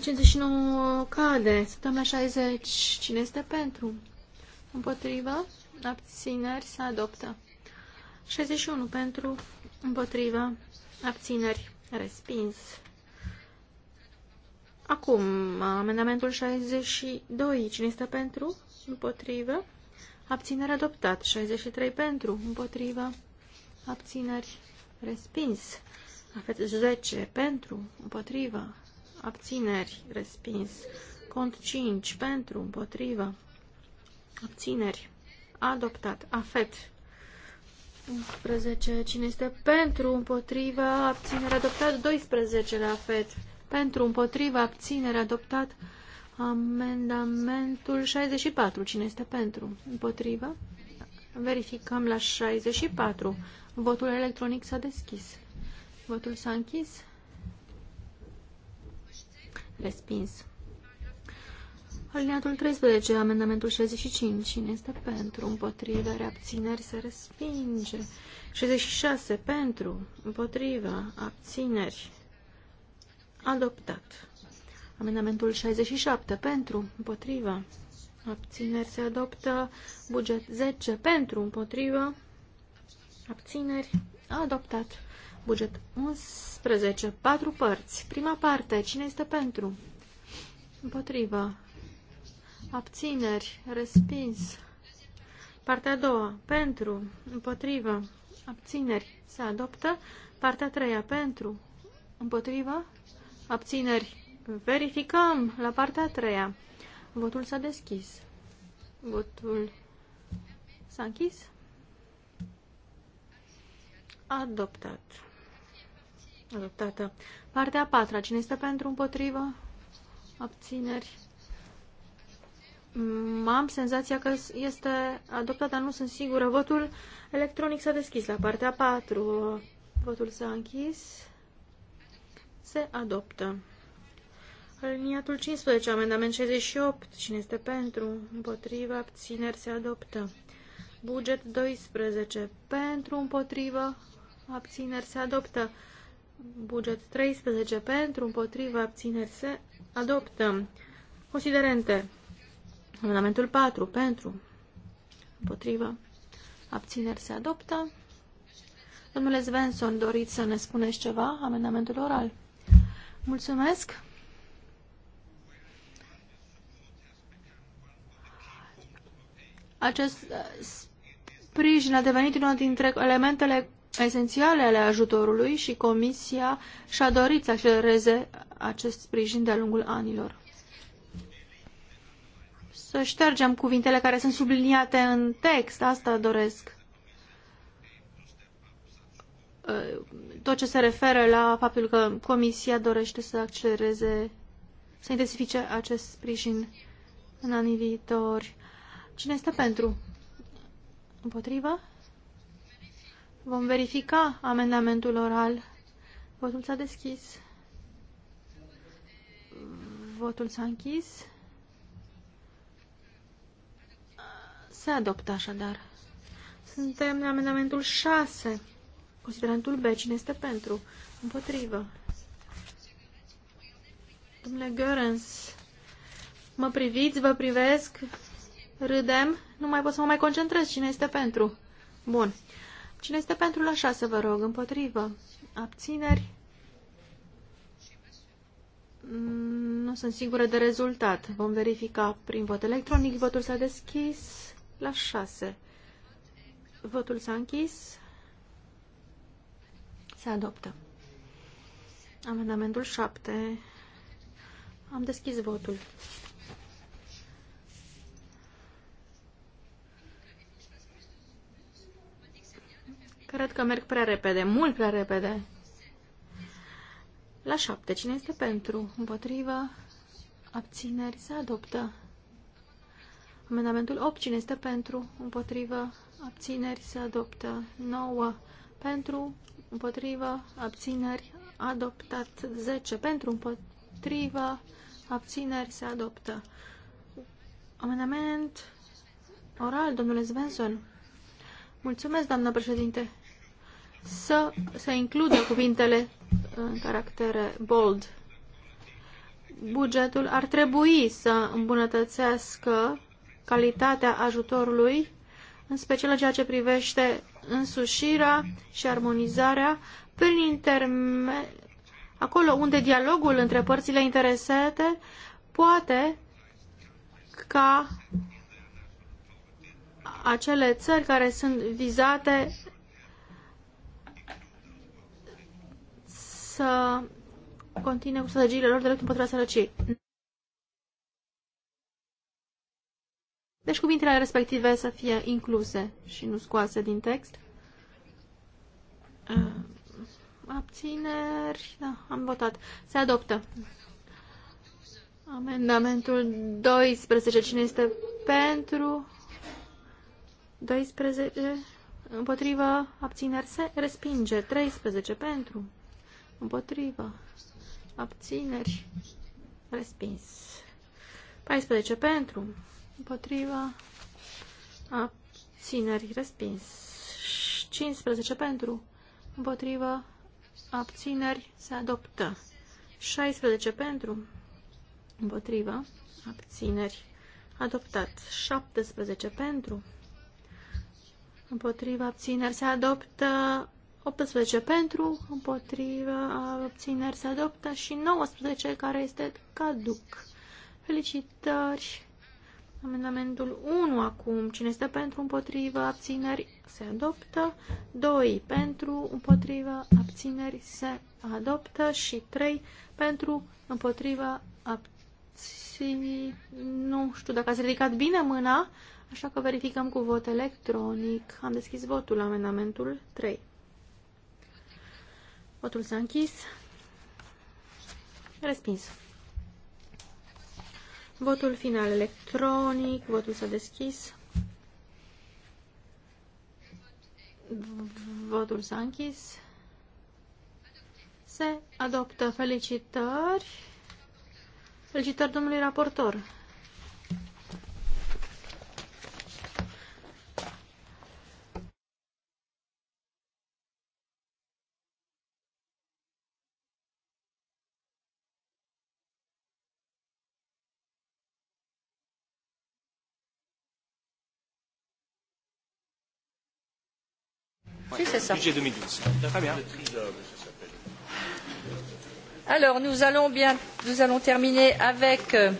59 cade, suntem la 60. Cine este pentru? Împotrivă, abțineri, se adoptă. 61 pentru, împotrivă, abțineri, respins. Acum, amendamentul 62, cine este pentru? Împotrivă. Abținere adoptat. 63 pentru, împotrivă. Abțineri respins. Afet 10 pentru, împotrivă. Abțineri respins. Cont 5 pentru, împotrivă. Abțineri adoptat. Afet 11. Cine este pentru, împotrivă, abținere adoptat. 12 la afet pentru, împotriva, abținere, adoptat. Amendamentul 64. Cine este pentru? Împotriva? Verificăm la 64. Votul electronic s-a deschis. Votul s-a închis. Respins. Alineatul 13, amendamentul 65. Cine este pentru? Împotriva, Reabțineri se respinge. 66. Pentru, împotriva, abțineri, adoptat. Amendamentul 67 pentru, împotrivă, abțineri se adoptă. Buget 10 pentru, împotrivă, abțineri, adoptat. Buget 11, 4 părți. Prima parte, cine este pentru? Împotrivă. Abțineri, respins. Partea a doua, pentru, împotrivă, abțineri, se adoptă. Partea a treia, pentru, împotrivă, Abțineri. Verificăm la partea a treia. Votul s-a deschis. Votul s-a închis. Adoptat. Adoptată. Partea a patra. Cine este pentru împotrivă? Abțineri. M Am senzația că este adoptat, dar nu sunt sigură. Votul electronic s-a deschis la partea a patru. Votul s-a închis se adoptă. Aliniatul 15, amendament 68, cine este pentru, împotrivă, abțineri, se adoptă. Buget 12, pentru, împotrivă, abțineri, se adoptă. Buget 13, pentru, împotrivă, abțineri, se adoptă. Considerente, amendamentul 4, pentru, împotrivă, abțineri, se adoptă. Domnule Svensson, doriți să ne spuneți ceva? Amendamentul oral. Mulțumesc. Acest uh, sprijin a devenit unul dintre elementele esențiale ale ajutorului și Comisia și-a dorit să accelereze acest sprijin de-a lungul anilor. Să ștergem cuvintele care sunt subliniate în text, asta doresc. Uh, tot ce se referă la faptul că Comisia dorește să accelereze, să intensifice acest sprijin în anii viitori. Cine este pentru? Împotrivă? Vom verifica amendamentul oral. Votul s-a deschis. Votul s-a închis. Se adoptă așadar. Suntem la amendamentul 6. Considerantul B, cine este pentru? Împotrivă. Domnule Görens, mă priviți, vă privesc, râdem, nu mai pot să mă mai concentrez. Cine este pentru? Bun. Cine este pentru la șase vă rog, împotrivă? Abțineri? Mm, nu sunt sigură de rezultat. Vom verifica prin vot electronic. Votul s-a deschis la șase, Votul s-a închis. Se adoptă. Amendamentul 7. Am deschis votul. Cred că merg prea repede, mult prea repede. La 7. Cine este pentru? Împotrivă? Abțineri? Se adoptă. Amendamentul 8. Cine este pentru? Împotrivă? Abțineri? Se adoptă. 9. Pentru? împotrivă, abțineri, adoptat 10 pentru, împotrivă, abțineri, se adoptă. Amendament oral, domnule Svensson. Mulțumesc, doamnă președinte. Să se includă cuvintele în caractere bold. Bugetul ar trebui să îmbunătățească calitatea ajutorului, în special în ceea ce privește însușirea și armonizarea prin interme... acolo unde dialogul între părțile interesate poate ca acele țări care sunt vizate să continue cu strategiile lor de luptă împotriva sărăciei. Deci cuvintele respective să fie incluse și nu scoase din text. Uh, abțineri. Da, am votat. Se adoptă. Amendamentul 12. Cine este pentru? 12. Împotrivă. Abțineri. Se respinge. 13. Pentru. Împotrivă. Abțineri. Respins. 14. Pentru împotriva, Abținerii. respins. 15 pentru, împotriva, abțineri, se adoptă. 16 pentru, împotriva, abțineri, adoptat. 17 pentru, împotriva, abțineri, se adoptă. 18 pentru, împotriva, abțineri, se adoptă și 19 care este caduc. Felicitări! Amendamentul 1 acum. Cine stă pentru, împotrivă, abțineri, se adoptă. 2 pentru, împotrivă, abțineri, se adoptă. Și 3 pentru, împotrivă, abțineri. Nu știu dacă ați ridicat bine mâna, așa că verificăm cu vot electronic. Am deschis votul la amendamentul 3. Votul s-a închis. Respins. Votul final electronic, votul s-a deschis. Votul s-a închis. Se adoptă felicitări. Felicitări domnului raportor. Oui, c'est ça. Budget 2012. Très bien. Alors, nous allons, bien, nous allons terminer avec euh,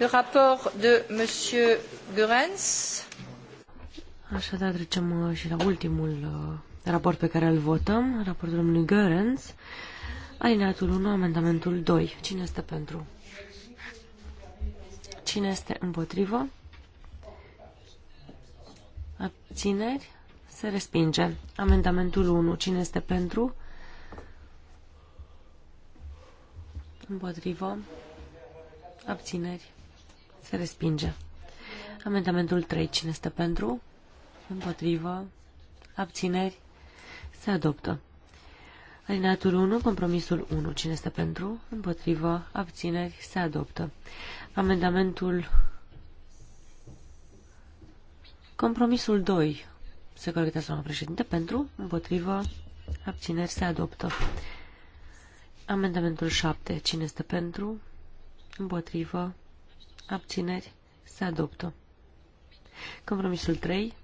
le rapport de M. Goerens. Așadar, trecem uh, și la ultimul uh, raport pe care îl votăm, raportul domnului Goerens. Alineatul 1, amendamentul 2. Cine este pentru? Cine este împotrivă? Abțineri? Se respinge. Amendamentul 1. Cine este pentru? Împotrivă. Abțineri. Se respinge. Amendamentul 3. Cine este pentru? Împotrivă. Abțineri. Se adoptă. Alineatul 1, compromisul 1. Cine este pentru? Împotrivă. Abțineri. Se adoptă. Amendamentul Compromisul 2. Securitatea doamna președinte pentru, împotrivă, abțineri se adoptă. Amendamentul 7. Cine este pentru, împotrivă, abțineri se adoptă. Compromisul 3.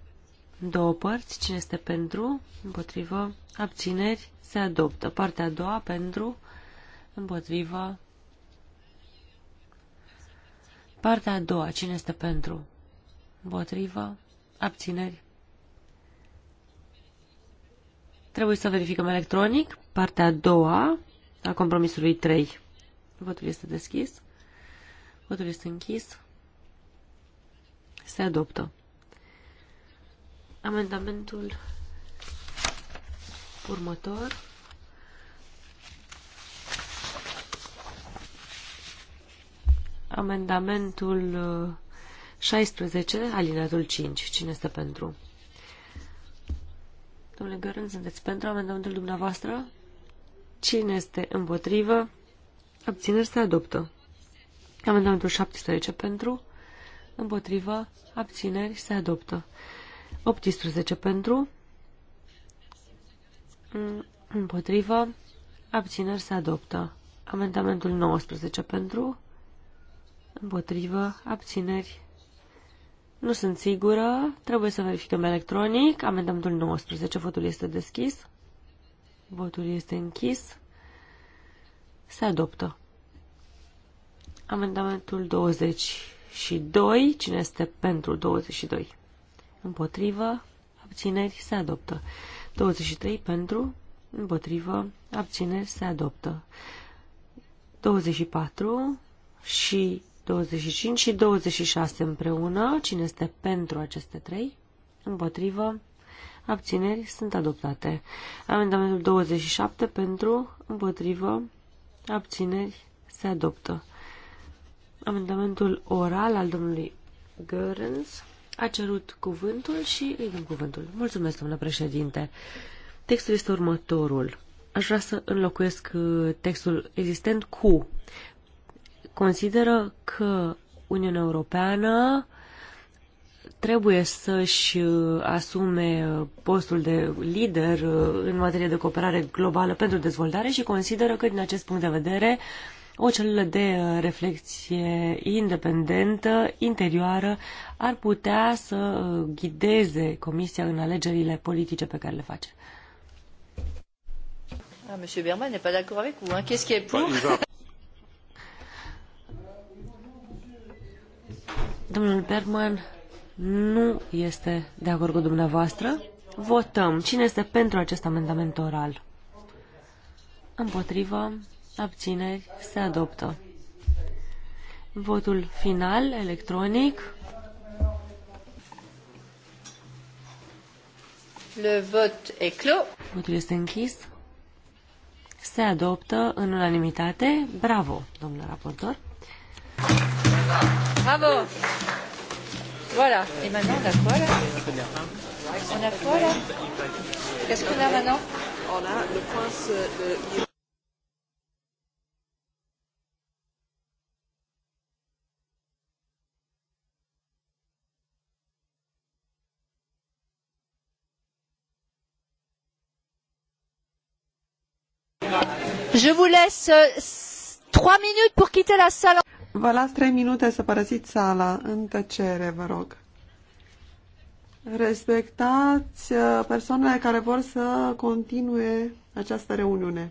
Două părți. Cine este pentru, împotrivă, abțineri se adoptă. Partea a doua pentru, împotrivă, Partea a doua, cine este pentru? Împotrivă? Abțineri. Trebuie să verificăm electronic partea a doua a compromisului 3. Votul este deschis. Votul este închis. Se adoptă. Amendamentul următor. Amendamentul uh, 16, alineatul 5. Cine este pentru? Domnule Gărân, sunteți pentru amendamentul dumneavoastră? Cine este împotrivă? Abțineri se adoptă. Amendamentul 17 pentru, împotrivă, abțineri se adoptă. 18 pentru, mm, împotrivă, abțineri se adoptă. Amendamentul 19 pentru, împotrivă, abțineri nu sunt sigură. Trebuie să verificăm electronic. Amendamentul 19. Votul este deschis. Votul este închis. Se adoptă. Amendamentul 22. Cine este pentru 22? Împotrivă. Abțineri. Se adoptă. 23 pentru. Împotrivă. Abțineri. Se adoptă. 24 și 25 și 26 împreună. Cine este pentru aceste trei? Împotrivă. Abțineri sunt adoptate. Amendamentul 27 pentru, împotrivă, abțineri se adoptă. Amendamentul oral al domnului Görens a cerut cuvântul și îi dăm cuvântul. Mulțumesc, domnule președinte. Textul este următorul. Aș vrea să înlocuiesc uh, textul existent cu consideră că Uniunea Europeană trebuie să-și uh, asume uh, postul de lider uh, în materie de cooperare globală pentru dezvoltare și consideră că, din acest punct de vedere, o celulă de reflexie independentă, interioară, ar putea să ghideze Comisia în alegerile politice pe care le face. Ah, Monsieur Berman n'est pas d'accord avec vous. Hein. Qu'est-ce qui est pour Domnul Bergman nu este de acord cu dumneavoastră. Votăm. Cine este pentru acest amendament oral? Împotrivă. Abțineri. Se adoptă. Votul final, electronic. Le vot est clos. Votul este închis. Se adoptă în unanimitate. Bravo, domnule raportor. Bravo. Voilà. Et maintenant, on a quoi là On a quoi là Qu'est-ce qu'on a maintenant On a le Je vous laisse euh, trois minutes pour quitter la salle. Vă las trei minute să părăsiți sala. În tăcere, vă rog. Respectați uh, persoanele care vor să continue această reuniune.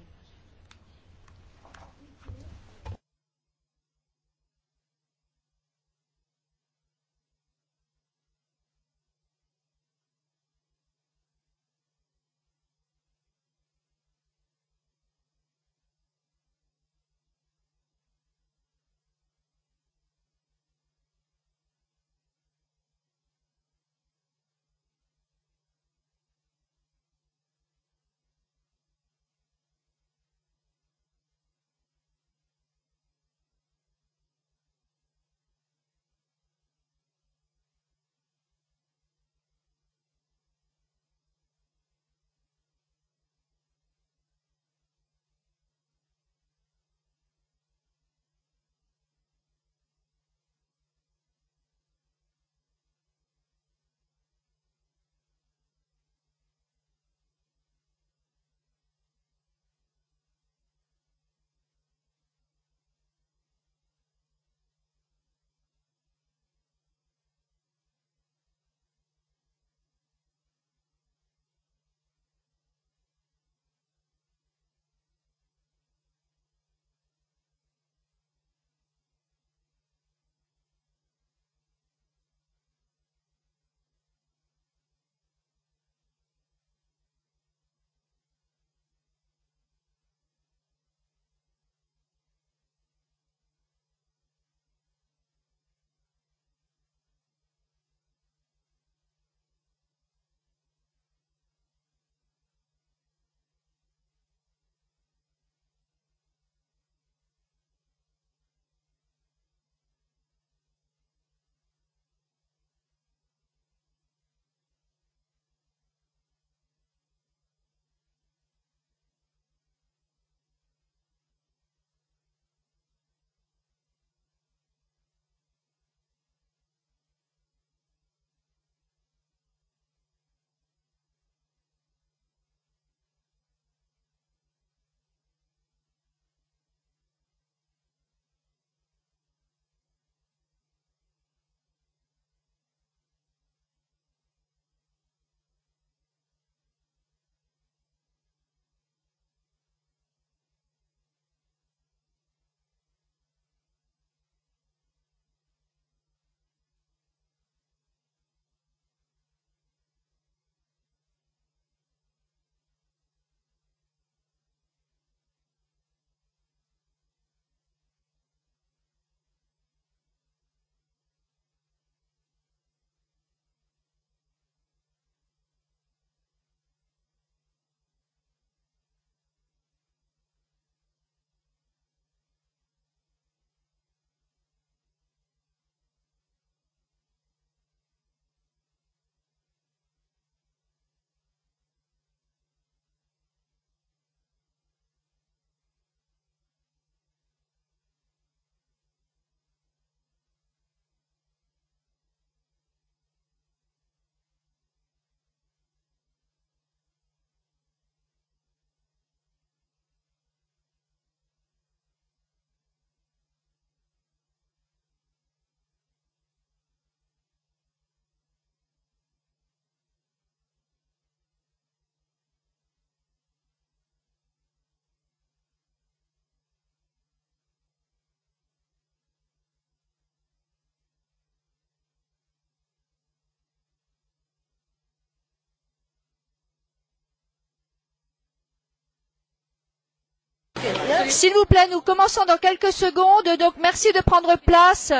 S'il vous plaît, nous commençons dans quelques secondes, donc merci de prendre place.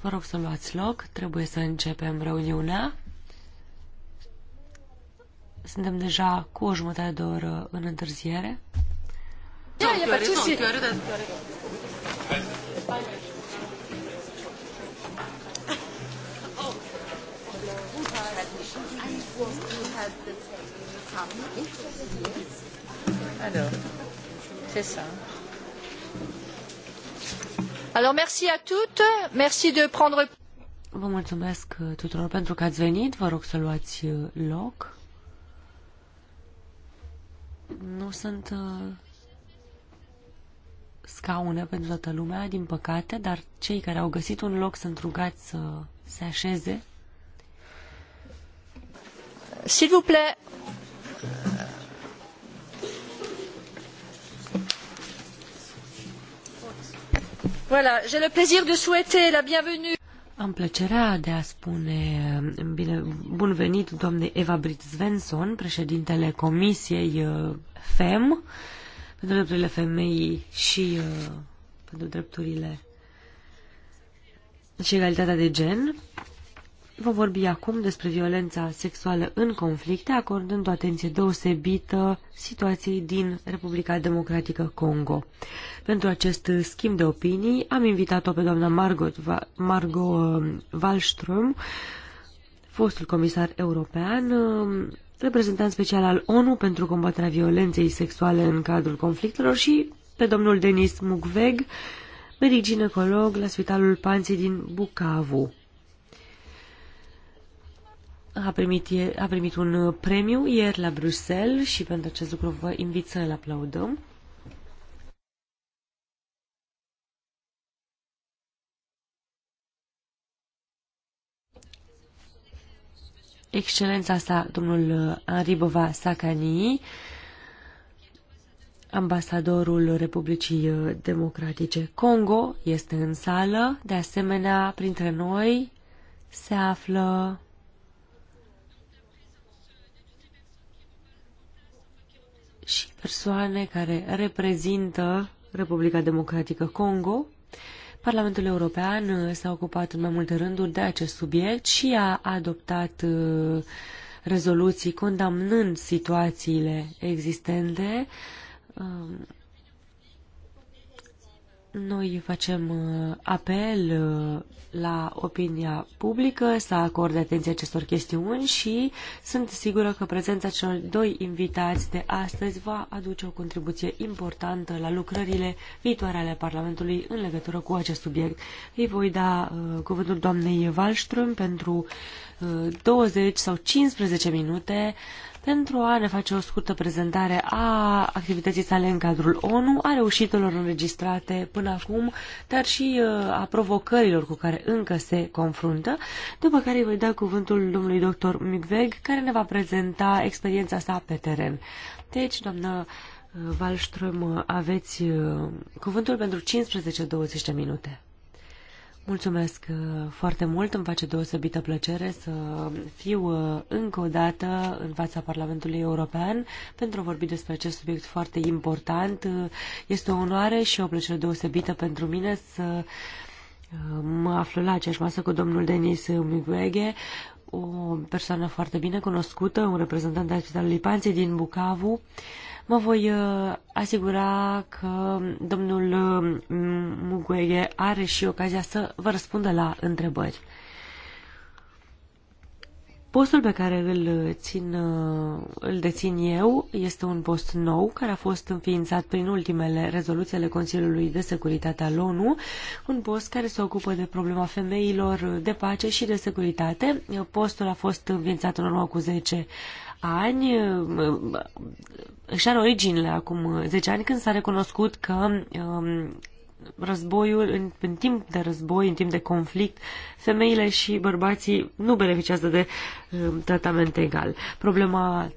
Vă rog să luați loc, trebuie să începem reuniunea. Suntem deja cu o jumătate de oră în întârziere. Da, e pe ce was Alors, c'est ça. Alors, merci à toutes. Merci de prendre... Vă mulțumesc tuturor pentru că ați venit. Vă rog să luați uh, loc. Nu sunt uh, scaune pentru toată lumea, din păcate, dar cei care au găsit un loc sunt rugați să se așeze. S'il vous plaît, Voilà, j'ai le plaisir de souhaiter la bienvenue. Am plăcerea de a spune bine, bun venit doamnei Eva Britt Svensson, președintele Comisiei uh, FEM pentru drepturile femeii și uh, pentru drepturile și egalitatea de gen. Vă vorbi acum despre violența sexuală în conflicte, acordând o atenție deosebită situației din Republica Democratică Congo. Pentru acest schimb de opinii am invitat-o pe doamna Margot, Margot um, Wallström, fostul comisar european, um, reprezentant special al ONU pentru combaterea violenței sexuale în cadrul conflictelor și pe domnul Denis Mukweg, medic ginecolog la Spitalul Panții din Bukavu a primit, a primit un uh, premiu ieri la Bruxelles și pentru acest lucru vă invit să îl aplaudăm. Excelența sa, domnul uh, Henri Bova Sacani, ambasadorul Republicii uh, Democratice Congo, este în sală. De asemenea, printre noi se află și persoane care reprezintă Republica Democratică Congo. Parlamentul European uh, s-a ocupat în mai multe rânduri de acest subiect și a adoptat uh, rezoluții condamnând situațiile existente um, noi facem uh, apel uh, la opinia publică să acorde atenție acestor chestiuni și sunt sigură că prezența celor doi invitați de astăzi va aduce o contribuție importantă la lucrările viitoare ale Parlamentului în legătură cu acest subiect. Îi voi da uh, cuvântul doamnei Wallström pentru 20 sau 15 minute pentru a ne face o scurtă prezentare a activității sale în cadrul ONU, a reușitelor înregistrate până acum, dar și uh, a provocărilor cu care încă se confruntă, după care îi voi da cuvântul domnului doctor Mikveg, care ne va prezenta experiența sa pe teren. Deci, doamnă Valström, uh, aveți uh, cuvântul pentru 15-20 minute. Mulțumesc uh, foarte mult, îmi face deosebită plăcere să fiu uh, încă o dată în fața Parlamentului European pentru a vorbi despre acest subiect foarte important. Uh, este o onoare și o plăcere deosebită pentru mine să mă aflu la aceeași masă cu domnul Denis Mugwege, o persoană foarte bine cunoscută, un reprezentant al Spitalului Panței din Bucavu, Mă voi uh, asigura că domnul uh, Muguere are și ocazia să vă răspundă la întrebări. Postul pe care îl, țin, uh, îl dețin eu este un post nou care a fost înființat prin ultimele rezoluții ale Consiliului de Securitate al ONU, un post care se ocupă de problema femeilor, de pace și de securitate. Postul a fost înființat în urmă cu 10 ani își are originile acum 10 uh, ani când s-a recunoscut că um, războiul, în, în timp de război, în timp de conflict, femeile și bărbații nu beneficiază de um, tratament egal. Problema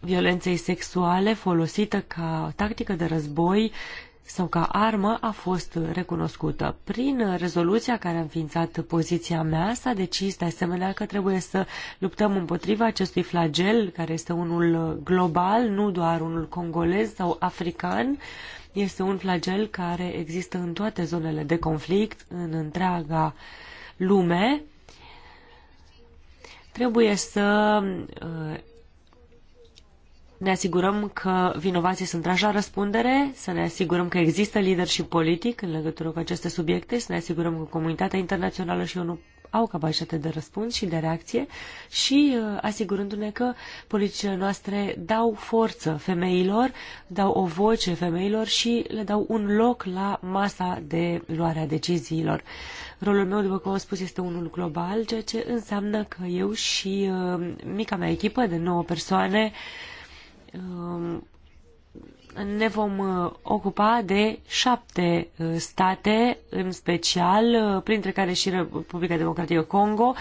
violenței sexuale folosită ca tactică de război sau ca armă a fost recunoscută. Prin rezoluția care a înființat poziția mea s-a decis de asemenea că trebuie să luptăm împotriva acestui flagel care este unul global, nu doar unul congolez sau african, este un flagel care există în toate zonele de conflict, în întreaga lume. Trebuie să uh, ne asigurăm că vinovații sunt trași la răspundere, să ne asigurăm că există leadership politic în legătură cu aceste subiecte, să ne asigurăm că comunitatea internațională și ONU au capacitate de răspuns și de reacție și uh, asigurându-ne că politicile noastre dau forță femeilor, dau o voce femeilor și le dau un loc la masa de luare a deciziilor. Rolul meu, după cum am spus, este unul global, ceea ce înseamnă că eu și uh, mica mea echipă de 9 persoane uh, Um, ne vom uh, ocupa de șapte uh, state, în special, uh, printre care și Republica Democratică Congo.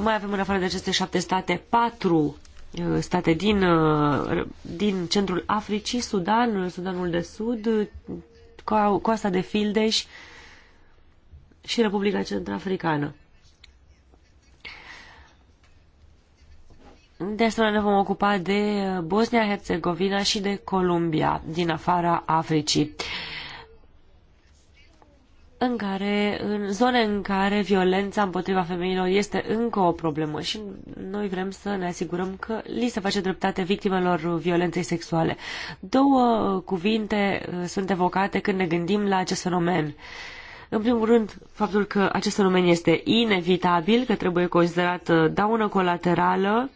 Mai avem în afară de aceste șapte state patru state din, din centrul Africii, Sudan, Sudanul de Sud, Coasta de Fildeș și Republica Centrafricană. De asemenea, ne vom ocupa de Bosnia-Herzegovina și de Columbia, din afara Africii în care, în zone în care violența împotriva femeilor este încă o problemă și noi vrem să ne asigurăm că li se face dreptate victimelor violenței sexuale. Două uh, cuvinte uh, sunt evocate când ne gândim la acest fenomen. În primul rând, faptul că acest fenomen este inevitabil, că trebuie considerat uh, daună colaterală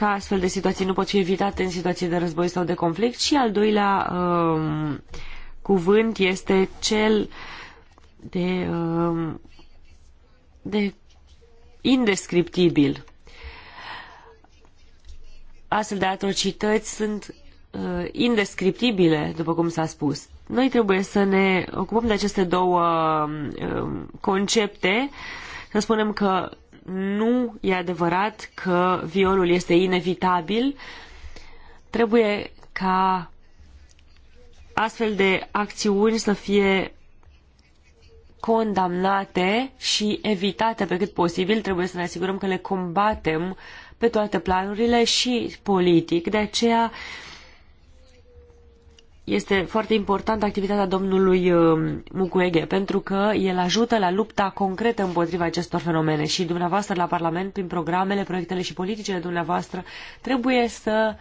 că astfel de situații nu pot fi evitate în situații de război sau de conflict și al doilea um, cuvânt este cel de, um, de indescriptibil. Astfel de atrocități sunt uh, indescriptibile, după cum s-a spus. Noi trebuie să ne ocupăm de aceste două uh, concepte, să spunem că nu e adevărat că violul este inevitabil. Trebuie ca astfel de acțiuni să fie condamnate și evitate pe cât posibil. Trebuie să ne asigurăm că le combatem pe toate planurile și politic. De aceea uh, este foarte importantă activitatea domnului uh, Mukwege, pentru că el ajută la lupta concretă împotriva acestor fenomene și dumneavoastră la Parlament, prin programele, proiectele și politicile dumneavoastră, trebuie să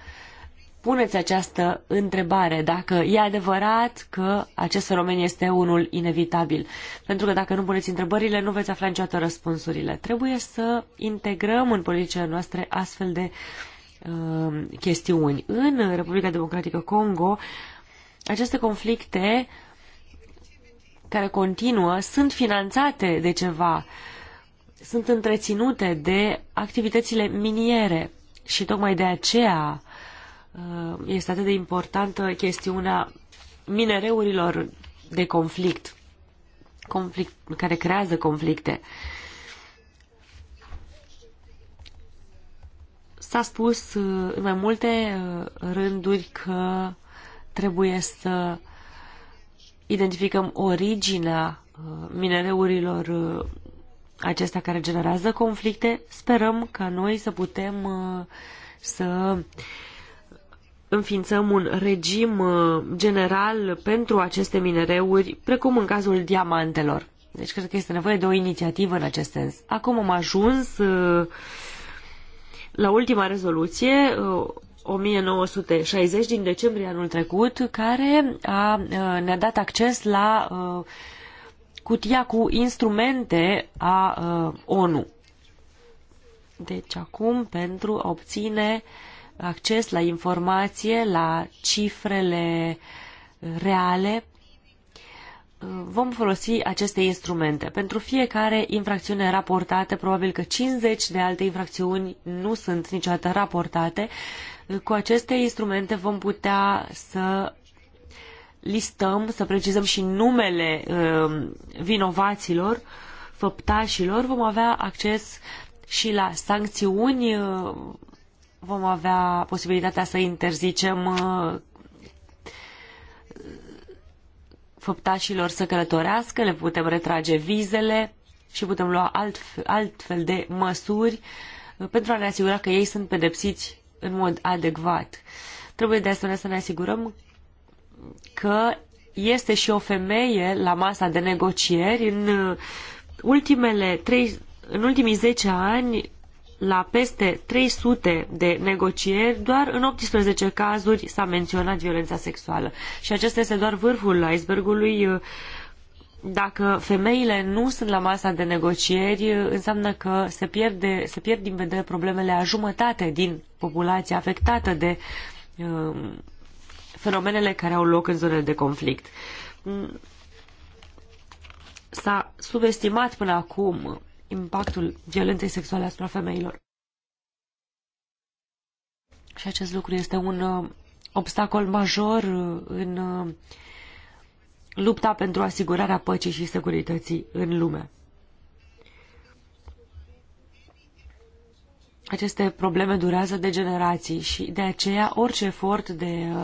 puneți această întrebare, dacă e adevărat că acest fenomen este unul inevitabil. Pentru că dacă nu puneți întrebările, nu veți afla niciodată răspunsurile. Trebuie să integrăm în politicile noastre astfel de uh, chestiuni. În Republica Democratică Congo aceste conflicte care continuă sunt finanțate de ceva, sunt întreținute de activitățile miniere și tocmai de aceea uh, este atât de importantă chestiunea minereurilor de conflict, conflict care creează conflicte. S-a spus uh, în mai multe uh, rânduri că Trebuie să identificăm originea uh, minereurilor uh, acestea care generează conflicte. Sperăm ca noi să putem uh, să înființăm un regim general pentru aceste minereuri, precum în cazul diamantelor. Deci cred că este nevoie de o inițiativă în acest sens. Acum am ajuns la ultima rezoluție, 1960 din decembrie anul trecut, care a, ne-a dat acces la a, cutia cu instrumente a, a ONU. Deci acum, pentru a obține acces la informație, la cifrele reale, vom folosi aceste instrumente. Pentru fiecare infracțiune raportată, probabil că 50 de alte infracțiuni nu sunt niciodată raportate cu aceste instrumente vom putea să listăm, să precizăm și numele um, vinovaților, făptașilor, vom avea acces și la sancțiuni, uh, vom avea posibilitatea să interzicem uh, făptașilor să călătorească, le putem retrage vizele și putem lua alt, altfel de măsuri uh, pentru a ne asigura că ei sunt pedepsiți în mod adecvat. Trebuie de asemenea să ne asigurăm că este și o femeie la masa de negocieri. În, uh, ultimele trei, în ultimii 10 ani, la peste 300 de negocieri, doar în 18 cazuri s-a menționat violența sexuală. Și acesta este doar vârful icebergului uh, dacă femeile nu sunt la masa de negocieri, înseamnă că se, pierde, se pierd din vedere problemele a jumătate din populația afectată de uh, fenomenele care au loc în zonele de conflict. S-a subestimat până acum impactul violenței sexuale asupra femeilor. Și acest lucru este un uh, obstacol major uh, în uh, lupta pentru asigurarea păcii și securității în lume. Aceste probleme durează de generații și de aceea orice efort de uh,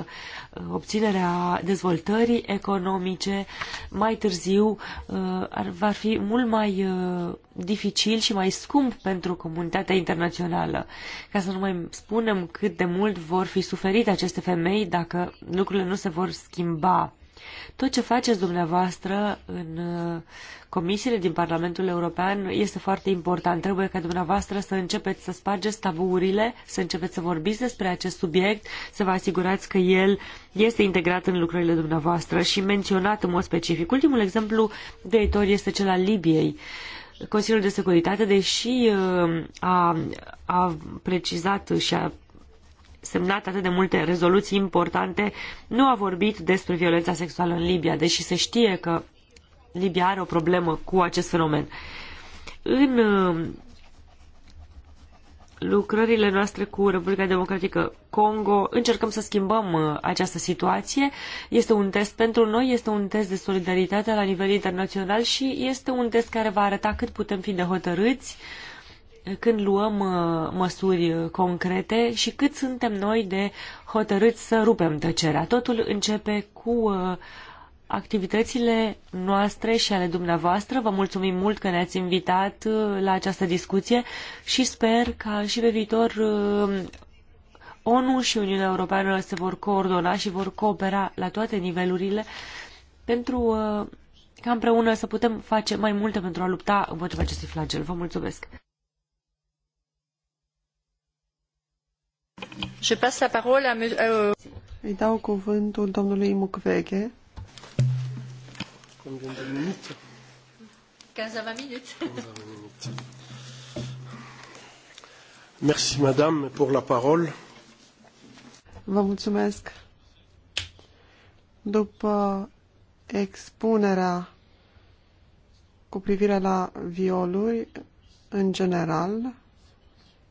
obținerea dezvoltării economice mai târziu uh, ar, va fi mult mai uh, dificil și mai scump pentru comunitatea internațională. Ca să nu mai spunem cât de mult vor fi suferite aceste femei dacă lucrurile nu se vor schimba tot ce faceți dumneavoastră în uh, comisiile din Parlamentul European este foarte important. Trebuie ca dumneavoastră să începeți să spargeți tabuurile, să începeți să vorbiți despre acest subiect, să vă asigurați că el este integrat în lucrările dumneavoastră și menționat în mod specific. Ultimul exemplu de istorie este cel al Libiei. Consiliul de Securitate, deși uh, a, a precizat și a semnat atât de multe rezoluții importante, nu a vorbit despre violența sexuală în Libia, deși se știe că Libia are o problemă cu acest fenomen. În uh, lucrările noastre cu Republica Democratică Congo încercăm să schimbăm uh, această situație. Este un test pentru noi, este un test de solidaritate la nivel internațional și este un test care va arăta cât putem fi de hotărâți uh, când luăm uh, măsuri concrete și cât suntem noi de hotărâți să rupem tăcerea. Totul începe cu uh, activitățile noastre și ale dumneavoastră. Vă mulțumim mult că ne-ați invitat uh, la această discuție și sper ca și pe viitor ONU și Uniunea Europeană se vor coordona și vor coopera la toate nivelurile pentru ca împreună să putem face mai multe pentru a lupta împotriva acestui flagel. Vă mulțumesc! Je passe la parole à... Euh, Îi dau cuvântul domnului Mukwege. 15 minute. 15-20 minute. 15 minute. Merci, madame, pour la parole. Vă mulțumesc. După expunerea cu privire la violuri în general,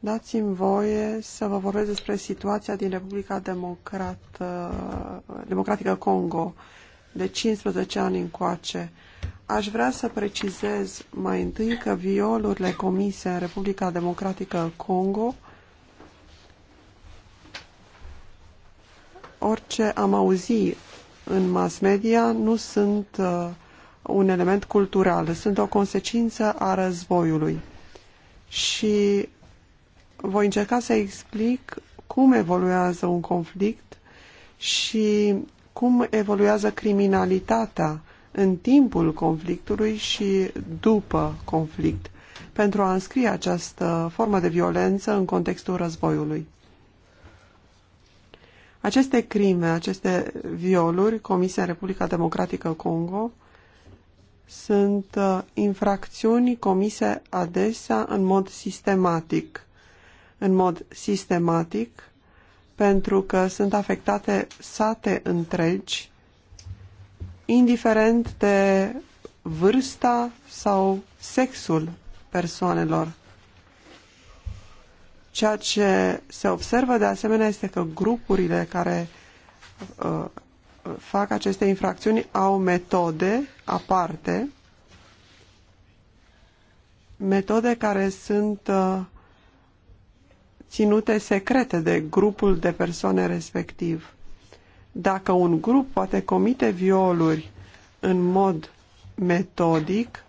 Dați-mi voie să vă vorbesc despre situația din Republica Democrat uh, Democratică Congo de 15 ani încoace. Aș vrea să precizez mai întâi că violurile comise în Republica Democratică Congo orice am auzit în mass media nu sunt uh, un element cultural, sunt o consecință a războiului. Și voi încerca să explic cum evoluează un conflict și cum evoluează criminalitatea în timpul conflictului și după conflict, pentru a înscrie această formă de violență în contextul războiului. Aceste crime, aceste violuri comise în Republica Democratică Congo sunt uh, infracțiuni comise adesea în mod sistematic în mod sistematic pentru că sunt afectate sate întregi, indiferent de vârsta sau sexul persoanelor. Ceea ce se observă de asemenea este că grupurile care uh, fac aceste infracțiuni au metode aparte, metode care sunt uh, ținute secrete de grupul de persoane respectiv. Dacă un grup poate comite violuri în mod metodic,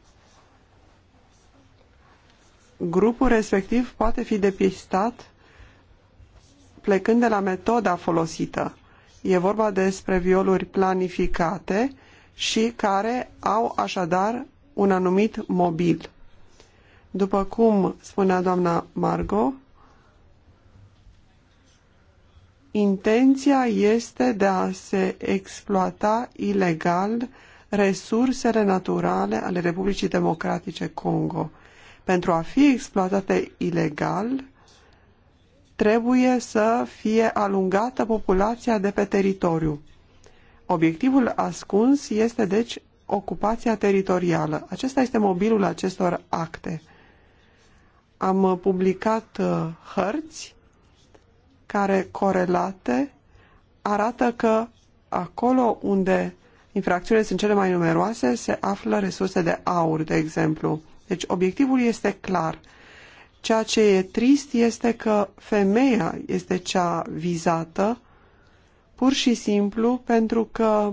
grupul respectiv poate fi depistat plecând de la metoda folosită. E vorba despre violuri planificate și care au așadar un anumit mobil. După cum spunea doamna Margot, intenția este de a se exploata ilegal resursele naturale ale Republicii Democratice Congo. Pentru a fi exploatate ilegal, trebuie să fie alungată populația de pe teritoriu. Obiectivul ascuns este, deci, ocupația teritorială. Acesta este mobilul acestor acte. Am publicat uh, hărți care corelate arată că acolo unde infracțiunile sunt cele mai numeroase se află resurse de aur, de exemplu. Deci obiectivul este clar. Ceea ce e trist este că femeia este cea vizată pur și simplu pentru că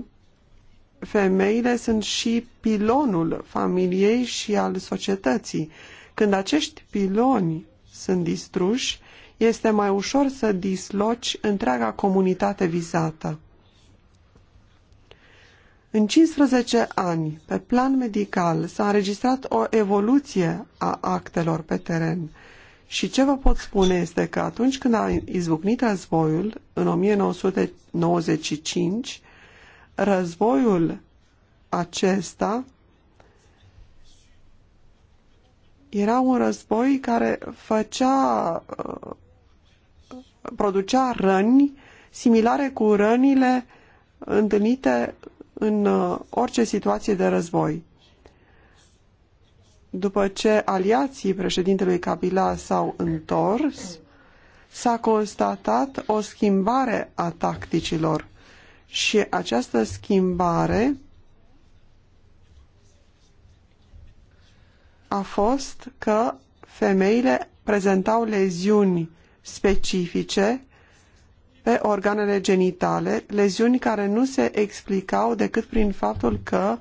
femeile sunt și pilonul familiei și al societății. Când acești piloni sunt distruși, este mai ușor să disloci întreaga comunitate vizată. În 15 ani, pe plan medical, s-a înregistrat o evoluție a actelor pe teren. Și ce vă pot spune este că atunci când a izbucnit războiul, în 1995, războiul acesta era un război care făcea uh, producea răni similare cu rănile întâlnite în uh, orice situație de război. După ce aliații președintelui Kabila s-au întors, s-a constatat o schimbare a tacticilor și această schimbare a fost că femeile prezentau leziuni specifice pe organele genitale, leziuni care nu se explicau decât prin faptul că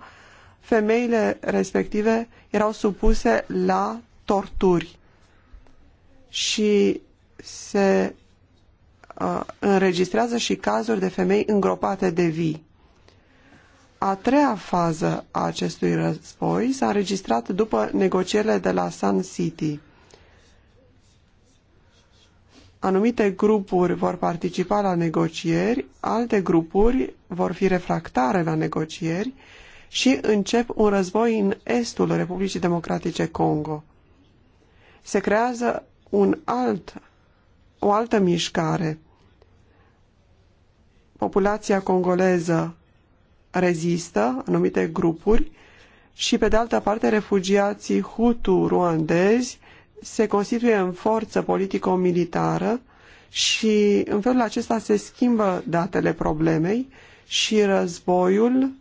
femeile respective erau supuse la torturi și se uh, înregistrează și cazuri de femei îngropate de vii. A treia fază a acestui război s-a înregistrat după negocierile de la Sun City – anumite grupuri vor participa la negocieri, alte grupuri vor fi refractare la negocieri și încep un război în estul Republicii Democratice Congo. Se creează un alt, o altă mișcare. Populația congoleză rezistă, anumite grupuri, și pe de altă parte refugiații Hutu ruandezi se constituie în forță politico-militară și în felul acesta se schimbă datele problemei și războiul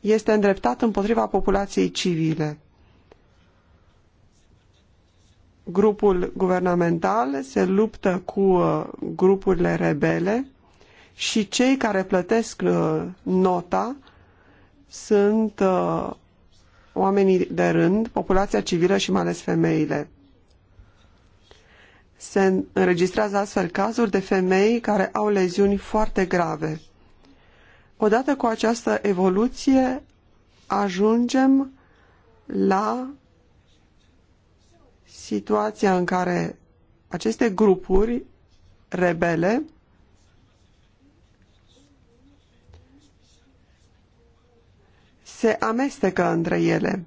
este îndreptat împotriva populației civile. Grupul guvernamental se luptă cu uh, grupurile rebele și cei care plătesc uh, nota sunt uh, oamenii de rând, populația civilă și mai ales femeile. Se înregistrează astfel cazuri de femei care au leziuni foarte grave. Odată cu această evoluție, ajungem la situația în care aceste grupuri rebele se amestecă între ele.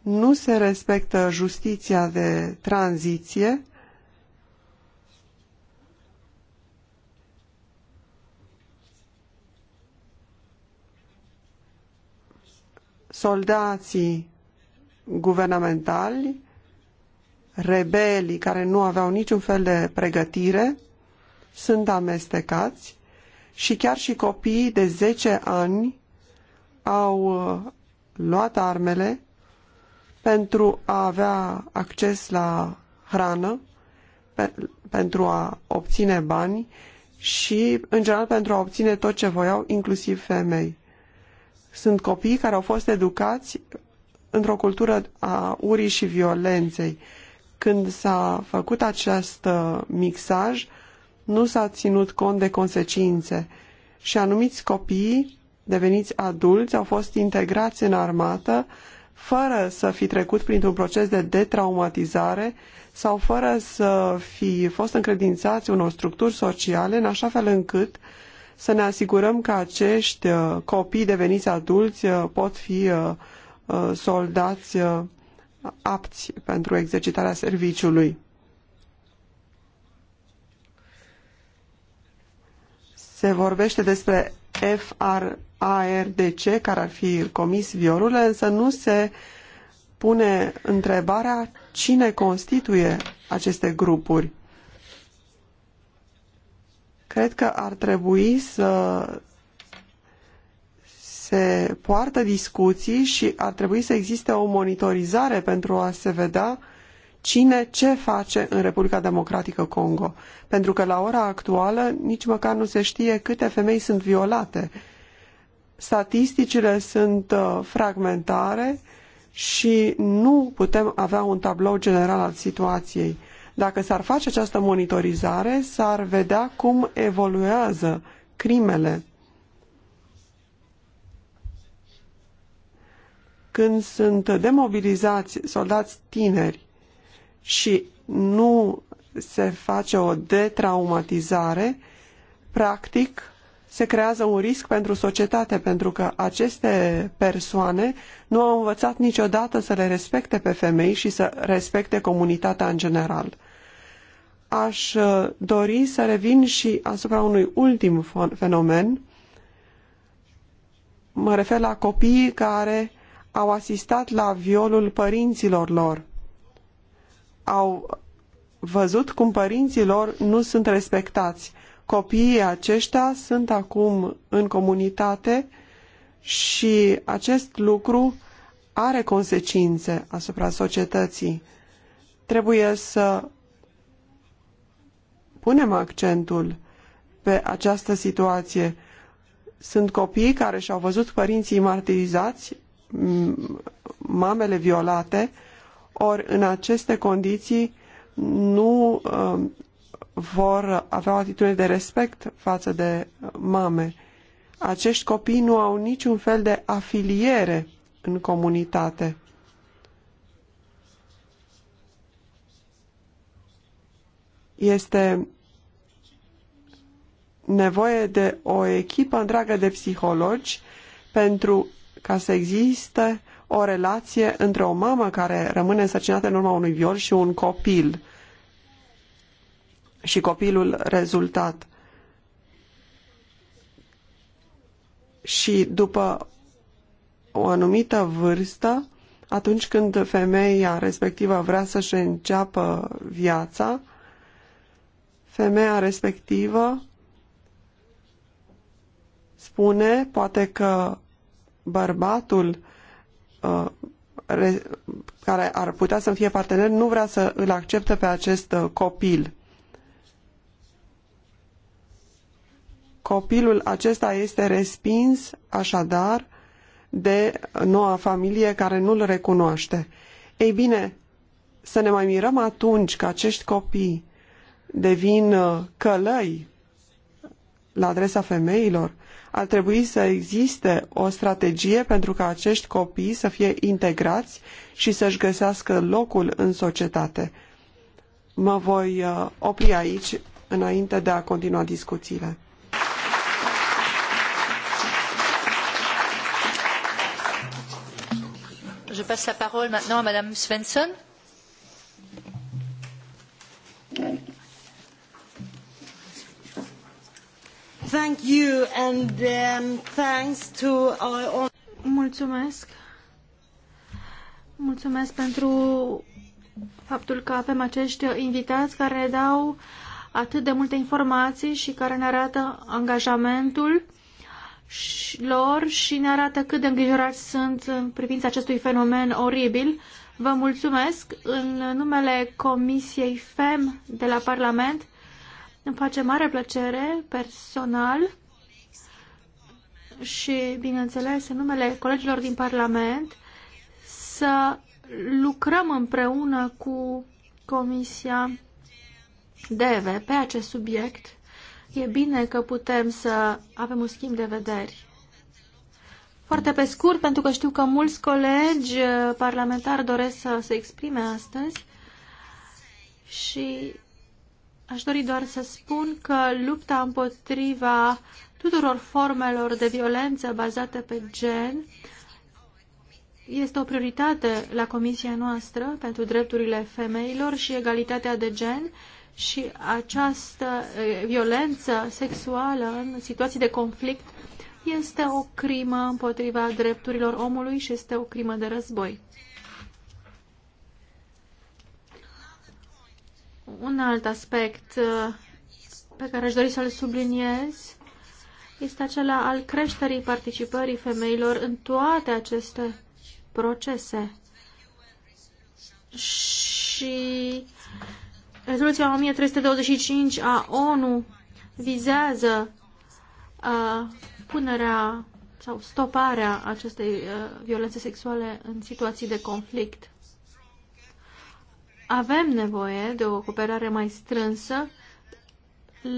Nu se respectă justiția de tranziție, soldații guvernamentali, rebelii care nu aveau niciun fel de pregătire, sunt amestecați și chiar și copiii de 10 ani au uh, luat armele pentru a avea acces la hrană, pe, pentru a obține bani și, în general, pentru a obține tot ce voiau, inclusiv femei. Sunt copii care au fost educați într-o cultură a urii și violenței. Când s-a făcut acest uh, mixaj, nu s-a ținut cont de consecințe și anumiți copii deveniți adulți au fost integrați în armată fără să fi trecut printr-un proces de detraumatizare sau fără să fi fost încredințați unor structuri sociale în așa fel încât să ne asigurăm că acești uh, copii deveniți adulți uh, pot fi uh, soldați apți pentru exercitarea serviciului. se vorbește despre FRARDC, care ar fi comis violurile, însă nu se pune întrebarea cine constituie aceste grupuri. Cred că ar trebui să se poartă discuții și ar trebui să existe o monitorizare pentru a se vedea cine ce face în Republica Democratică Congo, pentru că la ora actuală nici măcar nu se știe câte femei sunt violate. Statisticile sunt uh, fragmentare și nu putem avea un tablou general al situației. Dacă s-ar face această monitorizare, s-ar vedea cum evoluează crimele. Când sunt demobilizați soldați tineri și nu se face o detraumatizare, practic se creează un risc pentru societate, pentru că aceste persoane nu au învățat niciodată să le respecte pe femei și să respecte comunitatea în general. Aș uh, dori să revin și asupra unui ultim fenomen. Mă refer la copiii care au asistat la violul părinților lor au văzut cum părinții lor nu sunt respectați. Copiii aceștia sunt acum în comunitate și acest lucru are consecințe asupra societății. Trebuie să punem accentul pe această situație. Sunt copii care și-au văzut părinții martirizați, mamele violate, ori, în aceste condiții, nu uh, vor avea o atitudine de respect față de uh, mame. Acești copii nu au niciun fel de afiliere în comunitate. Este nevoie de o echipă întreagă de psihologi pentru ca să existe o relație între o mamă care rămâne însărcinată în urma unui viol și un copil și copilul rezultat. Și după o anumită vârstă, atunci când femeia respectivă vrea să-și înceapă viața, femeia respectivă spune, poate că bărbatul Uh, care ar putea să fie partener nu vrea să îl accepte pe acest uh, copil. Copilul acesta este respins, așadar, de noua familie care nu-l recunoaște. Ei bine, să ne mai mirăm atunci că acești copii devin uh, călăi la adresa femeilor, ar trebui să existe o strategie pentru ca acești copii să fie integrați și să-și găsească locul în societate. Mă voi uh, opri aici înainte de a continua discuțiile. Je passe la parole maintenant à Madame Svensson. Thank you and um, thanks to our... Mulțumesc. Mulțumesc pentru faptul că avem acești invitați care ne dau atât de multe informații și care ne arată angajamentul lor și ne arată cât de îngrijorați sunt în privința acestui fenomen oribil. Vă mulțumesc în numele Comisiei FEM de la Parlament îmi face mare plăcere personal și, bineînțeles, în numele colegilor din Parlament să lucrăm împreună cu Comisia DEVE pe acest subiect. E bine că putem să avem un schimb de vederi. Foarte pe scurt, pentru că știu că mulți colegi eh, parlamentari doresc să se exprime astăzi și Aș dori doar să spun că lupta împotriva tuturor formelor de violență bazată pe gen este o prioritate la comisia noastră pentru drepturile femeilor și egalitatea de gen și această violență sexuală în situații de conflict este o crimă împotriva drepturilor omului și este o crimă de război. Un alt aspect uh, pe care aș dori să-l subliniez este acela al creșterii participării femeilor în toate aceste procese. Și rezoluția 1325 a ONU vizează uh, punerea sau stoparea acestei uh, violențe sexuale în situații de conflict. Avem nevoie de o cooperare mai strânsă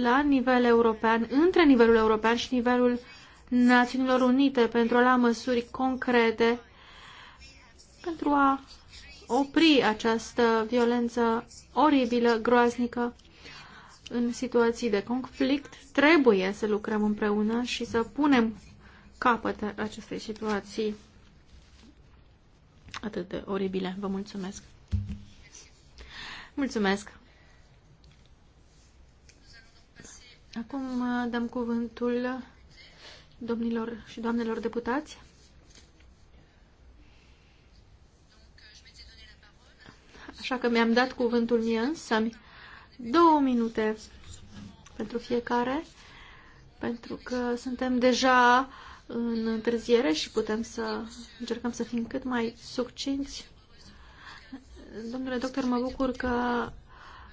la nivel european, între nivelul european și nivelul Națiunilor Unite pentru a lua măsuri concrete pentru a opri această violență oribilă, groaznică în situații de conflict. Trebuie să lucrăm împreună și să punem capăt acestei situații atât de oribile. Vă mulțumesc! Mulțumesc! Acum uh, dăm cuvântul domnilor și doamnelor deputați. Așa că mi-am dat cuvântul mie însămi. Două minute pentru fiecare, pentru că suntem deja în întârziere și putem să încercăm să fim cât mai succinți. Domnule doctor, mă bucur că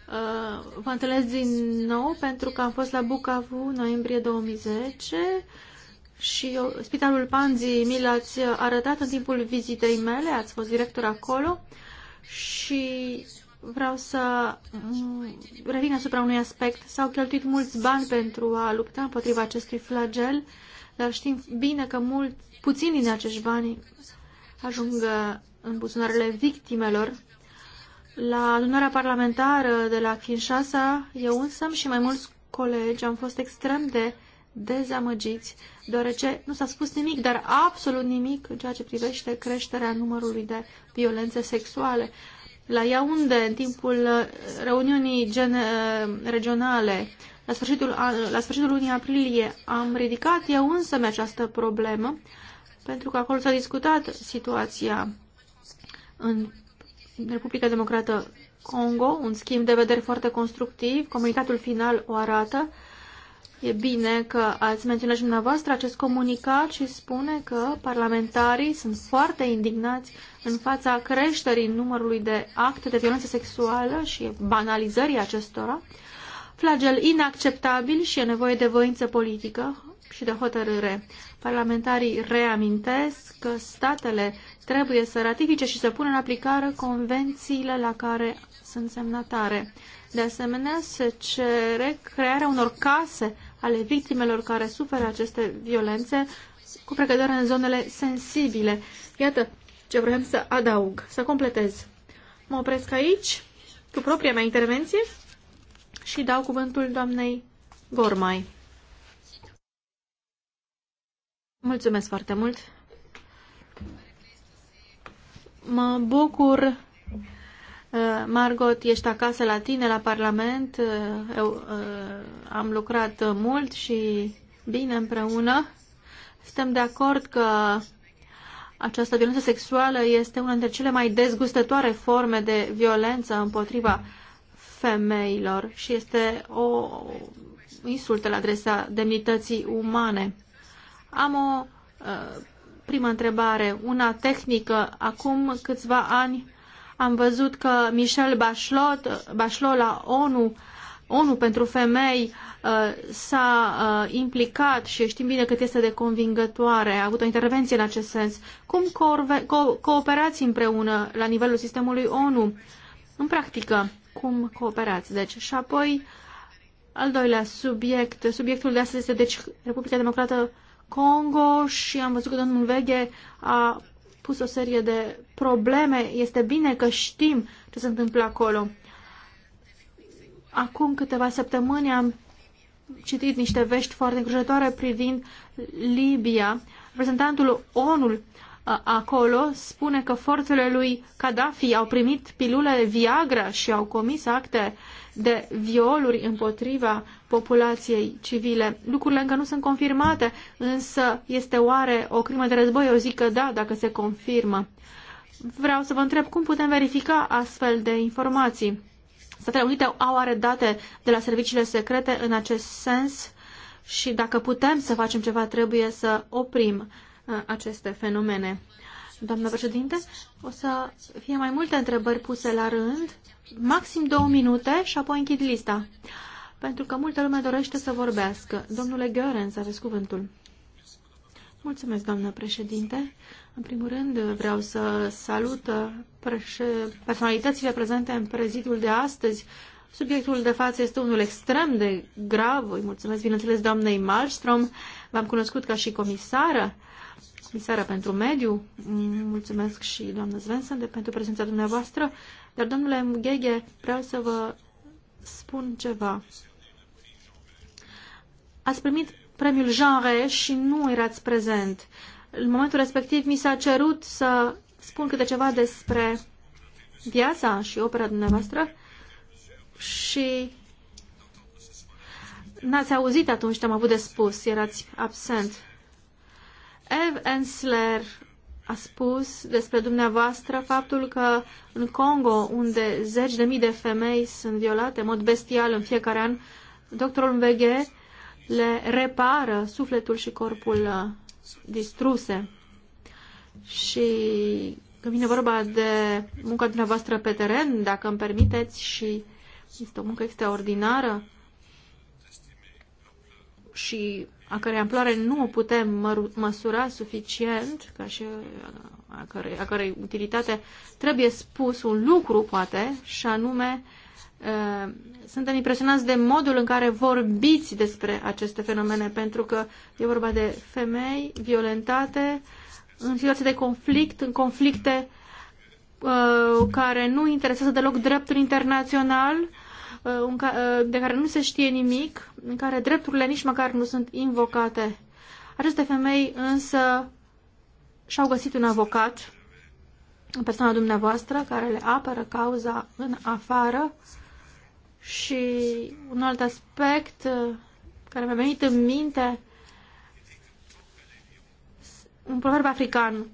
uh, vă întâlnesc din nou pentru că am fost la Bucavu noiembrie 2010 și eu, Spitalul Panzi mi l-ați arătat în timpul vizitei mele, ați fost director acolo și vreau să revin asupra unui aspect. S-au cheltuit mulți bani pentru a lupta împotriva acestui flagel, dar știm bine că mult, puțin din acești bani ajung în buzunarele victimelor la adunarea parlamentară de la Kinshasa, eu însă și mai mulți colegi am fost extrem de dezamăgiți, deoarece nu s-a spus nimic, dar absolut nimic în ceea ce privește creșterea numărului de violențe sexuale. La Iaunde, în timpul reuniunii gen, regionale, la sfârșitul, la sfârșitul lunii aprilie, am ridicat eu însă această problemă, pentru că acolo s-a discutat situația în Republica Democrată Congo, un schimb de vedere foarte constructiv, comunicatul final o arată. E bine că ați menționat și dumneavoastră acest comunicat și spune că parlamentarii sunt foarte indignați în fața creșterii numărului de acte de violență sexuală și banalizării acestora, flagel inacceptabil și e nevoie de voință politică și de hotărâre. Parlamentarii reamintesc că statele trebuie să ratifice și să pună în aplicare convențiile la care sunt semnatare. De asemenea, se cere crearea unor case ale victimelor care suferă aceste violențe cu precădere în zonele sensibile. Iată ce vrem să adaug, să completez. Mă opresc aici cu propria mea intervenție și dau cuvântul doamnei Gormai. Mulțumesc foarte mult, Mă bucur, uh, Margot, ești acasă la tine, la Parlament. Uh, eu, uh, am lucrat mult și bine împreună. Suntem de acord că această violență sexuală este una dintre cele mai dezgustătoare forme de violență împotriva femeilor și este o insultă la adresa demnității umane. Am o uh, Prima întrebare, una tehnică. Acum câțiva ani am văzut că Michel Bachelot, Bachelot la ONU, ONU pentru femei uh, s-a uh, implicat și știm bine cât este de convingătoare, a avut o intervenție în acest sens. Cum cooperați împreună la nivelul sistemului ONU? În practică, cum cooperați? Deci, și apoi, al doilea subiect, subiectul de astăzi este deci Republica Democrată Congo și am văzut că domnul Veghe a pus o serie de probleme. Este bine că știm ce se întâmplă acolo. Acum câteva săptămâni am citit niște vești foarte îngrijătoare privind Libia. Reprezentantul ONU acolo spune că forțele lui Gaddafi au primit pilule Viagra și au comis acte de violuri împotriva populației civile. Lucrurile încă nu sunt confirmate, însă este oare o crimă de război? Eu zic că da, dacă se confirmă. Vreau să vă întreb cum putem verifica astfel de informații. Statele Unite au are date de la serviciile secrete în acest sens și dacă putem să facem ceva, trebuie să oprim uh, aceste fenomene. Doamna președinte, o să fie mai multe întrebări puse la rând maxim două minute și apoi închid lista. Pentru că multă lume dorește să vorbească. Domnule Görens, aveți cuvântul. Mulțumesc, doamnă președinte. În primul rând, vreau să salut uh, personalitățile prezente în prezidiul de astăzi. Subiectul de față este unul extrem de grav. Îi mulțumesc, bineînțeles, doamnei Malmström. V-am cunoscut ca și comisară, comisară pentru mediu. Mulțumesc și doamnă Svensson de pentru prezența dumneavoastră. Dar, domnule Mugheghe, vreau să vă spun ceva. Ați primit premiul genre și nu erați prezent. În momentul respectiv mi s-a cerut să spun câte ceva despre viața și opera dumneavoastră și n-ați auzit atunci ce am avut de spus, erați absent. Ev Ensler a spus despre dumneavoastră faptul că în Congo, unde zeci de mii de femei sunt violate în mod bestial în fiecare an, doctorul Mbeghe le repară sufletul și corpul uh, distruse. Și când vine vorba de munca dumneavoastră pe teren, dacă îmi permiteți, și este o muncă extraordinară și a cărei amploare nu o putem măsura suficient, ca și a cărei, a cărei utilitate trebuie spus un lucru, poate, și anume uh, suntem impresionați de modul în care vorbiți despre aceste fenomene, pentru că e vorba de femei violentate în situații de conflict, în conflicte uh, care nu interesează deloc dreptul internațional, Uh, uh, de care nu se știe nimic, în care drepturile nici măcar nu sunt invocate. Aceste femei însă și-au găsit un avocat, în persoana dumneavoastră, care le apără cauza în afară și un alt aspect uh, care mi-a venit în minte, un proverb african.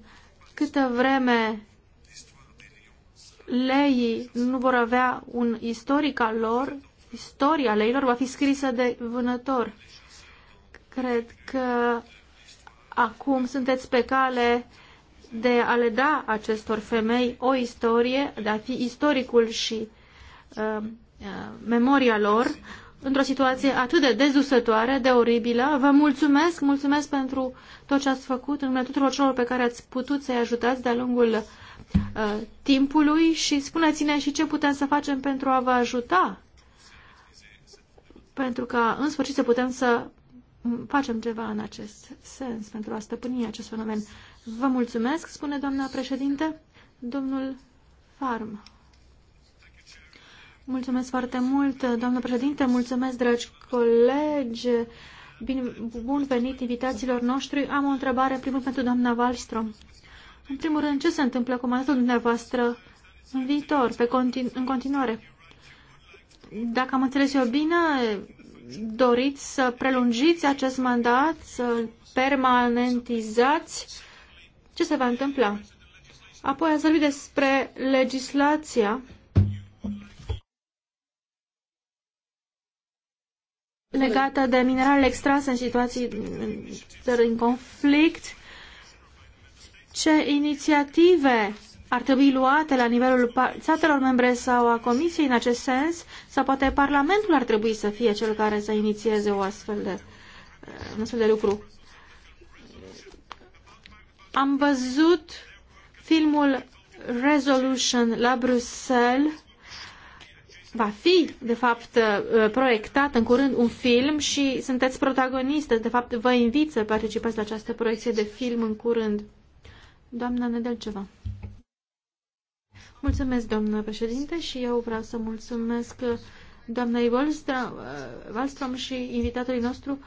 Câtă vreme leii nu vor avea un istoric al lor, istoria leilor va fi scrisă de vânător. Cred că acum sunteți pe cale de a le da acestor femei o istorie, de a fi istoricul și uh, uh memoria lor într-o situație atât de dezusătoare, de oribilă. Vă mulțumesc, mulțumesc pentru tot ce ați făcut în numele tuturor celor pe care ați putut să-i ajutați de-a lungul Uh, timpului și spuneți-ne și ce putem să facem pentru a vă ajuta, pentru că în sfârșit să putem să facem ceva în acest sens, pentru a stăpâni acest fenomen. Vă mulțumesc, spune doamna președinte, domnul Farm. Mulțumesc foarte mult, doamnă președinte, mulțumesc, dragi colegi, Bine, bun venit invitațiilor noștri. Am o întrebare, în primul pentru doamna Wallström. În primul rând, ce se întâmplă cu mandatul dumneavoastră în viitor, pe continu- în continuare? Dacă am înțeles eu bine, doriți să prelungiți acest mandat, să permanentizați. Ce se va întâmpla? Apoi ați vorbit despre legislația legată de mineralele extrase în situații în conflict. Ce inițiative ar trebui luate la nivelul statelor membre sau a Comisiei în acest sens? Sau poate Parlamentul ar trebui să fie cel care să inițieze o astfel de, un astfel de lucru? Am văzut filmul Resolution la Bruxelles va fi, de fapt, uh, proiectat în curând un film și sunteți protagoniste. De fapt, vă invit să participați la această proiecție de film în curând. Doamna Nedelceva. Mulțumesc, doamnă președinte, și eu vreau să mulțumesc doamnei Wallström uh, și invitatului nostru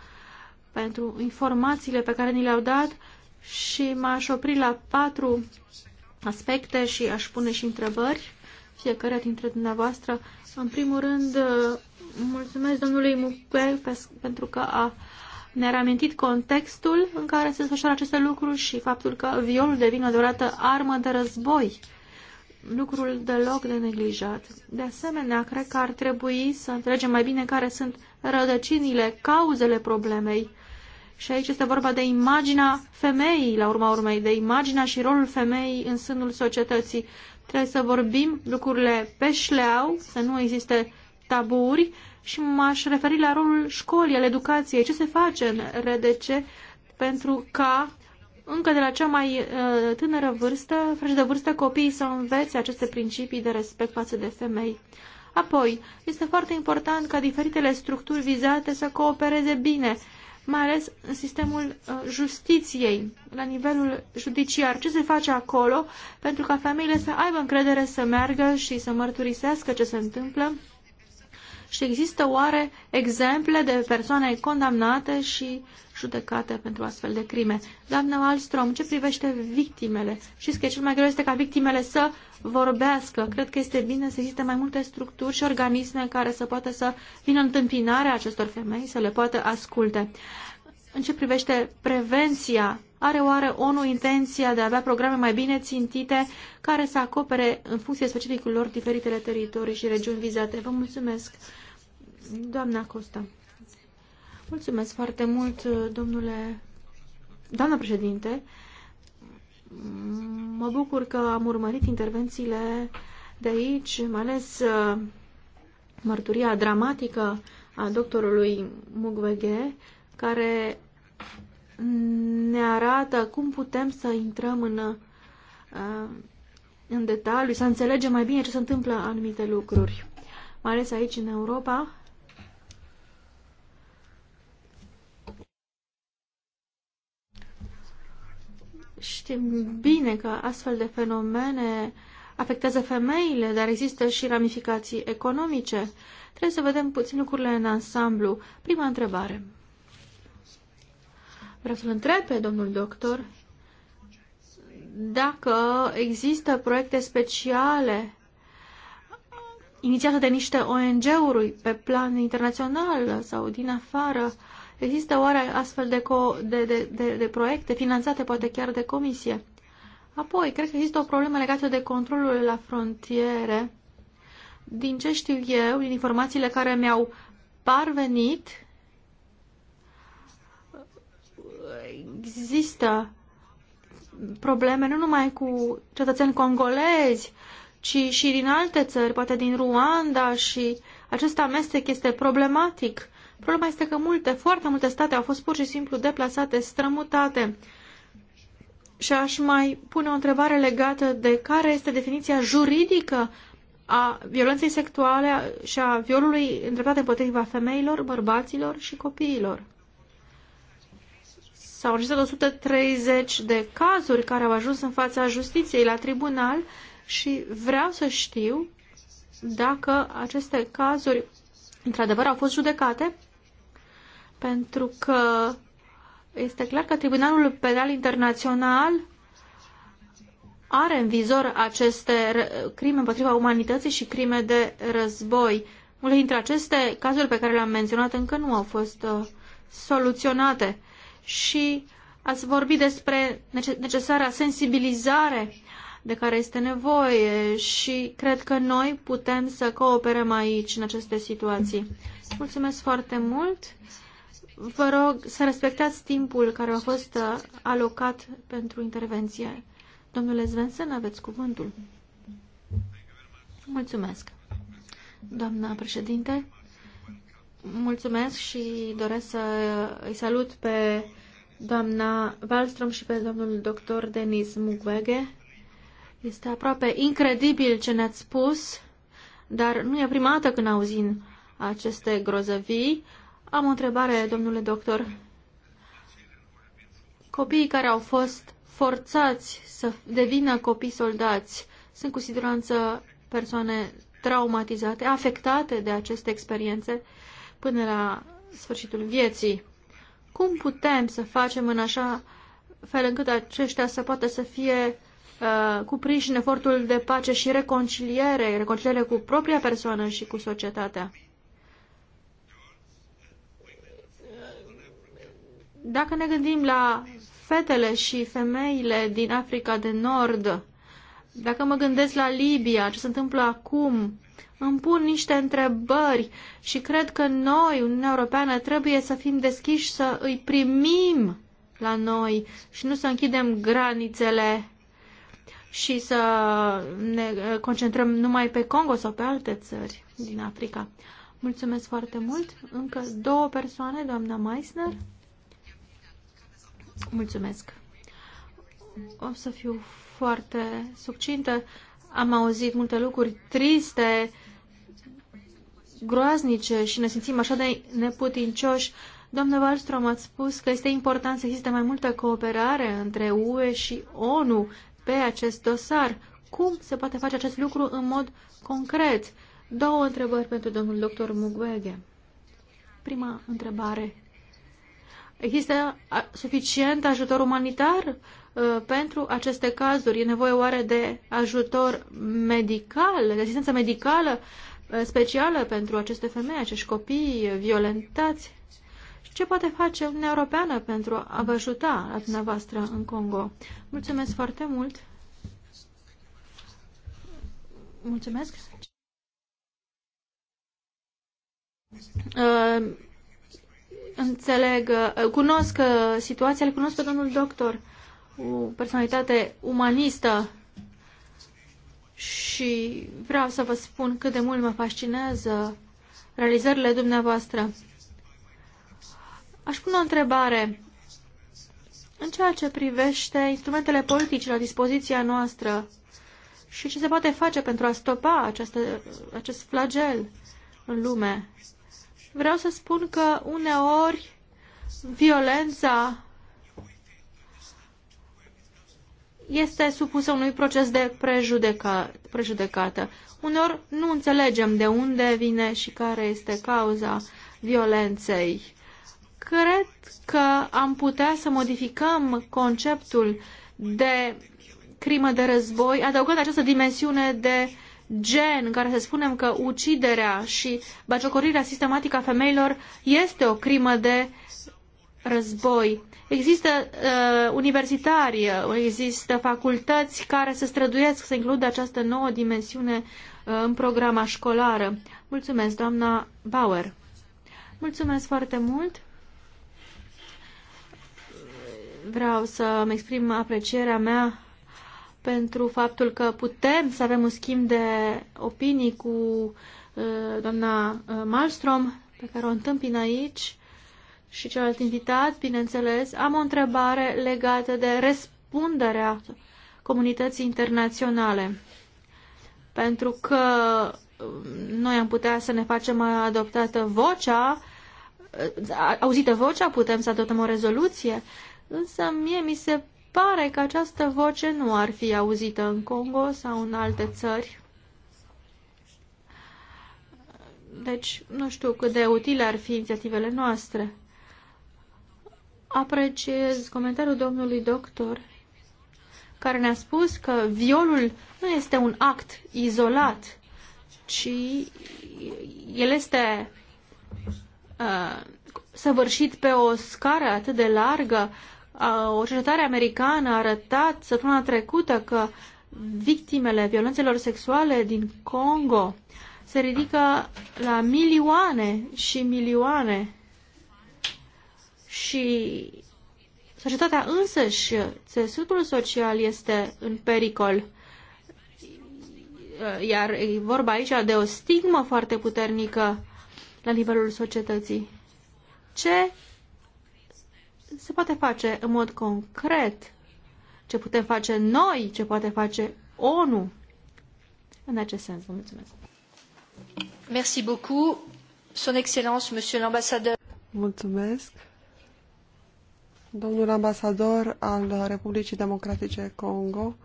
pentru informațiile pe care ni le-au dat și m-aș opri la patru aspecte și aș pune și întrebări fiecare dintre dumneavoastră. În primul rând, uh, mulțumesc domnului Mucuel pentru că a ne-a reamintit contextul în care se desfășoară aceste lucruri și faptul că violul devine o armă de război. Lucrul deloc de neglijat. De asemenea, cred că ar trebui să înțelegem mai bine care sunt rădăcinile, cauzele problemei. Și aici este vorba de imaginea femeii, la urma urmei, de imaginea și rolul femeii în sânul societății. Trebuie să vorbim lucrurile pe șleau, să nu existe taburi, și m-aș referi la rolul școlii, al educației, ce se face în RDC pentru ca încă de la cea mai uh, tânără vârstă, frăși de vârstă, copiii să învețe aceste principii de respect față de femei. Apoi, este foarte important ca diferitele structuri vizate să coopereze bine, mai ales în sistemul uh, justiției, la nivelul judiciar. Ce se face acolo pentru ca femeile să aibă încredere să meargă și să mărturisească ce se întâmplă și există oare exemple de persoane condamnate și judecate pentru astfel de crime? Doamna Alstrom, ce privește victimele? Știți că cel mai greu este ca victimele să vorbească. Cred că este bine să existe mai multe structuri și organisme care să poată să vină întâmpinarea acestor femei, să le poată asculte. În ce privește prevenția, are oare ONU intenția de a avea programe mai bine țintite care să acopere în funcție specificului lor diferitele teritorii și regiuni vizate? Vă mulțumesc, doamna Costa. Mulțumesc foarte mult, domnule, doamna președinte. Mă bucur că am urmărit intervențiile de aici, mai ales uh, mărturia dramatică a doctorului Mugwege, care ne arată cum putem să intrăm în, uh, în detaliu, să înțelegem mai bine ce se întâmplă anumite lucruri, mai ales aici în Europa. Știm bine că astfel de fenomene afectează femeile, dar există și ramificații economice. Trebuie să vedem puțin lucrurile în ansamblu. Prima întrebare. Vreau să-l întreb pe domnul doctor dacă există proiecte speciale inițiate de niște ONG-uri pe plan internațional sau din afară. Există oare astfel de, co- de, de, de, de proiecte finanțate poate chiar de comisie? Apoi, cred că există o problemă legată de controlul la frontiere. Din ce știu eu, din informațiile care mi-au parvenit, există probleme nu numai cu cetățeni congolezi, ci și din alte țări, poate din Ruanda și acest amestec este problematic. Problema este că multe, foarte multe state au fost pur și simplu deplasate, strămutate. Și aș mai pune o întrebare legată de care este definiția juridică a violenței sexuale și a violului îndreptat împotriva femeilor, bărbaților și copiilor. S-au înregistrat 130 de cazuri care au ajuns în fața justiției la tribunal și vreau să știu dacă aceste cazuri într-adevăr au fost judecate, pentru că este clar că Tribunalul Penal Internațional are în vizor aceste crime împotriva umanității și crime de război. Multe dintre aceste cazuri pe care le-am menționat încă nu au fost uh, soluționate și ați vorbit despre necesara sensibilizare de care este nevoie și cred că noi putem să cooperăm aici în aceste situații. Mulțumesc foarte mult! Vă rog să respectați timpul care a fost uh, alocat pentru intervenție. Domnule Svensen, aveți cuvântul. Mulțumesc, doamna președinte. Mulțumesc și doresc să îi salut pe doamna Wallström și pe domnul doctor Denis Mugwege. Este aproape incredibil ce ne-ați spus, dar nu e prima dată când auzim aceste grozăvii. Am o întrebare, domnule doctor. Copiii care au fost forțați să devină copii soldați sunt cu siguranță persoane traumatizate, afectate de aceste experiențe până la sfârșitul vieții. Cum putem să facem în așa fel încât aceștia să poată să fie uh, cuprinși în efortul de pace și reconciliere, reconciliere cu propria persoană și cu societatea? Dacă ne gândim la fetele și femeile din Africa de Nord, dacă mă gândesc la Libia, ce se întâmplă acum, îmi pun niște întrebări și cred că noi, Uniunea Europeană, trebuie să fim deschiși să îi primim la noi și nu să închidem granițele și să ne uh, concentrăm numai pe Congo sau pe alte țări din Africa. Mulțumesc foarte mult. Încă două persoane, doamna Meissner. Mulțumesc. O să fiu foarte succintă. Am auzit multe lucruri triste, groaznice și ne simțim așa de neputincioși. Domnul Wallström a spus că este important să existe mai multă cooperare între UE și ONU pe acest dosar. Cum se poate face acest lucru în mod concret? Două întrebări pentru domnul doctor Mugwege. Prima întrebare. Există suficient ajutor umanitar uh, pentru aceste cazuri? E nevoie oare de ajutor medical, de asistență medicală uh, specială pentru aceste femei, acești copii violentați? Și ce poate face Uniunea Europeană pentru a vă ajuta la dumneavoastră în Congo? Mulțumesc foarte mult! Mulțumesc! Uh, înțeleg, uh, cunosc uh, situația, îl cunosc pe domnul doctor, o personalitate umanistă și vreau să vă spun cât de mult mă fascinează realizările dumneavoastră. Aș pune o întrebare. În ceea ce privește instrumentele politice la dispoziția noastră și ce se poate face pentru a stopa această, acest flagel în lume, Vreau să spun că uneori violența este supusă unui proces de prejudeca, prejudecată. Uneori nu înțelegem de unde vine și care este cauza violenței. Cred că am putea să modificăm conceptul de crimă de război, adăugând această dimensiune de gen în care să spunem că uciderea și bagiocorirea sistematică a femeilor este o crimă de război. Există uh, universitari, uh, există facultăți care se străduiesc să includă această nouă dimensiune uh, în programa școlară. Mulțumesc, doamna Bauer. Mulțumesc foarte mult. Vreau să-mi exprim aprecierea mea pentru faptul că putem să avem un schimb de opinii cu uh, doamna uh, Malmström, pe care o întâmpin aici, și celălalt invitat, bineînțeles. Am o întrebare legată de răspunderea comunității internaționale. Pentru că um, noi am putea să ne facem adoptată vocea, uh, auzită vocea, putem să adoptăm o rezoluție, însă mie mi se pare că această voce nu ar fi auzită în Congo sau în alte țări. Deci, nu știu cât de utile ar fi inițiativele noastre. Apreciez comentariul domnului doctor, care ne-a spus că violul nu este un act izolat, ci el este uh, săvârșit pe o scară atât de largă Uh, o cercetare americană a arătat săptămâna trecută că victimele violențelor sexuale din Congo se ridică la milioane și milioane și societatea însăși, țesutul social este în pericol. Uh, iar e vorba aici de o stigmă foarte puternică la nivelul societății. Ce se poate face în mod concret, ce putem face noi, ce poate face ONU. În acest sens, vă mulțumesc. Merci beaucoup, Son Excellence, Monsieur l'Ambassadeur. Mulțumesc. Domnul ambasador al Republicii Democratice Congo,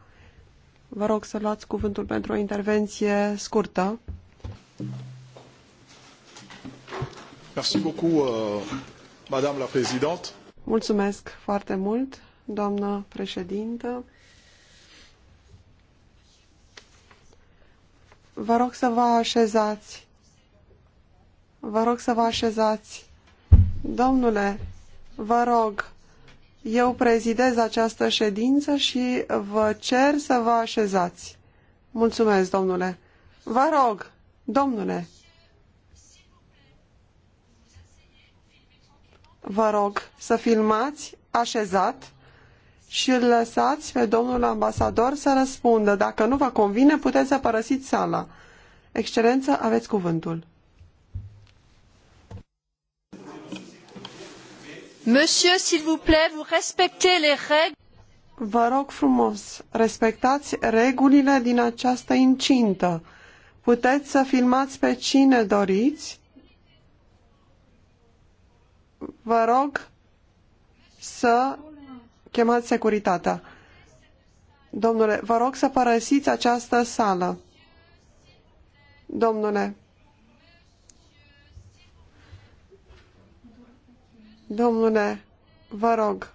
vă rog să luați cuvântul pentru o intervenție scurtă. Merci beaucoup, uh, Madame la Présidente. Mulțumesc foarte mult, doamnă președintă. Vă rog să vă așezați. Vă rog să vă așezați. Domnule, vă rog, eu prezidez această ședință și vă cer să vă așezați. Mulțumesc, domnule. Vă rog, domnule, vă rog să filmați așezat și îl lăsați pe domnul ambasador să răspundă. Dacă nu vă convine, puteți să părăsiți sala. Excelență, aveți cuvântul. Monsieur, s'il vous plaît, vous respectez les règles. Vă rog frumos, respectați regulile din această incintă. Puteți să filmați pe cine doriți, vă rog să chemați securitatea. Domnule, vă rog să părăsiți această sală. Domnule. Domnule, vă rog.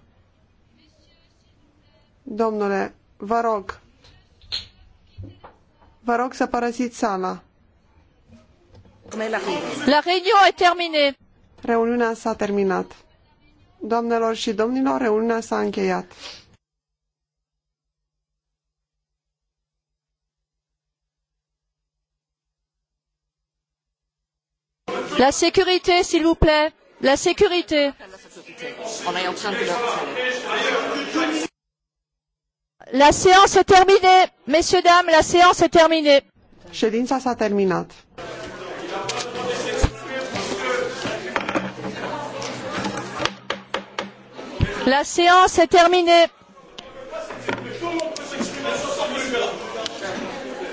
Domnule, vă rog. Vă rog să părăsiți sala. La reunion est terminée. Reuniunea s-a terminat. Doamnelor și domnilor, reuniunea s-a încheiat. La securitate, s'il vous plaît. La securitate. La séance est terminée. Messieurs, dames, la séance est terminée. Ședința s-a terminat. La séance est terminée.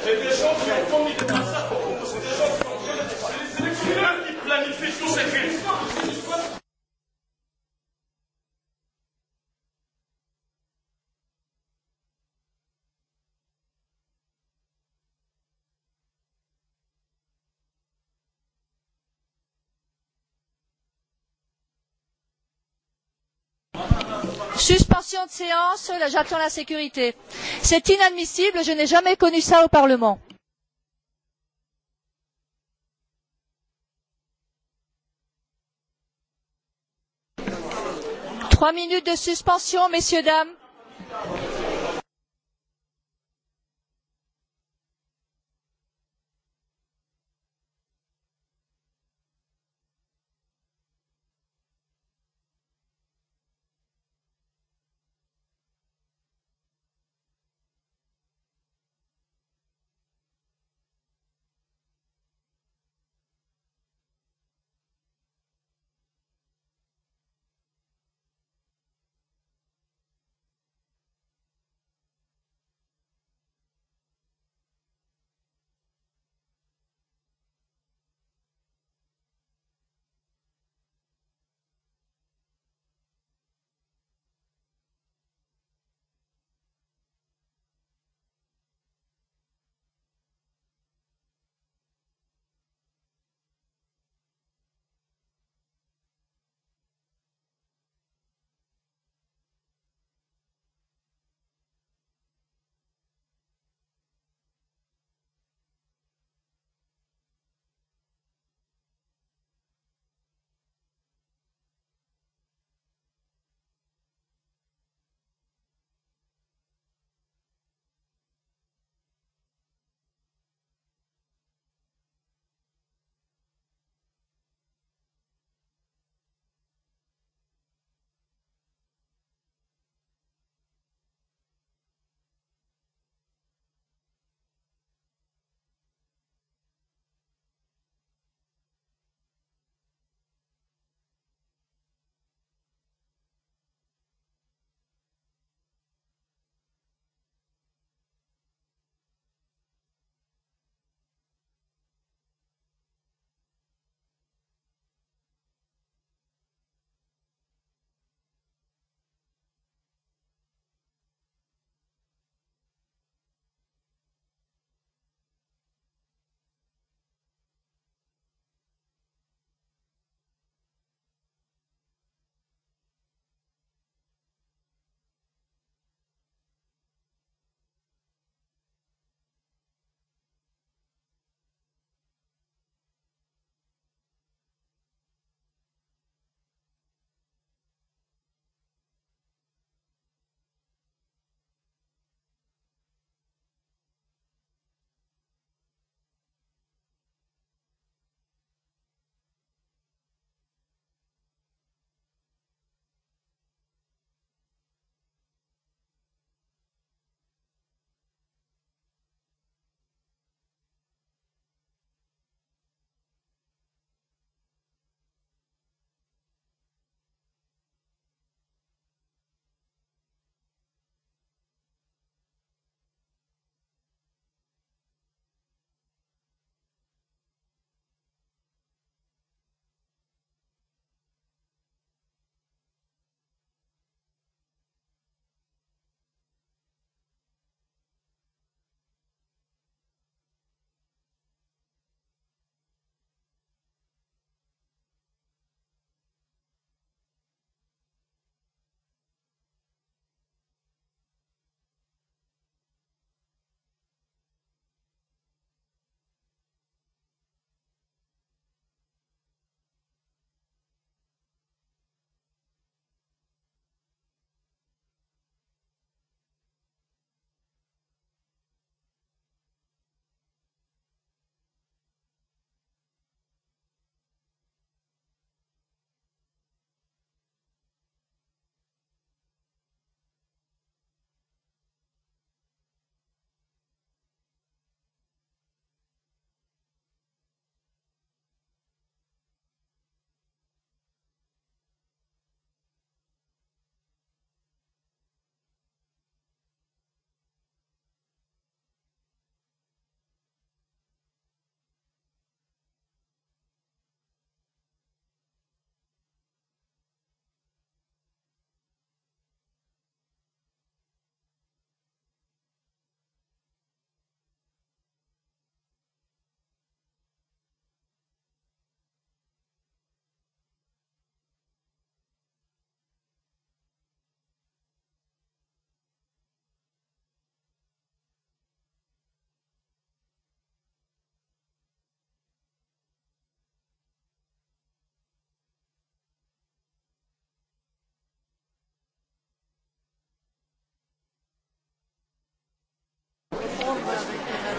C'est des gens qui planifient tous ces suspension de séance j'attends la sécurité. c'est inadmissible je n'ai jamais connu cela au parlement. trois minutes de suspension messieurs dames.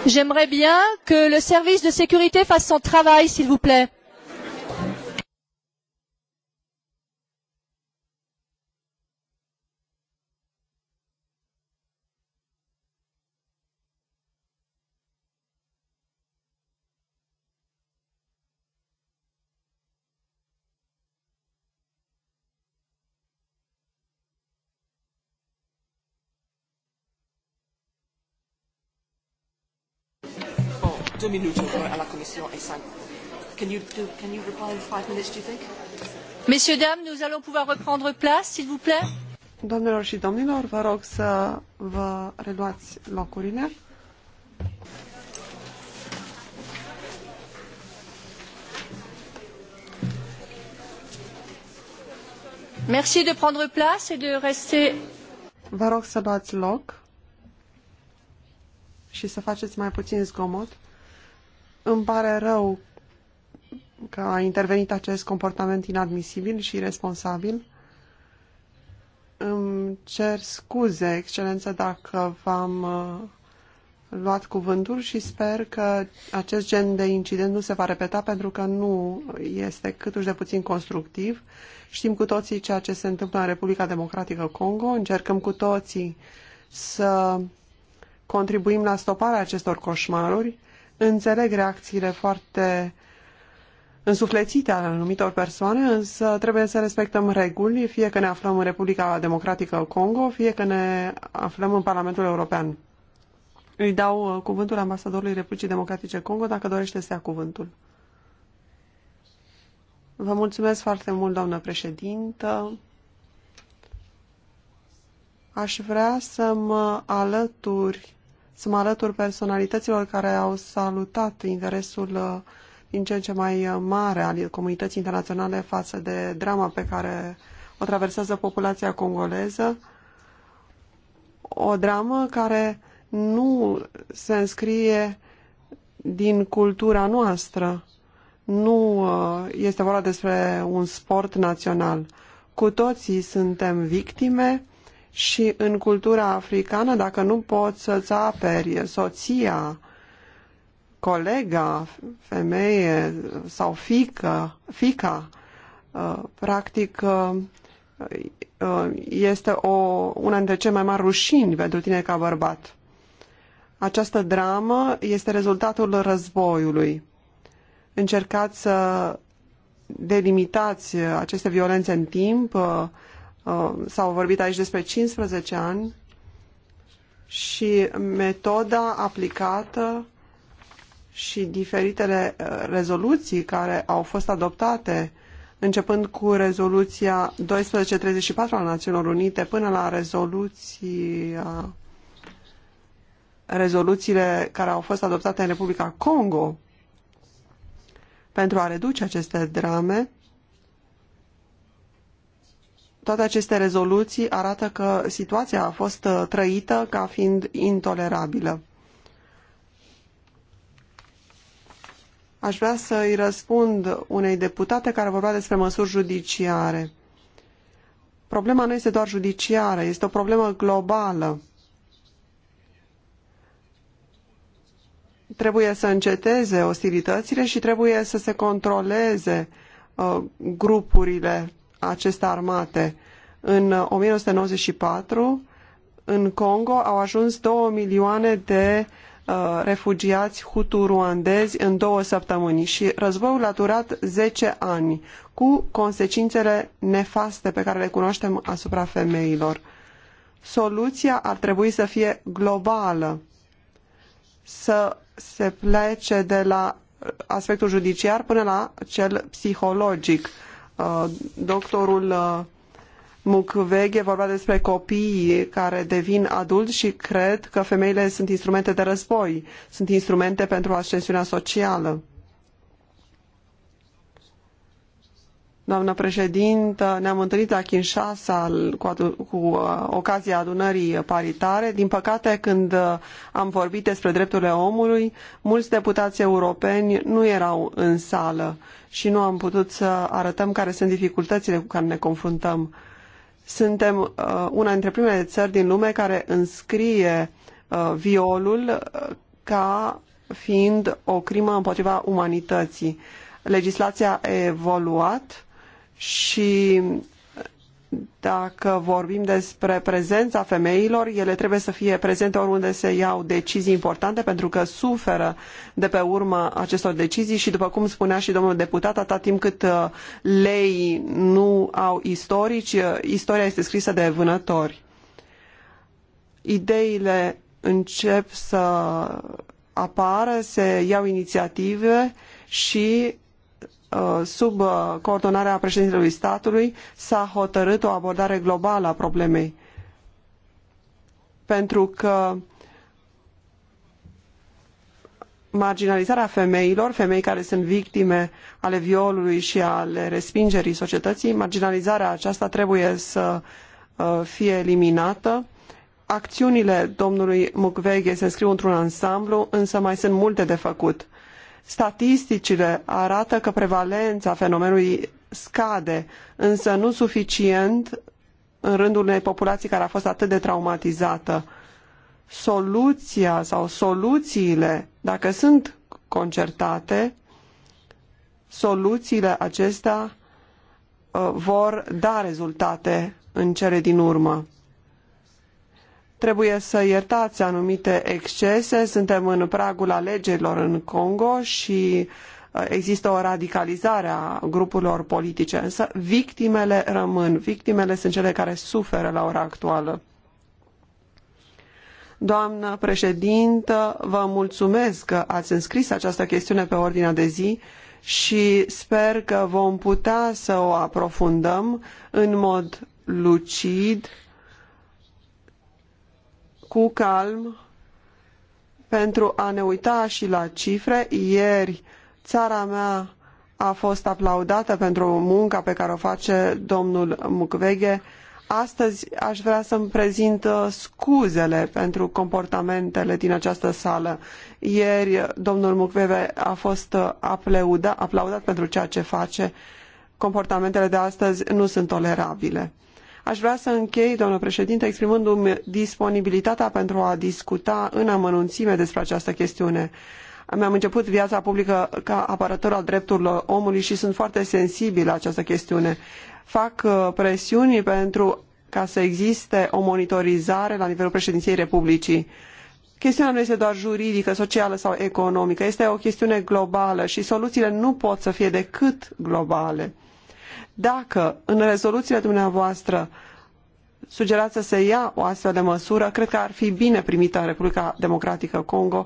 j'aimerais bien que le service de sécurité fasse son travail s'il vous plaît. deux minutes à la Commission et cinq. Can you, do, can you reply in five minutes, do you think? Messieurs, dames, nous allons pouvoir reprendre place, s'il vous plaît. Doamnelor și domnilor, vă rog să vă reluați locurile. Merci de prendre place et de rester. Vă rog să luați loc și să faceți mai puțin zgomot. Îmi pare rău că a intervenit acest comportament inadmisibil și irresponsabil. Îmi cer scuze, excelență, dacă v-am uh, luat cuvântul și sper că acest gen de incident nu se va repeta pentru că nu este câtuși de puțin constructiv. Știm cu toții ceea ce se întâmplă în Republica Democratică Congo, încercăm cu toții să contribuim la stoparea acestor coșmaruri Înțeleg reacțiile foarte însuflețite ale anumitor persoane, însă trebuie să respectăm reguli, fie că ne aflăm în Republica Democratică Congo, fie că ne aflăm în Parlamentul European. Îi dau uh, cuvântul ambasadorului Republicii Democratice Congo dacă dorește să ia cuvântul. Vă mulțumesc foarte mult, doamnă președintă. Aș vrea să mă alături să mă alătur personalităților care au salutat interesul uh, din ce în ce mai uh, mare al comunității internaționale față de drama pe care o traversează populația congoleză. O dramă care nu se înscrie din cultura noastră. Nu uh, este vorba despre un sport național. Cu toții suntem victime și în cultura africană, dacă nu poți să-ți aperi soția, colega, femeie sau fică, fica, uh, practic uh, uh, este o, una dintre cele mai mari rușini pentru tine ca bărbat. Această dramă este rezultatul războiului. Încercați să delimitați aceste violențe în timp, Uh, s-au vorbit aici despre 15 ani și metoda aplicată și diferitele uh, rezoluții care au fost adoptate, începând cu rezoluția 1234 a Națiunilor Unite până la rezoluția, rezoluțiile care au fost adoptate în Republica Congo pentru a reduce aceste drame, toate aceste rezoluții arată că situația a fost uh, trăită ca fiind intolerabilă. Aș vrea să îi răspund unei deputate care vorbea despre măsuri judiciare. Problema nu este doar judiciară, este o problemă globală. Trebuie să înceteze ostilitățile și trebuie să se controleze uh, grupurile aceste armate. În 1994, uh, în Congo au ajuns 2 milioane de uh, refugiați hutu ruandezi în două săptămâni și războiul a durat 10 ani, cu consecințele nefaste pe care le cunoaștem asupra femeilor. Soluția ar trebui să fie globală, să se plece de la aspectul judiciar până la cel psihologic. Uh, doctorul uh, Mukwege vorbea despre copiii care devin adulți și cred că femeile sunt instrumente de război, sunt instrumente pentru ascensiunea socială. Doamnă președintă, ne-am întâlnit la Kinshasa cu, uh, ocazia adunării paritare. Din păcate, când uh, am vorbit despre drepturile omului, mulți deputați europeni nu erau în sală și nu am putut să arătăm care sunt dificultățile cu care ne confruntăm. Suntem uh, una dintre primele țări din lume care înscrie violul ca fiind o crimă împotriva umanității. Legislația a evoluat și dacă vorbim despre prezența femeilor, ele trebuie să fie prezente oriunde se iau decizii importante pentru că suferă de pe urma acestor decizii și după cum spunea și domnul deputat, atâta timp cât uh, lei nu au istorici, uh, istoria este scrisă de vânători. Ideile încep să apară, se iau inițiative și Uh, sub uh, coordonarea președintelui statului, s-a hotărât o abordare globală a problemei. Pentru că marginalizarea femeilor, femei care sunt victime ale violului și ale respingerii societății, marginalizarea aceasta trebuie să uh, fie eliminată. Acțiunile domnului Mukwege se înscriu într-un ansamblu, însă mai sunt multe de făcut Statisticile arată că prevalența fenomenului scade, însă nu suficient în rândul unei populații care a fost atât de traumatizată. Soluția sau soluțiile, dacă sunt concertate, soluțiile acestea uh, vor da rezultate în cele din urmă. Trebuie să iertați anumite excese. Suntem în pragul alegerilor în Congo și uh, există o radicalizare a grupurilor politice, însă victimele rămân. Victimele sunt cele care suferă la ora actuală. Doamnă președintă, vă mulțumesc că ați înscris această chestiune pe ordinea de zi și sper că vom putea să o aprofundăm în mod lucid cu calm pentru a ne uita și la cifre. Ieri țara mea a fost aplaudată pentru munca pe care o face domnul Mukwege. Astăzi aș vrea să-mi prezint uh, scuzele pentru comportamentele din această sală. Ieri domnul Mukwege a fost uh, aplaudat, aplaudat pentru ceea ce face. Comportamentele de astăzi nu sunt tolerabile. Aș vrea să închei, doamnă președinte, exprimându-mi disponibilitatea pentru a discuta în amănunțime despre această chestiune. Mi-am început viața publică ca apărător al drepturilor omului și sunt foarte sensibil la această chestiune. Fac uh, presiuni pentru ca să existe o monitorizare la nivelul președinției Republicii. Chestiunea nu este doar juridică, socială sau economică, este o chestiune globală și soluțiile nu pot să fie decât globale. Dacă în rezoluțiile dumneavoastră sugerați să se ia o astfel de măsură, cred că ar fi bine primită în Republica Democratică Congo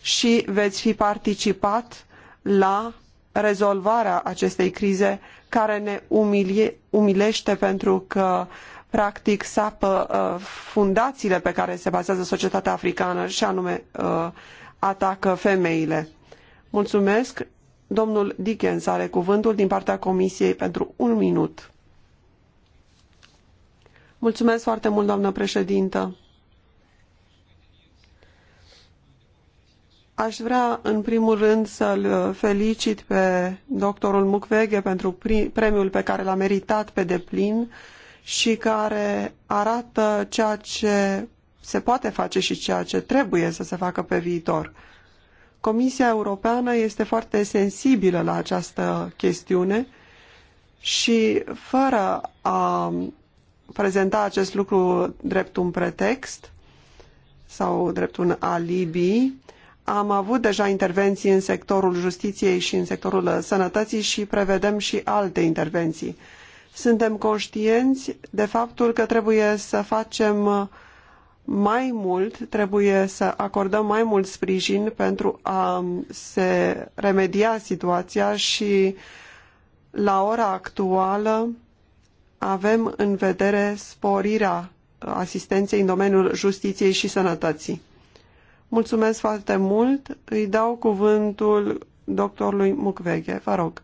și veți fi participat la rezolvarea acestei crize care ne umilie, umilește pentru că practic sapă uh, fundațiile pe care se bazează societatea africană și anume uh, atacă femeile. Mulțumesc. Domnul Dickens are cuvântul din partea Comisiei pentru un minut. Mulțumesc foarte mult, doamnă președintă. Aș vrea, în primul rând, să-l felicit pe doctorul Mukwege pentru premiul pe care l-a meritat pe deplin și care arată ceea ce se poate face și ceea ce trebuie să se facă pe viitor. Comisia Europeană este foarte sensibilă la această chestiune și fără a prezenta acest lucru drept un pretext sau drept un alibi, am avut deja intervenții în sectorul justiției și în sectorul sănătății și prevedem și alte intervenții. Suntem conștienți de faptul că trebuie să facem mai mult, trebuie să acordăm mai mult sprijin pentru a um, se remedia situația și la ora actuală avem în vedere sporirea asistenței în domeniul justiției și sănătății. Mulțumesc foarte mult. Îi dau cuvântul doctorului Mukwege. Vă rog.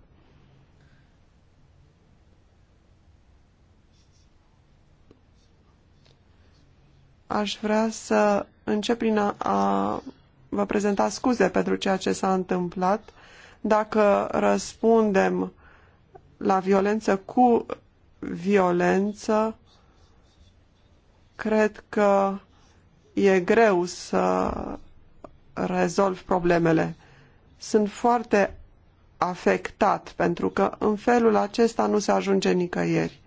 aș vrea să încep prin a vă prezenta scuze pentru ceea ce s-a întâmplat. Dacă răspundem la violență cu violență, cred că e greu să rezolv problemele. Sunt foarte afectat pentru că în felul acesta nu se ajunge nicăieri.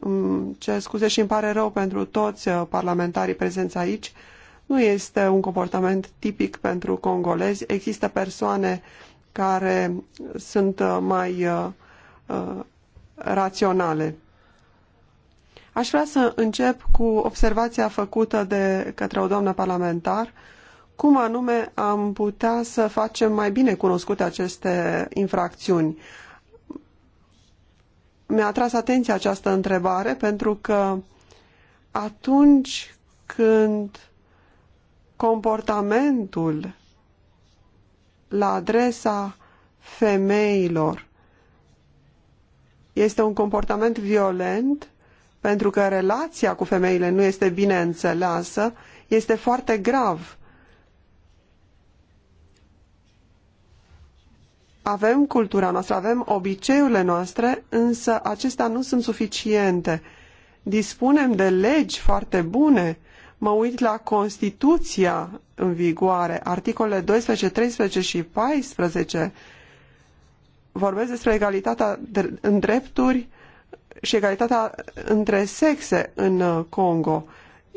Îmi cer scuze și îmi pare rău pentru toți uh, parlamentarii prezenți aici. Nu este un comportament tipic pentru congolezi. Există persoane care sunt uh, mai uh, uh, raționale. Aș vrea să încep cu observația făcută de către o doamnă parlamentar, cum anume am putea să facem mai bine cunoscute aceste infracțiuni mi-a atras atenția această întrebare pentru că atunci când comportamentul la adresa femeilor este un comportament violent, pentru că relația cu femeile nu este bine înțeleasă, este foarte grav Avem cultura noastră, avem obiceiurile noastre, însă acestea nu sunt suficiente. Dispunem de legi foarte bune. Mă uit la Constituția în vigoare, articolele 12, 13 și 14. Vorbesc despre egalitatea în drepturi și egalitatea între sexe în uh, Congo.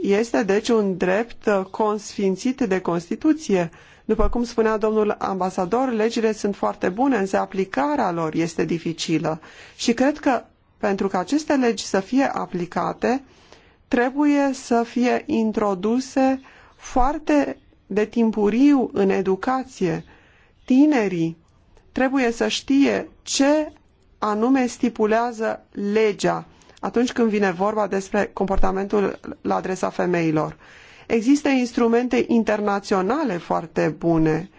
Este deci un drept uh, consfințit de Constituție după cum spunea domnul ambasador, legile sunt foarte bune, însă aplicarea lor este dificilă. Și cred că pentru ca aceste legi să fie aplicate, trebuie să fie introduse foarte de timpuriu în educație. Tinerii trebuie să știe ce anume stipulează legea atunci când vine vorba despre comportamentul la adresa femeilor. Există instrumente internaționale foarte bune.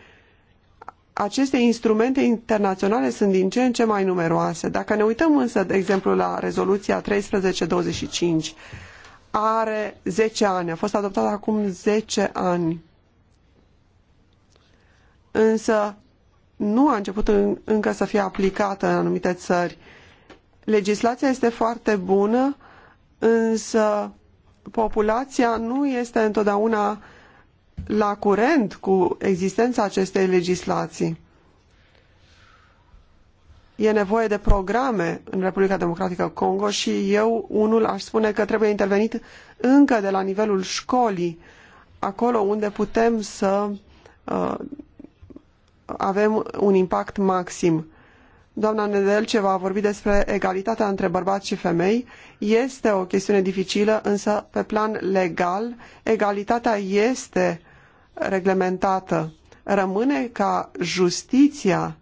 Aceste instrumente internaționale sunt din ce în ce mai numeroase. Dacă ne uităm însă, de exemplu, la rezoluția 1325, are 10 ani, a fost adoptată acum 10 ani. Însă nu a început încă să fie aplicată în anumite țări. Legislația este foarte bună, însă populația nu este întotdeauna la curent cu existența acestei legislații. E nevoie de programe în Republica Democratică Congo și eu, unul, aș spune că trebuie intervenit încă de la nivelul școlii, acolo unde putem să uh, avem un impact maxim doamna Nedelce va vorbi despre egalitatea între bărbați și femei. Este o chestiune dificilă, însă pe plan legal egalitatea este reglementată. Rămâne ca justiția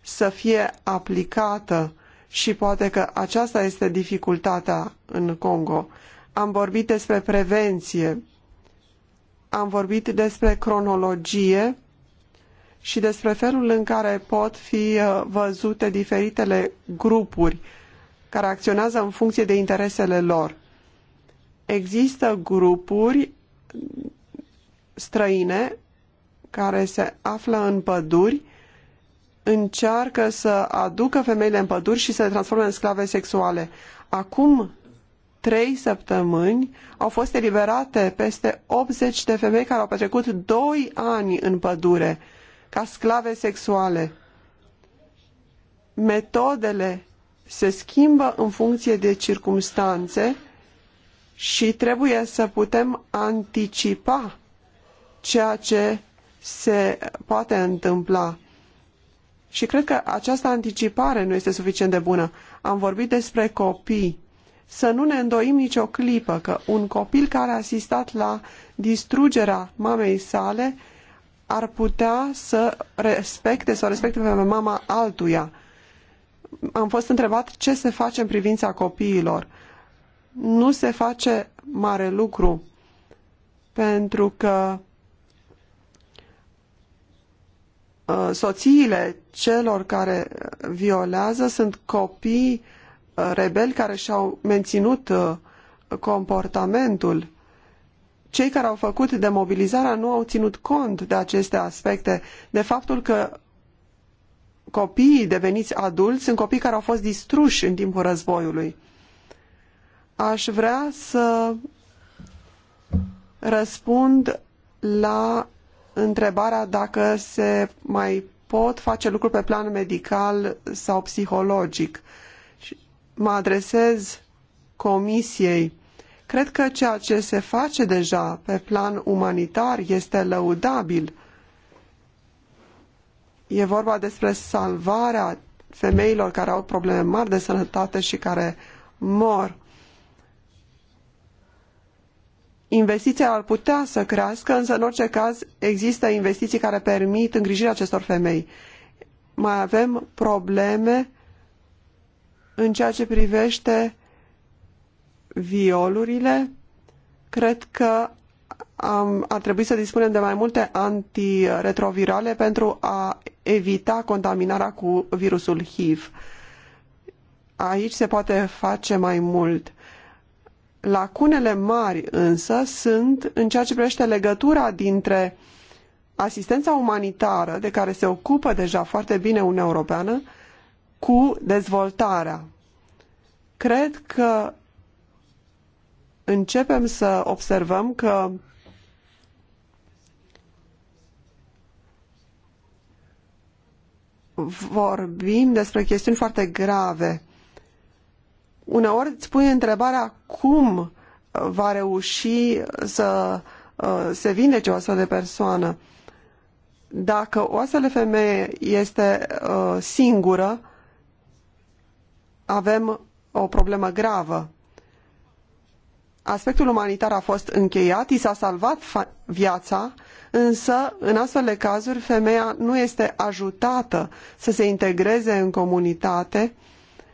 să fie aplicată și poate că aceasta este dificultatea în Congo. Am vorbit despre prevenție, am vorbit despre cronologie, și despre felul în care pot fi uh, văzute diferitele grupuri care acționează în funcție de interesele lor. Există grupuri străine care se află în păduri, încearcă să aducă femeile în păduri și să le transforme în sclave sexuale. Acum trei săptămâni au fost eliberate peste 80 de femei care au petrecut 2 ani în pădure ca sclave sexuale. Metodele se schimbă în funcție de circumstanțe și trebuie să putem anticipa ceea ce se poate întâmpla. Și cred că această anticipare nu este suficient de bună. Am vorbit despre copii. Să nu ne îndoim nicio clipă că un copil care a asistat la distrugerea mamei sale ar putea să respecte sau respecte pe mama altuia. Am fost întrebat ce se face în privința copiilor. Nu se face mare lucru pentru că ă, soțiile celor care violează sunt copii ă, rebeli care și-au menținut ă, comportamentul cei care au făcut demobilizarea nu au ținut cont de aceste aspecte, de faptul că copiii deveniți adulți sunt copii care au fost distruși în timpul războiului. Aș vrea să răspund la întrebarea dacă se mai pot face lucruri pe plan medical sau psihologic. Mă adresez comisiei Cred că ceea ce se face deja pe plan umanitar este lăudabil. E vorba despre salvarea femeilor care au probleme mari de sănătate și care mor. Investiția ar putea să crească, însă în orice caz există investiții care permit îngrijirea acestor femei. Mai avem probleme în ceea ce privește violurile, cred că am, ar trebui să dispunem de mai multe antiretrovirale pentru a evita contaminarea cu virusul HIV. Aici se poate face mai mult. Lacunele mari însă sunt în ceea ce privește legătura dintre asistența umanitară, de care se ocupă deja foarte bine Uniunea Europeană, cu dezvoltarea. Cred că începem să observăm că vorbim despre chestiuni foarte grave. Uneori îți pui întrebarea cum va reuși să uh, se vindece o astfel de persoană. Dacă o astfel de femeie este uh, singură, avem o problemă gravă aspectul umanitar a fost încheiat, i s-a salvat viața, însă în astfel de cazuri femeia nu este ajutată să se integreze în comunitate,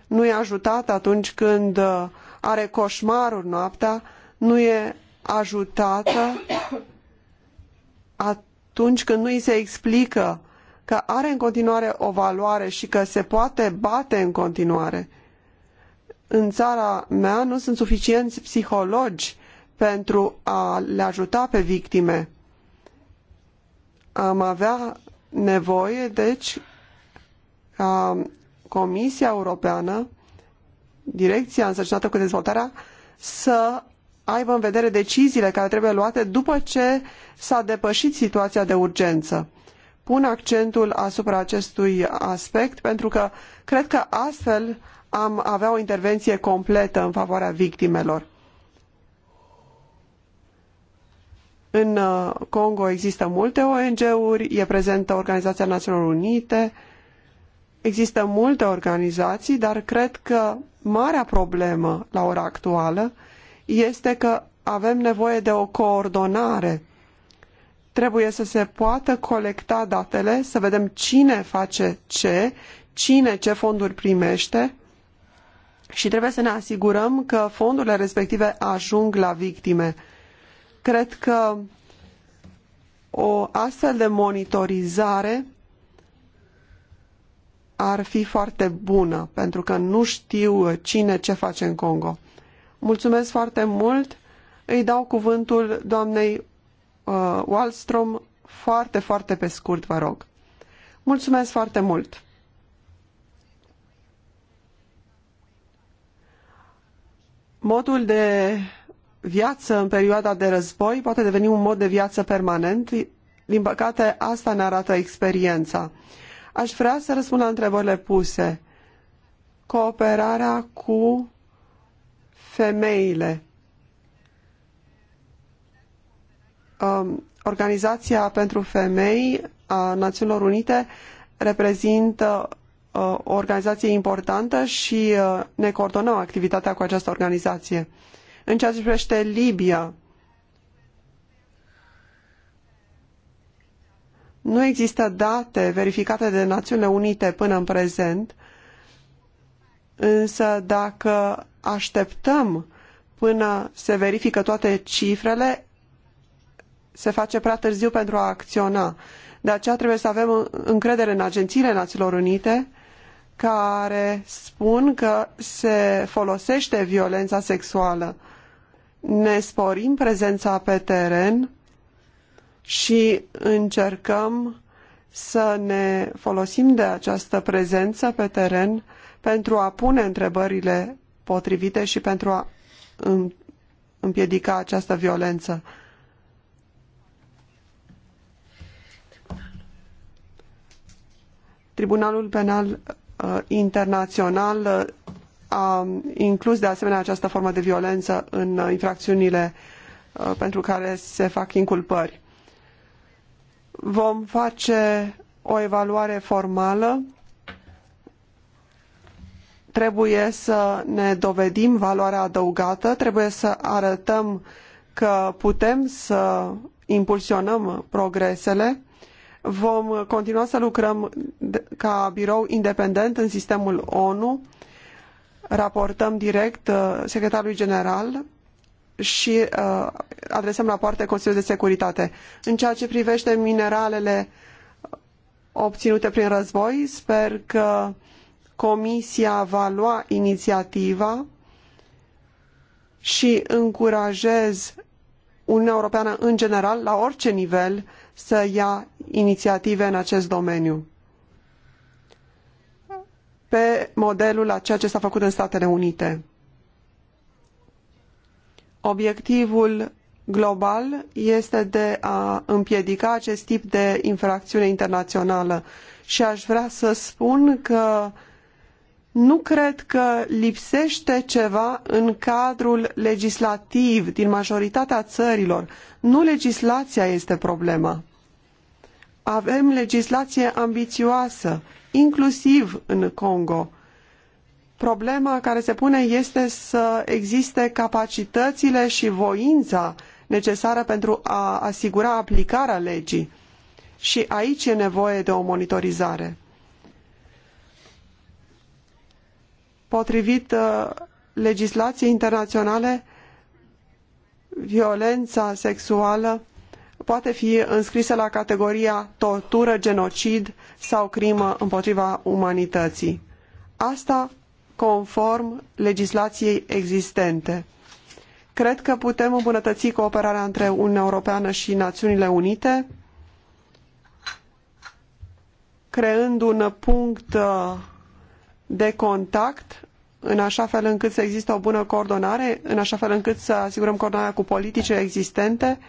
nu e ajutată atunci când uh, are coșmaruri noaptea, nu e ajutată atunci când nu îi se explică că are în continuare o valoare și că se poate bate în continuare în țara mea nu sunt suficienți psihologi pentru a le ajuta pe victime. Am avea nevoie, deci, ca Comisia Europeană, Direcția însărcinată cu dezvoltarea, să aibă în vedere deciziile care trebuie luate după ce s-a depășit situația de urgență. Pun accentul asupra acestui aspect pentru că cred că astfel am avea o intervenie completă în favoarea victimelor. În uh, Congo există multe ONG-uri, e prezentă Organizația Națiunilor Unite, există multe organizații, dar cred că marea problemă la ora actuală este că avem nevoie de o coordonare. Trebuie să se poată colecta datele, să vedem cine face ce, cine ce fonduri primește și trebuie să ne asigurăm că fondurile respective ajung la victime. Cred că o astfel de monitorizare ar fi foarte bună, pentru că nu știu cine ce face în Congo. Mulțumesc foarte mult. Îi dau cuvântul doamnei uh, Wallström foarte, foarte pe scurt, vă rog. Mulțumesc foarte mult. Modul de viață în perioada de război poate deveni un mod de viață permanent. Din păcate, asta ne arată experiența. Aș vrea să răspund la întrebările puse. Cooperarea cu femeile. Um, Organizația pentru Femei a Națiunilor Unite reprezintă Uh, o organizație importantă și uh, ne coordonăm activitatea cu această organizație. În ceea ce privește Libia, nu există date verificate de Națiunile Unite până în prezent, însă dacă așteptăm până se verifică toate cifrele, se face prea târziu pentru a acționa. De aceea trebuie să avem încredere în agențiile Națiunilor Unite care spun că se folosește violența sexuală. Ne sporim prezența pe teren și încercăm să ne folosim de această prezență pe teren pentru a pune întrebările potrivite și pentru a împiedica această violență. Tribunalul Penal Uh, internațional uh, a inclus de asemenea această formă de violență în uh, infracțiunile pentru care se fac inculpări. Vom face o evaluare formală. Trebuie să ne dovedim valoarea adăugată, trebuie să arătăm că putem să impulsionăm progresele Vom continua să lucrăm ca birou independent în sistemul ONU. Raportăm direct uh, secretarului general și adresăm uh, adresăm rapoarte Consiliului de Securitate. În ceea ce privește mineralele obținute prin război, sper că Comisia va lua inițiativa și încurajez Uniunea Europeană în general, la orice nivel, să ia inițiative în acest domeniu pe modelul a ceea ce s-a făcut în Statele Unite. Obiectivul global este de a împiedica acest tip de infracțiune internațională și aș vrea să spun că nu cred că lipsește ceva în cadrul legislativ din majoritatea țărilor. Nu legislația este problema. Avem legislație ambițioasă, inclusiv în Congo. Problema care se pune este să existe capacitățile și voința necesară pentru a asigura aplicarea legii. Și aici e nevoie de o monitorizare. Potrivit uh, legislației internaționale, violența sexuală poate fi înscrisă la categoria tortură, genocid sau crimă împotriva umanității. Asta conform legislației existente. Cred că putem îmbunătăți cooperarea între Uniunea Europeană și Națiunile Unite, creând un punct uh, de contact în așa fel încât să existe o bună coordonare, în așa fel încât să asigurăm coordonarea cu politicile existente, uh,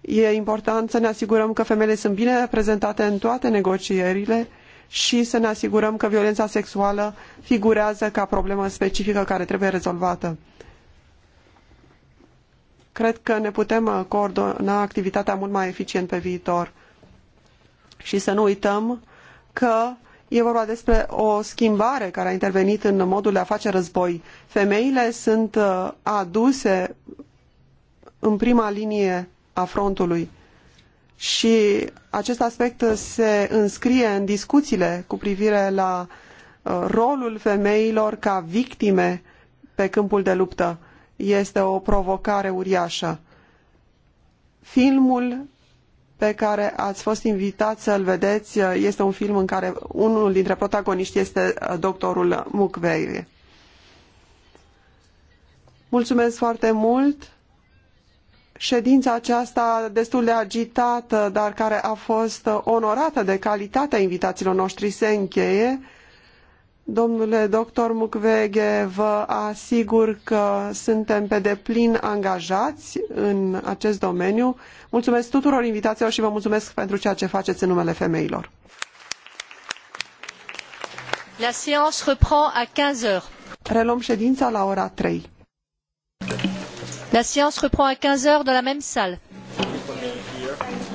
E important să ne asigurăm că femeile sunt bine reprezentate în toate negocierile și să ne asigurăm că violența sexuală figurează ca problemă specifică care trebuie rezolvată. Cred că ne putem uh, coordona activitatea mult mai eficient pe viitor. Și să nu uităm că e vorba despre o schimbare care a intervenit în modul de a face război. Femeile sunt uh, aduse în prima linie a frontului Și acest aspect se înscrie în discuțiile cu privire la uh, rolul femeilor ca victime pe câmpul de luptă. Este o provocare uriașă. Filmul pe care ați fost invitat să-l vedeți uh, este un film în care unul dintre protagoniști este uh, doctorul Mukwege. Mulțumesc foarte mult! ședința aceasta destul de agitată, dar care a fost onorată de calitatea invitațiilor noștri, se încheie. Domnule doctor Mukwege, vă asigur că suntem pe deplin angajați în acest domeniu. Mulțumesc tuturor invitațiilor și vă mulțumesc pentru ceea ce faceți în numele femeilor. La séance reprend à 15 Reluăm ședința la ora 3 la séance reprend à quinze heures dans la même salle.